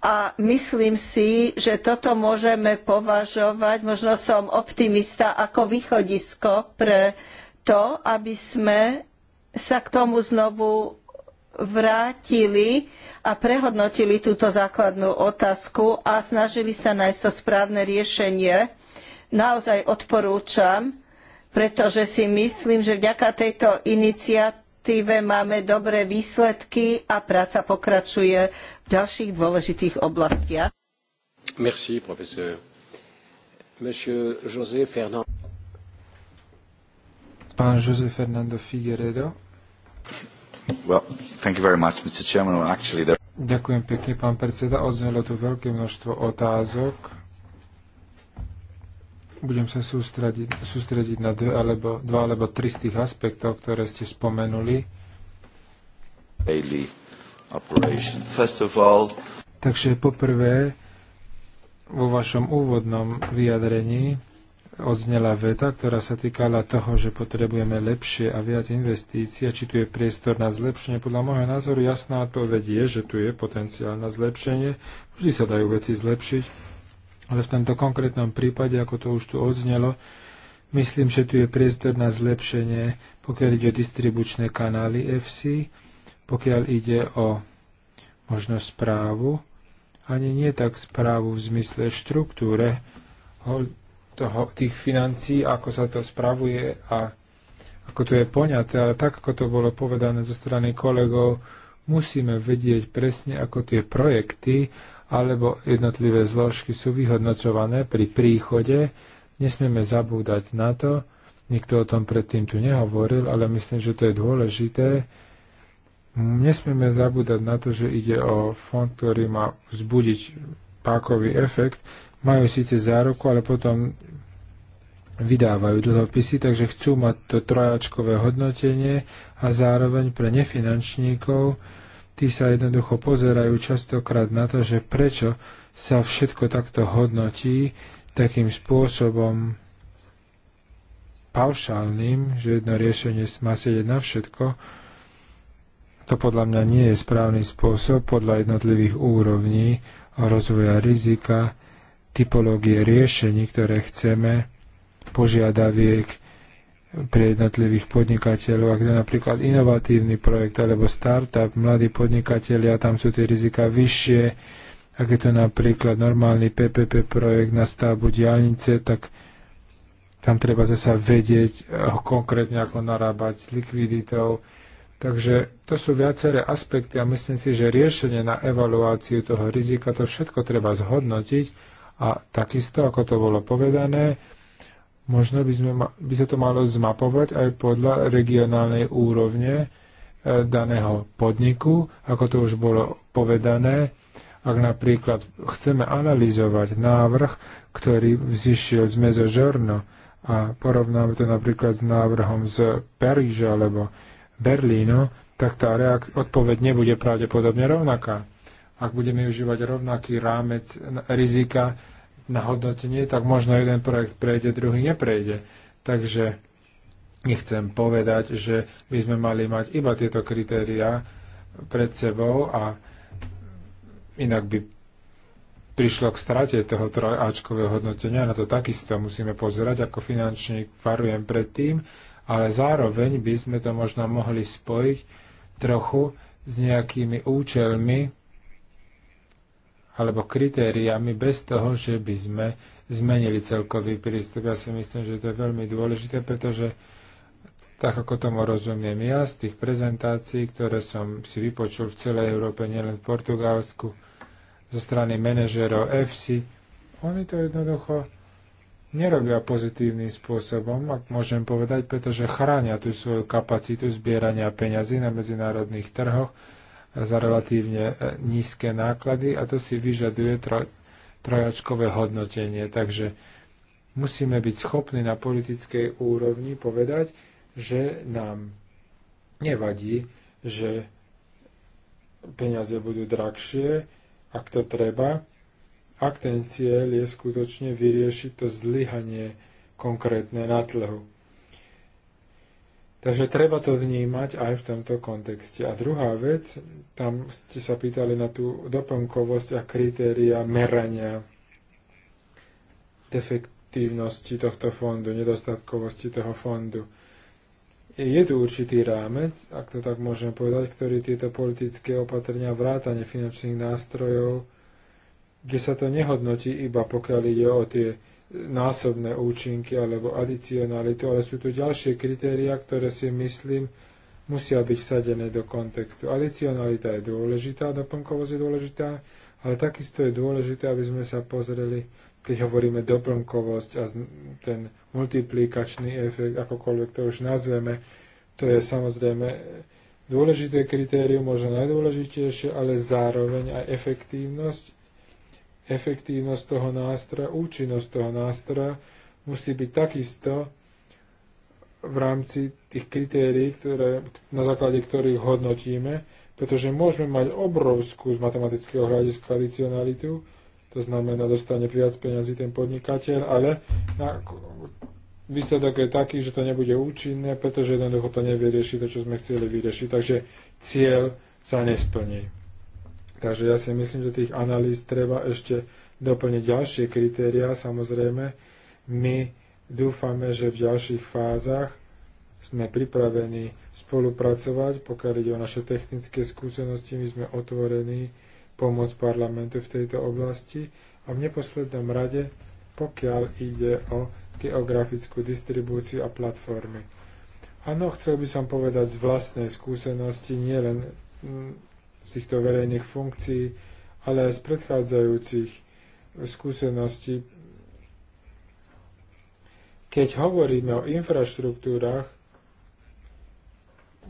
a myslím si, že toto môžeme považovať, možno som optimista, ako východisko pre to, aby sme sa k tomu znovu vrátili a prehodnotili túto základnú otázku a snažili sa nájsť to správne riešenie. Naozaj odporúčam, pretože si myslím, že vďaka tejto iniciatíve máme dobré výsledky a práca pokračuje v ďalších dôležitých oblastiach. Merci, profesor. Monsieur José Fernand. Pán José Fernando Figueredo. Well, thank you very much, Mr. Chairman. Actually, there... Ďakujem pekne, pán predseda. Odznelo tu veľké množstvo otázok budem sa sústrediť, sústrediť na dve alebo, dva alebo tri z tých aspektov, ktoré ste spomenuli. All... Takže poprvé, vo vašom úvodnom vyjadrení odznela veta, ktorá sa týkala toho, že potrebujeme lepšie a viac investícií a či tu je priestor na zlepšenie. Podľa môjho názoru jasná odpoveď je, že tu je potenciál na zlepšenie. Vždy sa dajú veci zlepšiť ale v tomto konkrétnom prípade, ako to už tu odznelo, myslím, že tu je priestor na zlepšenie, pokiaľ ide o distribučné kanály FC, pokiaľ ide o možno správu, ani nie tak správu v zmysle štruktúre toho, tých financií, ako sa to spravuje a ako to je poňaté, ale tak, ako to bolo povedané zo strany kolegov, musíme vedieť presne, ako tie projekty alebo jednotlivé zložky sú vyhodnocované pri príchode. Nesmieme zabúdať na to, nikto o tom predtým tu nehovoril, ale myslím, že to je dôležité. Nesmieme zabúdať na to, že ide o fond, ktorý má vzbudiť pákový efekt. Majú síce záruku, ale potom vydávajú dlhopisy, takže chcú mať to trojačkové hodnotenie a zároveň pre nefinančníkov tí sa jednoducho pozerajú častokrát na to, že prečo sa všetko takto hodnotí takým spôsobom paušálnym, že jedno riešenie má sedieť na všetko. To podľa mňa nie je správny spôsob podľa jednotlivých úrovní rozvoja rizika, typológie riešení, ktoré chceme, požiadaviek, pre jednotlivých podnikateľov. Ak je napríklad inovatívny projekt alebo startup, mladí podnikatelia, tam sú tie rizika vyššie. Ak je to napríklad normálny PPP projekt na stavbu diálnice, tak tam treba zase vedieť eh, konkrétne, ako narábať s likviditou. Takže to sú viaceré aspekty a myslím si, že riešenie na evaluáciu toho rizika, to všetko treba zhodnotiť a takisto, ako to bolo povedané, Možno by, sme, by sa to malo zmapovať aj podľa regionálnej úrovne e, daného podniku, ako to už bolo povedané. Ak napríklad chceme analyzovať návrh, ktorý vzýšiel z Mezožorno a porovnáme to napríklad s návrhom z Paríža alebo Berlínu, tak tá odpoveď nebude pravdepodobne rovnaká. Ak budeme užívať rovnaký rámec rizika, na hodnotenie, tak možno jeden projekt prejde, druhý neprejde. Takže nechcem povedať, že by sme mali mať iba tieto kritériá pred sebou a inak by prišlo k strate toho trojáčkového hodnotenia. Na to takisto musíme pozerať, ako finančník varujem predtým, ale zároveň by sme to možno mohli spojiť trochu s nejakými účelmi, alebo kritériami bez toho, že by sme zmenili celkový prístup. Ja si myslím, že to je veľmi dôležité, pretože tak ako tomu rozumiem ja, z tých prezentácií, ktoré som si vypočul v celej Európe, nielen v Portugalsku, zo strany manažerov EFSI, oni to jednoducho nerobia pozitívnym spôsobom, ak môžem povedať, pretože chránia tú svoju kapacitu zbierania peňazí na medzinárodných trhoch, za relatívne e, nízke náklady a to si vyžaduje troj, trojačkové hodnotenie. Takže musíme byť schopní na politickej úrovni povedať, že nám nevadí, že peniaze budú drahšie, ak to treba, ak ten cieľ je skutočne vyriešiť to zlyhanie konkrétne na tlhu. Takže treba to vnímať aj v tomto kontexte. A druhá vec, tam ste sa pýtali na tú doplnkovosť a kritéria merania defektívnosti tohto fondu, nedostatkovosti toho fondu. Je tu určitý rámec, ak to tak môžem povedať, ktorý tieto politické opatrenia vrátane finančných nástrojov, kde sa to nehodnotí iba pokiaľ ide o tie násobné účinky alebo adicionalitu, ale sú tu ďalšie kritéria, ktoré si myslím musia byť vsadené do kontextu. Adicionalita je dôležitá, doplnkovosť je dôležitá, ale takisto je dôležité, aby sme sa pozreli, keď hovoríme doplnkovosť a ten multiplikačný efekt, akokoľvek to už nazveme, to je samozrejme dôležité kritérium, možno najdôležitejšie, ale zároveň aj efektívnosť efektívnosť toho nástroja, účinnosť toho nástroja musí byť takisto v rámci tých kritérií, ktoré, na základe ktorých hodnotíme, pretože môžeme mať obrovskú z matematického hľadiska adicionalitu, to znamená, dostane viac peňazí ten podnikateľ, ale na, výsledok je taký, že to nebude účinné, pretože jednoducho to nevyrieši to, čo sme chceli vyriešiť. Takže cieľ sa nesplní. Takže ja si myslím, že tých analýz treba ešte doplniť ďalšie kritériá. Samozrejme, my dúfame, že v ďalších fázach sme pripravení spolupracovať, pokiaľ ide o naše technické skúsenosti, my sme otvorení pomôcť parlamentu v tejto oblasti a v neposlednom rade, pokiaľ ide o geografickú distribúciu a platformy. Áno, chcel by som povedať z vlastnej skúsenosti, nielen z týchto verejných funkcií, ale aj z predchádzajúcich skúseností. Keď hovoríme o infraštruktúrach,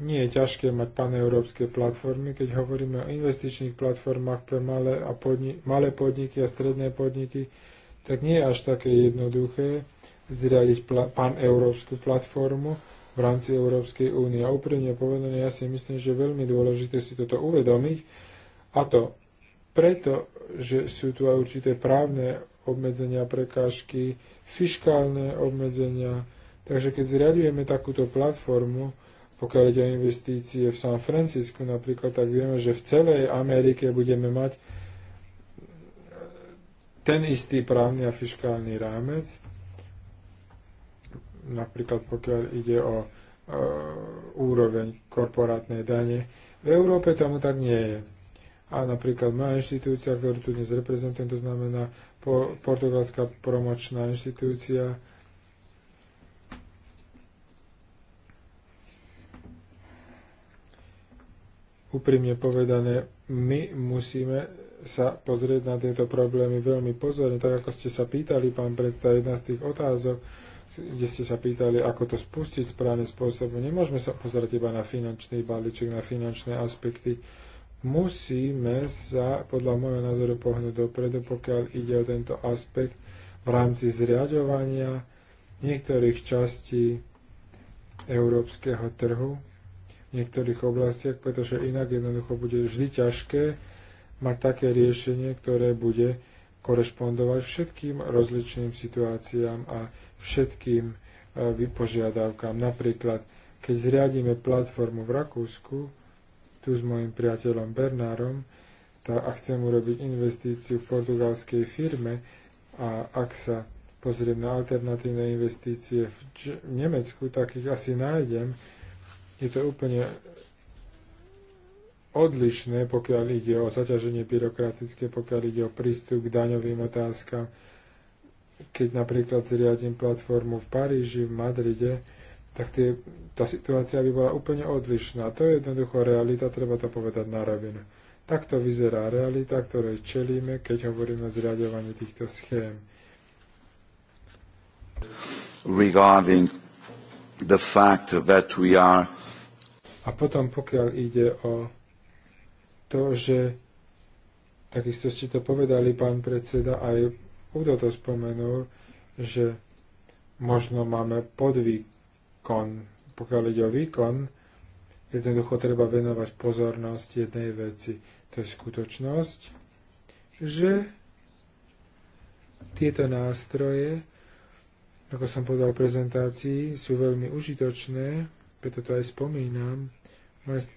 nie je ťažké mať paneurópske platformy, keď hovoríme o investičných platformách pre malé, a podni- malé podniky a stredné podniky, tak nie je až také jednoduché zriadiť pla- paneurópsku platformu, v rámci Európskej únie. A úprimne povedané, ja si myslím, že je veľmi dôležité si toto uvedomiť, a to preto, že sú tu aj určité právne obmedzenia, prekážky, fiškálne obmedzenia. Takže keď zriadujeme takúto platformu, pokiaľ ide o investície v San Francisku napríklad, tak vieme, že v celej Amerike budeme mať ten istý právny a fiškálny rámec napríklad pokiaľ ide o uh, úroveň korporátnej dane. V Európe tomu tak nie je. A napríklad moja inštitúcia, ktorú tu dnes reprezentujem, to znamená po, portugalská promočná inštitúcia, úprimne povedané, my musíme sa pozrieť na tieto problémy veľmi pozorne. Tak ako ste sa pýtali, pán predstav, jedna z tých otázok, kde ste sa pýtali, ako to spustiť správnym spôsobom. Nemôžeme sa pozerať iba na finančný balíček, na finančné aspekty. Musíme sa, podľa môjho názoru, pohnúť dopredu, pokiaľ ide o tento aspekt v rámci zriadovania niektorých častí európskeho trhu v niektorých oblastiach, pretože inak jednoducho bude vždy ťažké mať také riešenie, ktoré bude korešpondovať všetkým rozličným situáciám a všetkým e, vypožiadavkám. Napríklad, keď zriadíme platformu v Rakúsku, tu s mojim priateľom Bernárom, tá, a chcem urobiť investíciu v portugalskej firme a ak sa pozriem na alternatívne investície v, v Nemecku, tak ich asi nájdem. Je to úplne odlišné, pokiaľ ide o zaťaženie byrokratické, pokiaľ ide o prístup k daňovým otázkam, keď napríklad zriadím platformu v Paríži, v Madride, tak tie, tá situácia by bola úplne odlišná. To je jednoducho realita, treba to povedať na rovinu. Takto vyzerá realita, ktorej čelíme, keď hovoríme o zriadovaní týchto schém. Regarding the fact that we are... A potom, pokiaľ ide o to, že takisto ste to povedali, pán predseda, aj kto to spomenul, že možno máme podvýkon, pokiaľ ide o výkon, jednoducho treba venovať pozornosť jednej veci. To je skutočnosť, že tieto nástroje, ako som povedal v prezentácii, sú veľmi užitočné, preto to aj spomínam. Moje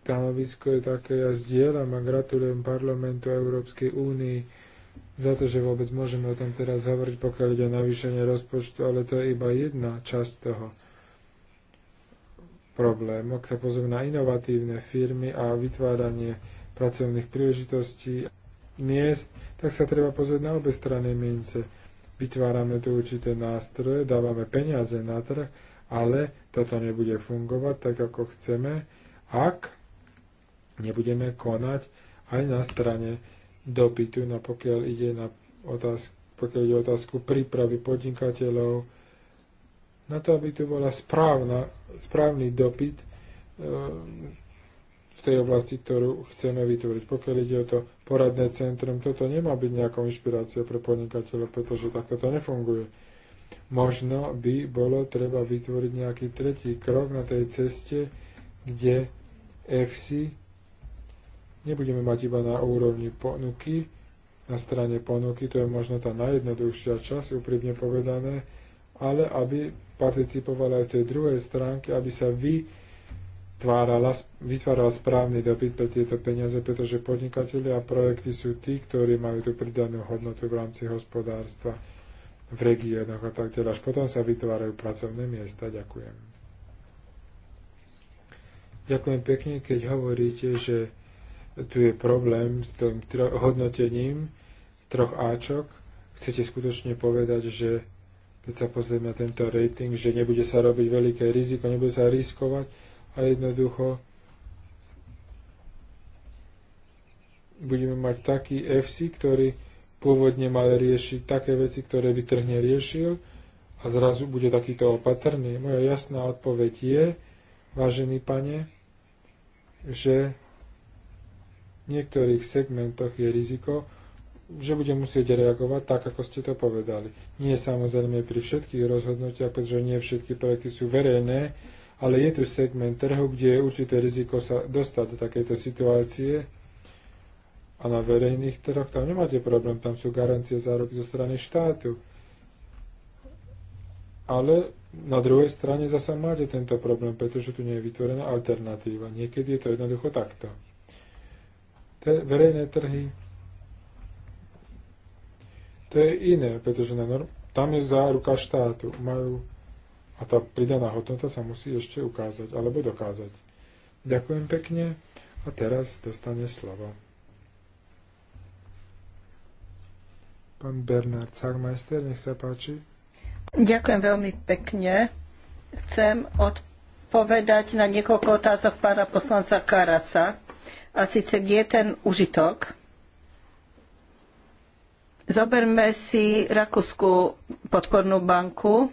stanovisko je také, ja zdieľam a gratulujem parlamentu Európskej únii za to, že vôbec môžeme o tom teraz hovoriť, pokiaľ ide o navýšenie rozpočtu, ale to je iba jedna časť toho problému. Ak sa pozrieme na inovatívne firmy a vytváranie pracovných príležitostí miest, tak sa treba pozrieť na obe strany mince. Vytvárame tu určité nástroje, dávame peniaze na trh, ale toto nebude fungovať tak, ako chceme, ak nebudeme konať aj na strane dopytu, na no pokiaľ ide na otázku, pokiaľ ide otázku prípravy podnikateľov, na to, aby tu bola správna, správny dopyt e, v tej oblasti, ktorú chceme vytvoriť. Pokiaľ ide o to poradné centrum, toto nemá byť nejaká inšpiráciou pre podnikateľov, pretože takto to nefunguje. Možno by bolo treba vytvoriť nejaký tretí krok na tej ceste, kde EFSI nebudeme mať iba na úrovni ponuky, na strane ponuky, to je možno tá najjednoduchšia časť, úprimne povedané, ale aby participovala aj v tej druhej stránke, aby sa vy vytvárala, vytvárala správny dopyt pre tieto peniaze, pretože podnikatelia a projekty sú tí, ktorí majú tú pridanú hodnotu v rámci hospodárstva v regiónoch a tak ďalej. Až potom sa vytvárajú pracovné miesta. Ďakujem. Ďakujem pekne, keď hovoríte, že tu je problém s tým tro- hodnotením troch Ačok. Chcete skutočne povedať, že keď sa pozrieme na tento rating, že nebude sa robiť veľké riziko, nebude sa riskovať a jednoducho budeme mať taký FC, ktorý pôvodne mal riešiť také veci, ktoré by trh neriešil a zrazu bude takýto opatrný. Moja jasná odpoveď je, vážený pane, že niektorých segmentoch je riziko, že bude musieť reagovať tak, ako ste to povedali. Nie samozrejme pri všetkých rozhodnutiach, pretože nie všetky projekty sú verejné, ale je tu segment trhu, kde je určité riziko sa dostať do takejto situácie a na verejných trhoch tam nemáte problém, tam sú garancie zároky zo strany štátu. Ale na druhej strane zasa máte tento problém, pretože tu nie je vytvorená alternatíva. Niekedy je to jednoducho takto verejné trhy. To je iné, pretože na norm- tam je záruka štátu. Majú a tá pridaná hodnota sa musí ešte ukázať alebo dokázať. Ďakujem pekne a teraz dostane slovo. Pán Bernard Sagmeister, nech sa páči. Ďakujem veľmi pekne. Chcem odpovedať na niekoľko otázok pána poslanca Karasa. A síce, kde je ten užitok? Zoberme si Rakúsku podpornú banku.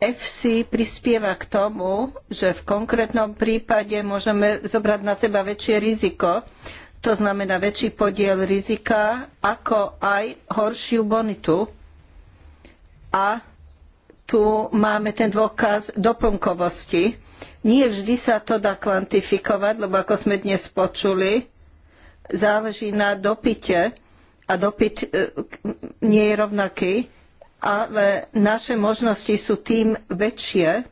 FC prispieva k tomu, že v konkrétnom prípade môžeme zobrať na seba väčšie riziko, to znamená väčší podiel rizika, ako aj horšiu bonitu. A tu máme ten dôkaz doplnkovosti nie vždy sa to dá kvantifikovať, lebo ako sme dnes počuli, záleží na dopite a dopyt e, nie je rovnaký, ale naše možnosti sú tým väčšie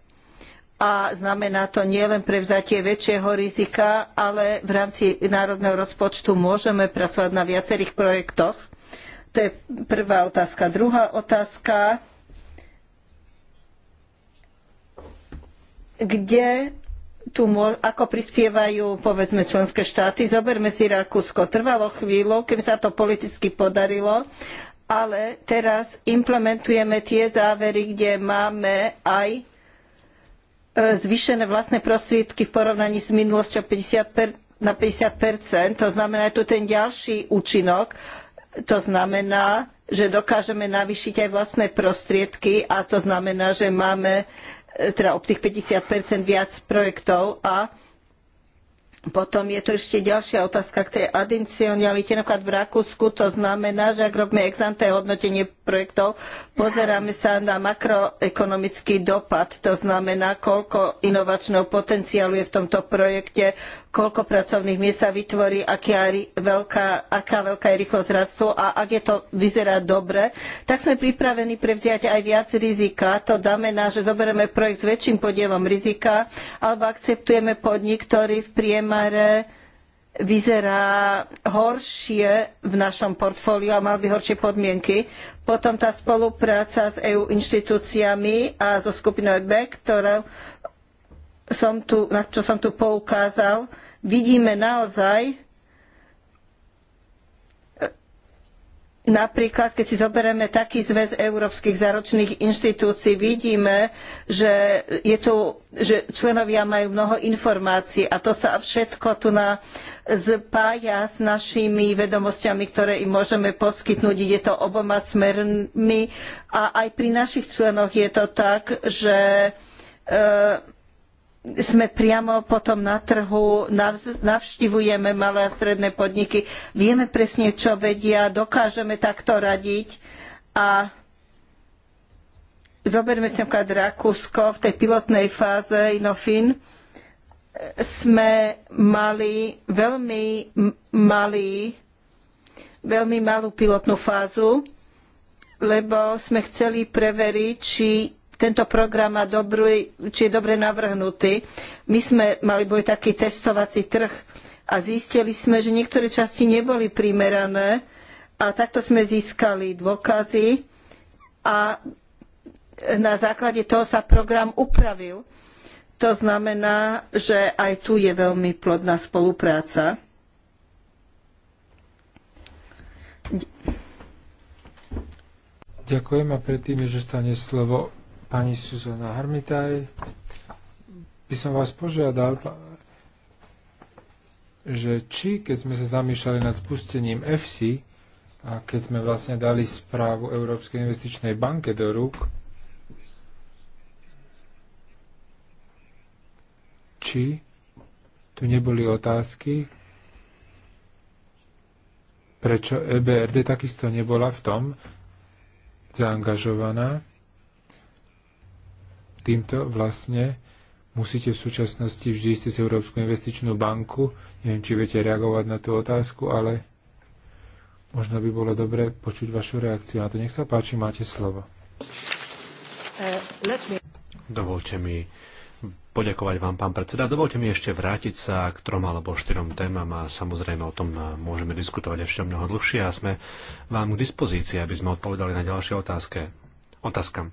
a znamená to nielen prevzatie väčšieho rizika, ale v rámci národného rozpočtu môžeme pracovať na viacerých projektoch. To je prvá otázka. Druhá otázka kde tu ako prispievajú povedzme členské štáty. Zoberme si Rakúsko. Trvalo chvíľu, kým sa to politicky podarilo, ale teraz implementujeme tie závery, kde máme aj e, zvýšené vlastné prostriedky v porovnaní s minulosťou 50 na 50 To znamená, je tu ten ďalší účinok. To znamená, že dokážeme navýšiť aj vlastné prostriedky a to znamená, že máme E, teda o tých 50% viac projektov a potom je tu ešte ďalšia otázka k tej adicionalite. Napríklad v Rakúsku to znamená, že ak robíme exanté hodnotenie projektov, pozeráme sa na makroekonomický dopad. To znamená, koľko inovačného potenciálu je v tomto projekte, koľko pracovných miest sa vytvorí, aká, veľká, aká veľká je rýchlosť rastu a ak je to vyzerá dobre, tak sme pripravení prevziať aj viac rizika. To znamená, že zoberieme projekt s väčším podielom rizika alebo akceptujeme podnik, ktorý v priemere vyzerá horšie v našom portfóliu a mal by horšie podmienky. Potom tá spolupráca s EU inštitúciami a so skupinou EBEC, ktorá som tu, na čo som tu poukázal, vidíme naozaj, e, Napríklad, keď si zoberieme taký zväz európskych záročných inštitúcií, vidíme, že, je tu, že členovia majú mnoho informácií a to sa všetko tu na spája s našimi vedomosťami, ktoré im môžeme poskytnúť. Ide to oboma smermi a aj pri našich členoch je to tak, že e, sme priamo potom na trhu, navštivujeme malé a stredné podniky, vieme presne, čo vedia, dokážeme takto radiť a zoberme si napríklad Rakúsko v tej pilotnej fáze Inofin, sme mali veľmi malý, veľmi malú pilotnú fázu, lebo sme chceli preveriť, či tento program má dobrý, či je dobre navrhnutý. My sme mali boj taký testovací trh a zistili sme, že niektoré časti neboli primerané a takto sme získali dôkazy a na základe toho sa program upravil. To znamená, že aj tu je veľmi plodná spolupráca. Ďakujem a predtým, že stane slovo Pani Suzana Harmitaj, by som vás požiadal, že či, keď sme sa zamýšľali nad spustením EFSI a keď sme vlastne dali správu Európskej investičnej banke do rúk, či tu neboli otázky, prečo EBRD takisto nebola v tom zaangažovaná týmto vlastne musíte v súčasnosti vždy ste z Európsku investičnú banku. Neviem, či viete reagovať na tú otázku, ale možno by bolo dobre počuť vašu reakciu na to. Nech sa páči, máte slovo. Dovolte mi poďakovať vám, pán predseda. Dovolte mi ešte vrátiť sa k trom alebo štyrom témam a samozrejme o tom môžeme diskutovať ešte mnoho dlhšie a sme vám k dispozícii, aby sme odpovedali na ďalšie otázky. Otázka.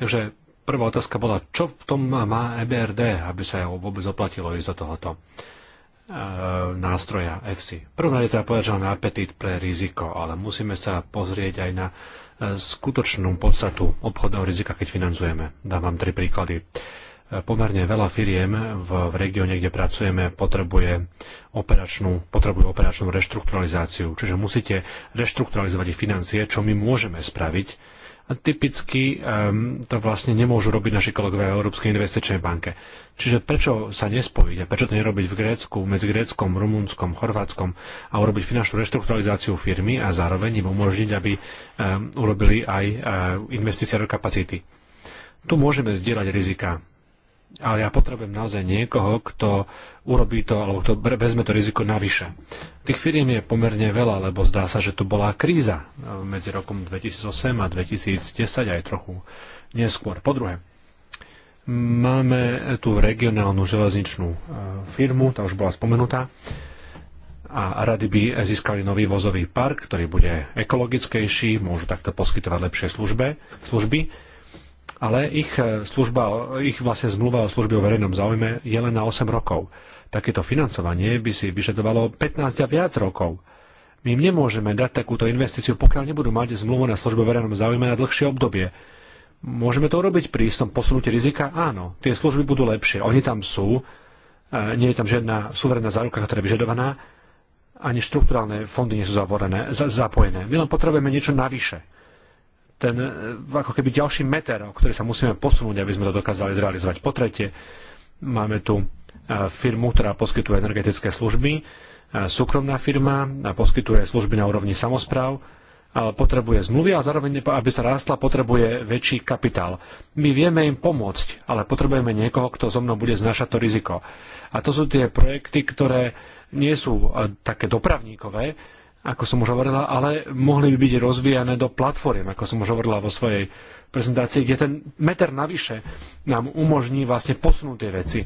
Takže prvá otázka bola, čo v tom má EBRD, aby sa vôbec oplatilo ísť do tohoto e, nástroja FC. Prvom rade treba povedať, že máme apetit pre riziko, ale musíme sa pozrieť aj na e, skutočnú podstatu obchodného rizika, keď financujeme. Dám vám tri príklady. E, pomerne veľa firiem v, v regióne, kde pracujeme, potrebuje operačnú, potrebujú operačnú reštrukturalizáciu. Čiže musíte reštrukturalizovať ich financie, čo my môžeme spraviť, typicky um, to vlastne nemôžu robiť naši kolegovia v Európskej investičnej banke. Čiže prečo sa nespojiť a prečo to nerobiť v Grécku, medzi Gréckom, Rumunskom, Chorvátskom a urobiť finančnú reštrukturalizáciu firmy a zároveň im umožniť, aby um, urobili aj uh, investície do kapacity. Tu môžeme zdieľať rizika ale ja potrebujem naozaj niekoho, kto urobí to alebo kto vezme to riziko navyše. Tých firiem je pomerne veľa, lebo zdá sa, že tu bola kríza e, medzi rokom 2008 a 2010 aj trochu neskôr. Po druhé, máme tú regionálnu železničnú e, firmu, tá už bola spomenutá, a rady by získali nový vozový park, ktorý bude ekologickejší, môžu takto poskytovať lepšie službe, služby ale ich, e, služba, ich vlastne zmluva o službe o verejnom záujme je len na 8 rokov. Takéto financovanie by si vyžadovalo 15 a viac rokov. My im nemôžeme dať takúto investíciu, pokiaľ nebudú mať zmluvu na službu o verejnom záujme na dlhšie obdobie. Môžeme to urobiť pri istom posunutí rizika? Áno, tie služby budú lepšie. Oni tam sú, e, nie je tam žiadna suverénna záruka, ktorá je vyžadovaná, ani štruktúrálne fondy nie sú zavorené, zapojené. My len potrebujeme niečo navyše ten e, ako keby ďalší meter, o ktorý sa musíme posunúť, aby sme to dokázali zrealizovať. Po tretie, máme tu e, firmu, ktorá poskytuje energetické služby, e, súkromná firma poskytuje služby na úrovni samozpráv, ale potrebuje zmluvy a zároveň, aby sa rástla, potrebuje väčší kapitál. My vieme im pomôcť, ale potrebujeme niekoho, kto so mnou bude znašať to riziko. A to sú tie projekty, ktoré nie sú také dopravníkové, ako som už hovorila, ale mohli by byť rozvíjane do platform, ako som už hovorila vo svojej prezentácii, kde ten meter navyše nám umožní vlastne posunúť tie veci.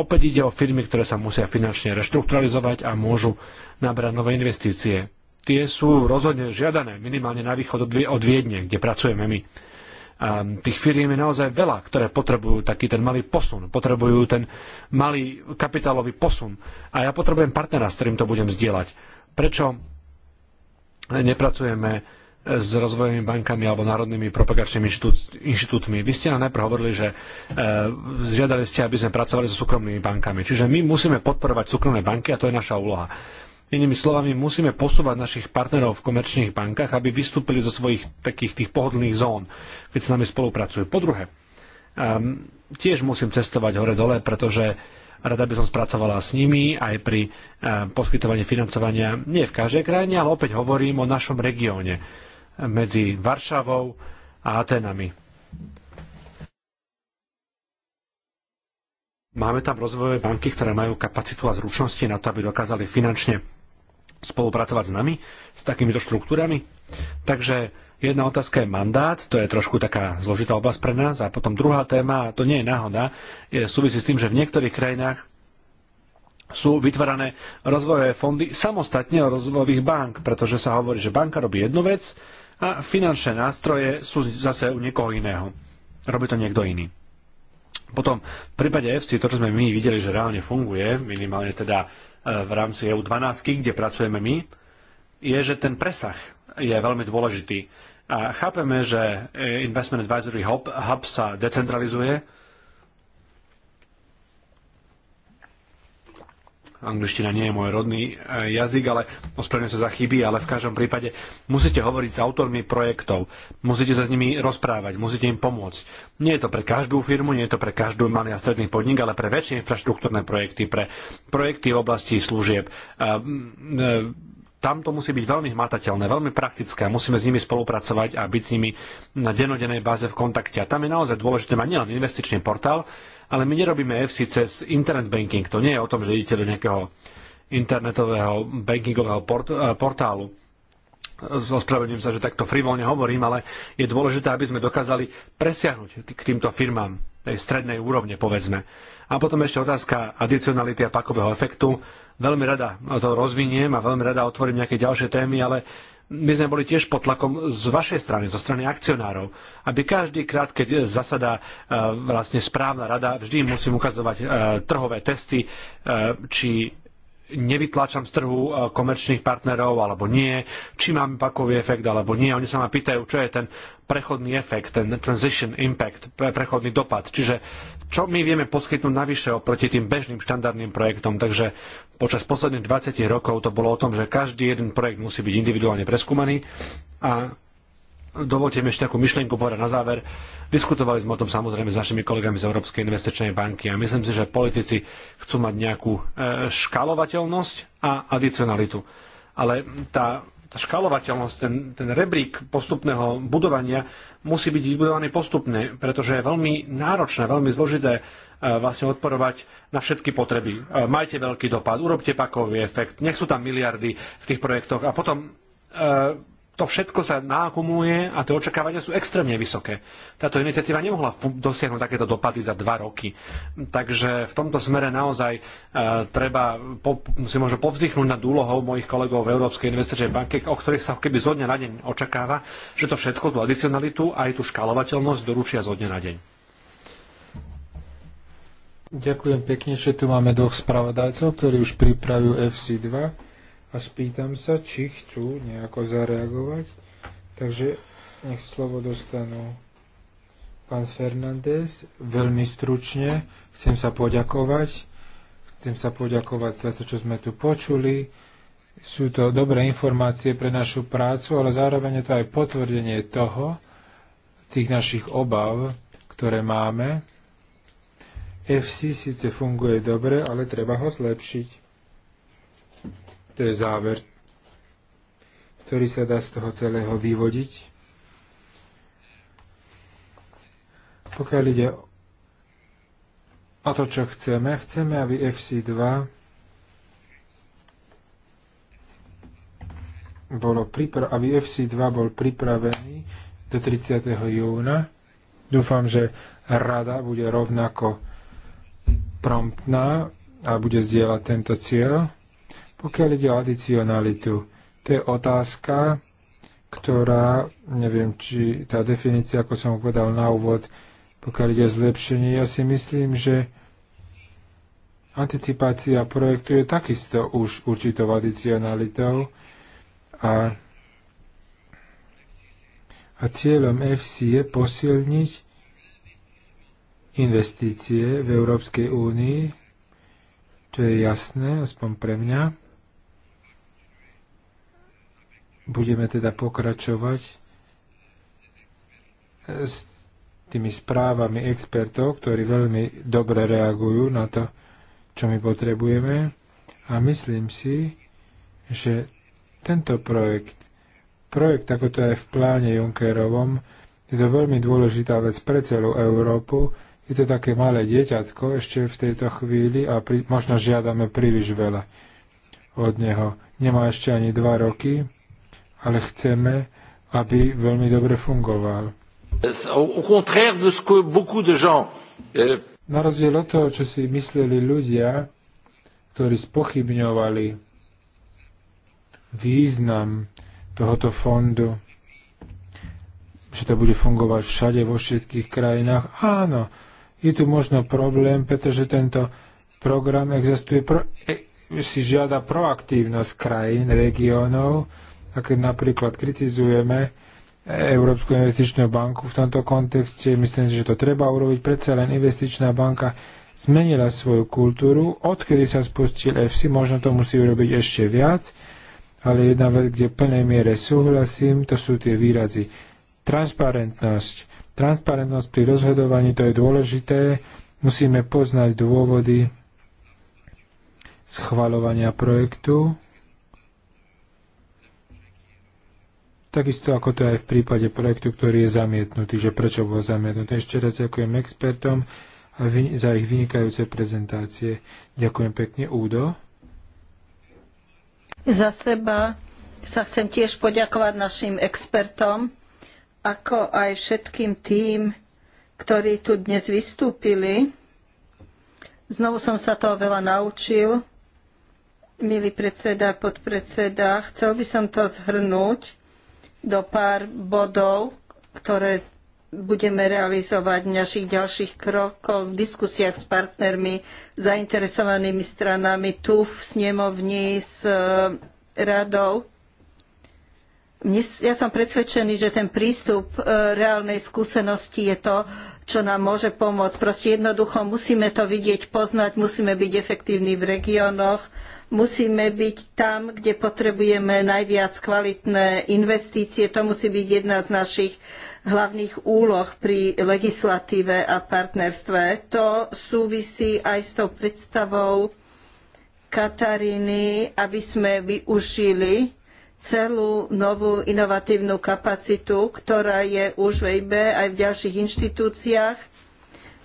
Opäť ide o firmy, ktoré sa musia finančne reštrukturalizovať a môžu nabrať nové investície. Tie sú rozhodne žiadané, minimálne na východ od Viedne, kde pracujeme my. A tých firiem je naozaj veľa, ktoré potrebujú taký ten malý posun, potrebujú ten malý kapitálový posun. A ja potrebujem partnera, s ktorým to budem zdieľať. Prečo nepracujeme s rozvojovými bankami alebo národnými propagačnými inštitútmi. Vy ste nám najprv hovorili, že e, žiadali ste, aby sme pracovali so súkromnými bankami. Čiže my musíme podporovať súkromné banky a to je naša úloha. Inými slovami, musíme posúvať našich partnerov v komerčných bankách, aby vystúpili zo svojich takých tých pohodlných zón, keď s nami spolupracujú. Po druhé, ehm, tiež musím cestovať hore-dole, pretože Rada by som spracovala s nimi aj pri e, poskytovaní financovania nie v každej krajine, ale opäť hovorím o našom regióne medzi Varšavou a Atenami. Máme tam rozvojové banky, ktoré majú kapacitu a zručnosti na to, aby dokázali finančne spolupracovať s nami, s takýmito štruktúrami. Takže Jedna otázka je mandát, to je trošku taká zložitá oblasť pre nás. A potom druhá téma, a to nie je náhoda, je súvisí s tým, že v niektorých krajinách sú vytvárané rozvojové fondy samostatne od rozvojových bank, pretože sa hovorí, že banka robí jednu vec a finančné nástroje sú zase u niekoho iného. Robí to niekto iný. Potom v prípade FC, to, čo sme my videli, že reálne funguje, minimálne teda e, v rámci EU12, kde pracujeme my, je, že ten presah je veľmi dôležitý. A chápeme, že e, Investment Advisory Hub, Hub sa decentralizuje. Angličtina nie je môj rodný e, jazyk, ale ospravedlňujem sa za chyby, ale v každom prípade musíte hovoriť s autormi projektov, musíte sa s nimi rozprávať, musíte im pomôcť. Nie je to pre každú firmu, nie je to pre každú malý a stredný podnik, ale pre väčšie infraštruktúrne projekty, pre projekty v oblasti služieb, e, tam to musí byť veľmi hmatateľné, veľmi praktické. a Musíme s nimi spolupracovať a byť s nimi na denodenej báze v kontakte. A tam je naozaj dôležité mať nielen investičný portál, ale my nerobíme FC cez internet banking. To nie je o tom, že idete do nejakého internetového bankingového port- eh, portálu ospravedlňujem sa, že takto frivolne hovorím, ale je dôležité, aby sme dokázali presiahnuť k týmto firmám tej strednej úrovne, povedzme. A potom ešte otázka adicionality a pakového efektu. Veľmi rada to rozviniem a veľmi rada otvorím nejaké ďalšie témy, ale my sme boli tiež pod tlakom z vašej strany, zo strany akcionárov, aby každý krát, keď zasadá e, vlastne správna rada, vždy musím ukazovať e, trhové testy, e, či nevytláčam z trhu e, komerčných partnerov alebo nie, či mám pakový efekt alebo nie. Oni sa ma pýtajú, čo je ten prechodný efekt, ten transition impact, prechodný dopad. Čiže čo my vieme poskytnúť navyše oproti tým bežným štandardným projektom. Takže počas posledných 20 rokov to bolo o tom, že každý jeden projekt musí byť individuálne preskúmaný a dovolte mi ešte takú myšlienku povedať na záver. Diskutovali sme o tom samozrejme s našimi kolegami z Európskej investičnej banky a myslím si, že politici chcú mať nejakú e, škalovateľnosť a adicionalitu. Ale tá tá škalovateľnosť, ten, ten rebrík postupného budovania musí byť vybudovaný postupne, pretože je veľmi náročné, veľmi zložité e, vlastne odporovať na všetky potreby. E, majte veľký dopad, urobte pakový efekt, nech sú tam miliardy v tých projektoch a potom to všetko sa naakumuluje a tie očakávania sú extrémne vysoké. Táto iniciatíva nemohla dosiahnuť takéto dopady za dva roky. Takže v tomto smere naozaj e, treba po, si možno povzdychnúť nad úlohou mojich kolegov v Európskej investičnej banke, o ktorých sa keby zo dňa na deň očakáva, že to všetko, tú adicionalitu aj tú škálovateľnosť doručia zo dňa na deň. Ďakujem pekne, že tu máme dvoch spravodajcov, ktorí už pripravujú FC2 a spýtam sa, či chcú nejako zareagovať. Takže nech slovo dostanú pán Fernández. Veľmi stručne chcem sa poďakovať. Chcem sa poďakovať za to, čo sme tu počuli. Sú to dobré informácie pre našu prácu, ale zároveň je to aj potvrdenie toho, tých našich obav, ktoré máme. FC síce funguje dobre, ale treba ho zlepšiť. To je záver, ktorý sa dá z toho celého vyvodiť. Pokiaľ ide o to, čo chceme, chceme, aby FC2 bolo pripra- aby FC2 bol pripravený do 30. júna. Dúfam, že rada bude rovnako promptná a bude zdieľať tento cieľ. Pokiaľ ide o adicionalitu, to je otázka, ktorá, neviem, či tá definícia, ako som povedal na úvod, pokiaľ ide o zlepšenie, ja si myslím, že anticipácia projektu je takisto už určitou adicionalitou a, a cieľom FC je posilniť investície v Európskej únii, to je jasné, aspoň pre mňa budeme teda pokračovať e, s tými správami expertov, ktorí veľmi dobre reagujú na to, čo my potrebujeme. A myslím si, že tento projekt, projekt ako to je v pláne Junckerovom, je to veľmi dôležitá vec pre celú Európu. Je to také malé dieťatko ešte v tejto chvíli a pri, možno žiadame príliš veľa od neho. Nemá ešte ani dva roky ale chceme, aby veľmi dobre fungoval. Euh, Na rozdiel od toho, čo si mysleli ľudia, ktorí spochybňovali význam tohoto fondu, že to bude fungovať všade, vo všetkých krajinách. Áno, je tu možno problém, pretože tento program existuje, pro, e, si žiada proaktívnosť krajín, regiónov, a keď napríklad kritizujeme Európsku investičnú banku v tomto kontexte, myslím si, že to treba urobiť. Predsa len investičná banka zmenila svoju kultúru. Odkedy sa spustil FC, možno to musí urobiť ešte viac, ale jedna vec, kde v plnej miere súhlasím, to sú tie výrazy. Transparentnosť. Transparentnosť pri rozhodovaní, to je dôležité. Musíme poznať dôvody schvalovania projektu Takisto ako to aj v prípade projektu, ktorý je zamietnutý, že prečo bol zamietnutý. Ešte raz ďakujem expertom a za ich vynikajúce prezentácie. Ďakujem pekne, Údo. Za seba sa chcem tiež poďakovať našim expertom, ako aj všetkým tým, ktorí tu dnes vystúpili. Znovu som sa toho veľa naučil. Milý predseda, podpredseda, chcel by som to zhrnúť do pár bodov, ktoré budeme realizovať v našich ďalších krokoch, v diskusiách s partnermi, zainteresovanými stranami tu v snemovni s eh, radou. ja som presvedčený, že ten prístup eh, reálnej skúsenosti je to, čo nám môže pomôcť. Proste jednoducho musíme to vidieť, poznať, musíme byť efektívni v regiónoch, Musíme byť tam, kde potrebujeme najviac kvalitné investície. To musí byť jedna z našich hlavných úloh pri legislatíve a partnerstve. To súvisí aj s tou predstavou Kataríny, aby sme využili celú novú inovatívnu kapacitu, ktorá je už v EIB aj v ďalších inštitúciách.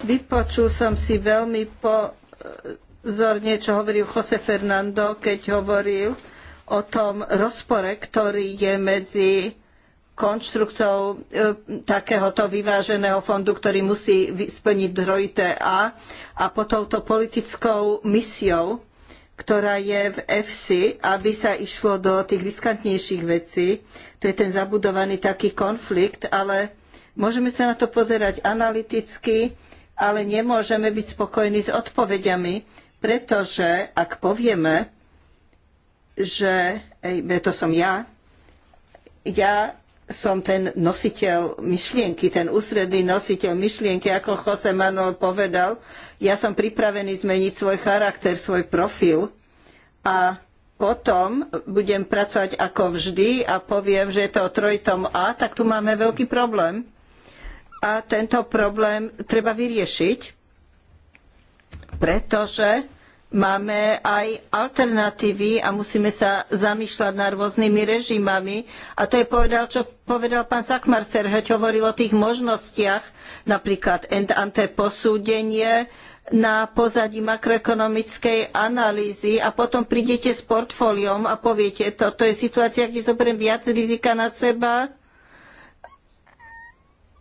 Vypočul som si veľmi po, zorne, čo hovoril Jose Fernando, keď hovoril o tom rozpore, ktorý je medzi konštrukciou e, takéhoto vyváženého fondu, ktorý musí splniť trojité A a po touto politickou misiou, ktorá je v EFSI, aby sa išlo do tých riskantnejších vecí. To je ten zabudovaný taký konflikt, ale môžeme sa na to pozerať analyticky, ale nemôžeme byť spokojní s odpovediami. Pretože ak povieme, že to som ja, ja som ten nositeľ myšlienky, ten ústredný nositeľ myšlienky, ako Jose Manuel povedal, ja som pripravený zmeniť svoj charakter, svoj profil a potom budem pracovať ako vždy a poviem, že je to o trojitom A, tak tu máme veľký problém. A tento problém treba vyriešiť pretože máme aj alternatívy a musíme sa zamýšľať nad rôznymi režimami. A to je povedal, čo povedal pán Sakmar keď hovoril o tých možnostiach, napríklad end ante posúdenie na pozadí makroekonomickej analýzy a potom prídete s portfóliom a poviete, toto je situácia, kde zoberiem viac rizika na seba,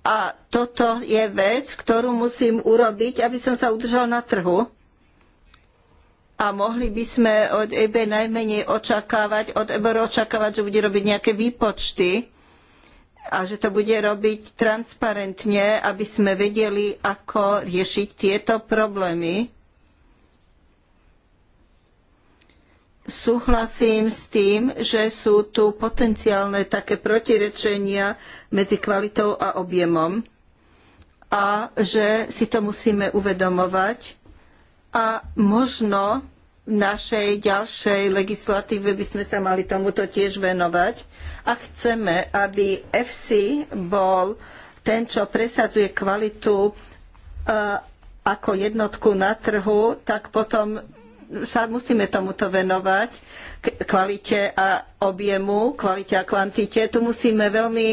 a toto je vec, ktorú musím urobiť, aby som sa udržal na trhu. A mohli by sme od EB najmenej očakávať, od EBR očakávať, že bude robiť nejaké výpočty a že to bude robiť transparentne, aby sme vedeli, ako riešiť tieto problémy. Súhlasím s tým, že sú tu potenciálne také protirečenia medzi kvalitou a objemom a že si to musíme uvedomovať a možno v našej ďalšej legislatíve by sme sa mali tomuto tiež venovať a chceme, aby FC bol ten, čo presadzuje kvalitu e, ako jednotku na trhu, tak potom sa musíme tomuto venovať, kvalite a objemu, kvalite a kvantite. Tu musíme veľmi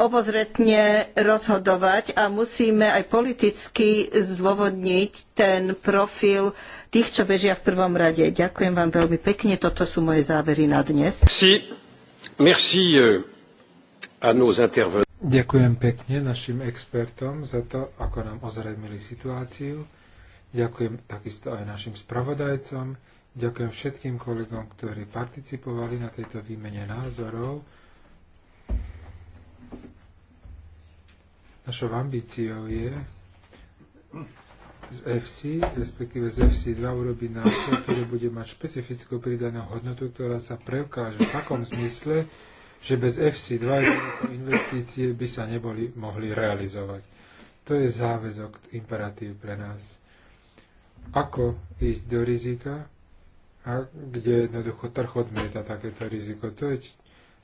obozretne rozhodovať a musíme aj politicky zdôvodniť ten profil tých, čo bežia v prvom rade. Ďakujem vám veľmi pekne. Toto sú moje závery na dnes. Merci. Merci euh, nos Ďakujem pekne našim expertom za to, ako nám ozrejmili situáciu. Ďakujem takisto aj našim spravodajcom, ďakujem všetkým kolegom, ktorí participovali na tejto výmene názorov. Našou ambíciou je z FC, respektíve z FC2 urobiť nástroj, ktorý bude mať špecifickú pridanú hodnotu, ktorá sa preukáže v takom zmysle, že bez FC2 investície by sa neboli mohli realizovať. To je záväzok, imperatív pre nás ako ísť do rizika a kde jednoducho trh odmieta takéto riziko. To je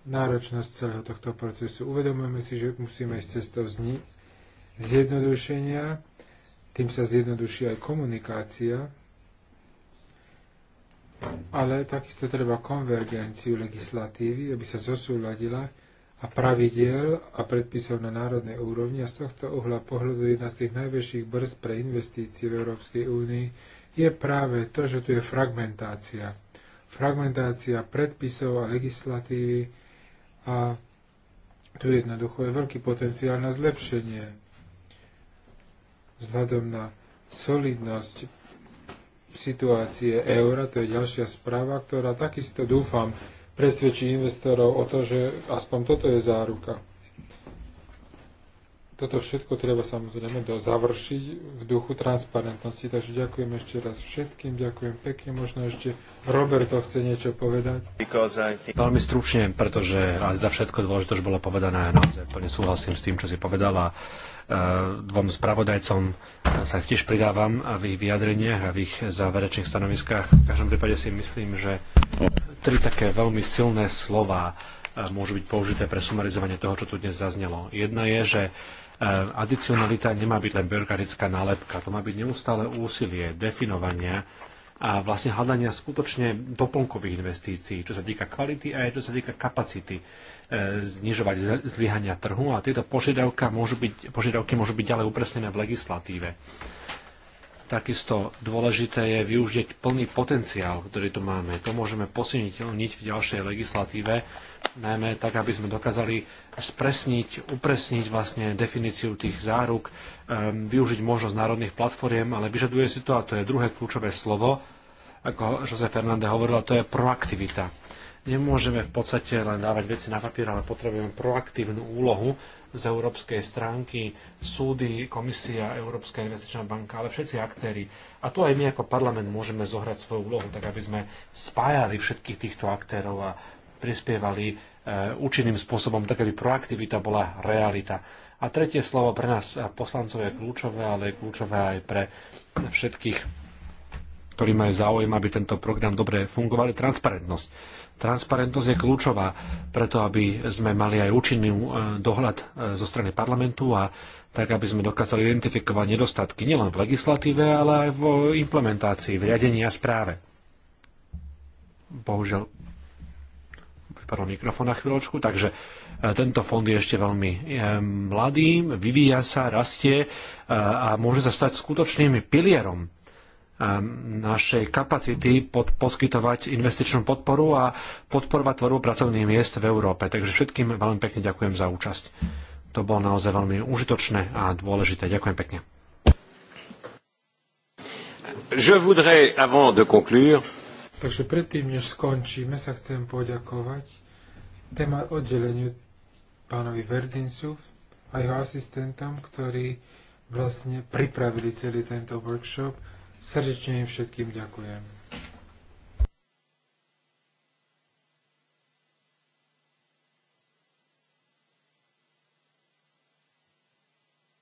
náročnosť celého tohto procesu. Uvedomujeme si, že musíme ísť cestou zni- zjednodušenia, tým sa zjednoduší aj komunikácia, ale takisto treba konvergenciu legislatívy, aby sa zosúladila a pravidiel a predpisov na národnej úrovni a z tohto uhla pohľadu jedna z tých najväčších brz pre investície v Európskej únii je práve to, že tu je fragmentácia. Fragmentácia predpisov a legislatívy a tu jednoducho je veľký potenciál na zlepšenie vzhľadom na solidnosť situácie eura, to je ďalšia správa, ktorá takisto dúfam presvedčí investorov o to, že aspoň toto je záruka. Toto všetko treba samozrejme završiť v duchu transparentnosti. Takže ďakujem ešte raz všetkým, ďakujem pekne. Možno ešte Roberto chce niečo povedať. Veľmi stručne, pretože aj za všetko dôležité už bolo povedané. Naozaj plne súhlasím s tým, čo si povedala. E, dvom spravodajcom sa tiež pridávam v ich vyjadreniach a v ich záverečných stanoviskách. V každom prípade si myslím, že tri také veľmi silné slova e, môžu byť použité pre sumarizovanie toho, čo tu dnes zaznelo. Jedna je, že e, adicionalita nemá byť len byrokratická nálepka, to má byť neustále úsilie definovania a vlastne hľadania skutočne doplnkových investícií, čo sa týka kvality a aj čo sa týka kapacity e, znižovať zlyhania trhu a tieto požiadavky môžu byť, požiadavky môžu byť ďalej upresnené v legislatíve. Takisto dôležité je využiť plný potenciál, ktorý tu máme. To môžeme posilniť v ďalšej legislatíve, najmä tak, aby sme dokázali spresniť, upresniť vlastne definíciu tých záruk, ehm, využiť možnosť národných platformiem, ale vyžaduje si to, a to je druhé kľúčové slovo, ako Jose Fernande hovorila, to je proaktivita. Nemôžeme v podstate len dávať veci na papier, ale potrebujeme proaktívnu úlohu, z európskej stránky, súdy, komisia, Európska investičná banka, ale všetci aktéry. A tu aj my ako parlament môžeme zohrať svoju úlohu, tak aby sme spájali všetkých týchto aktérov a prispievali e, účinným spôsobom, tak aby proaktivita bola realita. A tretie slovo pre nás poslancov je kľúčové, ale je kľúčové aj pre všetkých ktorí majú záujem, aby tento program dobre fungoval, transparentnosť Transparentnosť je kľúčová preto, aby sme mali aj účinný e, dohľad e, zo strany parlamentu a tak, aby sme dokázali identifikovať nedostatky nielen v legislatíve, ale aj v implementácii, v riadení a správe. Bohužiaľ, vypadol mikrofón na chvíľočku, takže e, tento fond je ešte veľmi mladý, vyvíja sa, rastie a môže sa stať skutočným pilierom našej kapacity pod, poskytovať investičnú podporu a podporovať tvorbu pracovných miest v Európe. Takže všetkým veľmi pekne ďakujem za účasť. To bolo naozaj veľmi užitočné a dôležité. Ďakujem pekne. Je voudrais, avant de conclure... Takže predtým, než skončíme, sa chcem poďakovať téma oddeleniu pánovi Verdinsu a jeho asistentom, ktorí vlastne pripravili celý tento workshop Srdečne im všetkým ďakujem.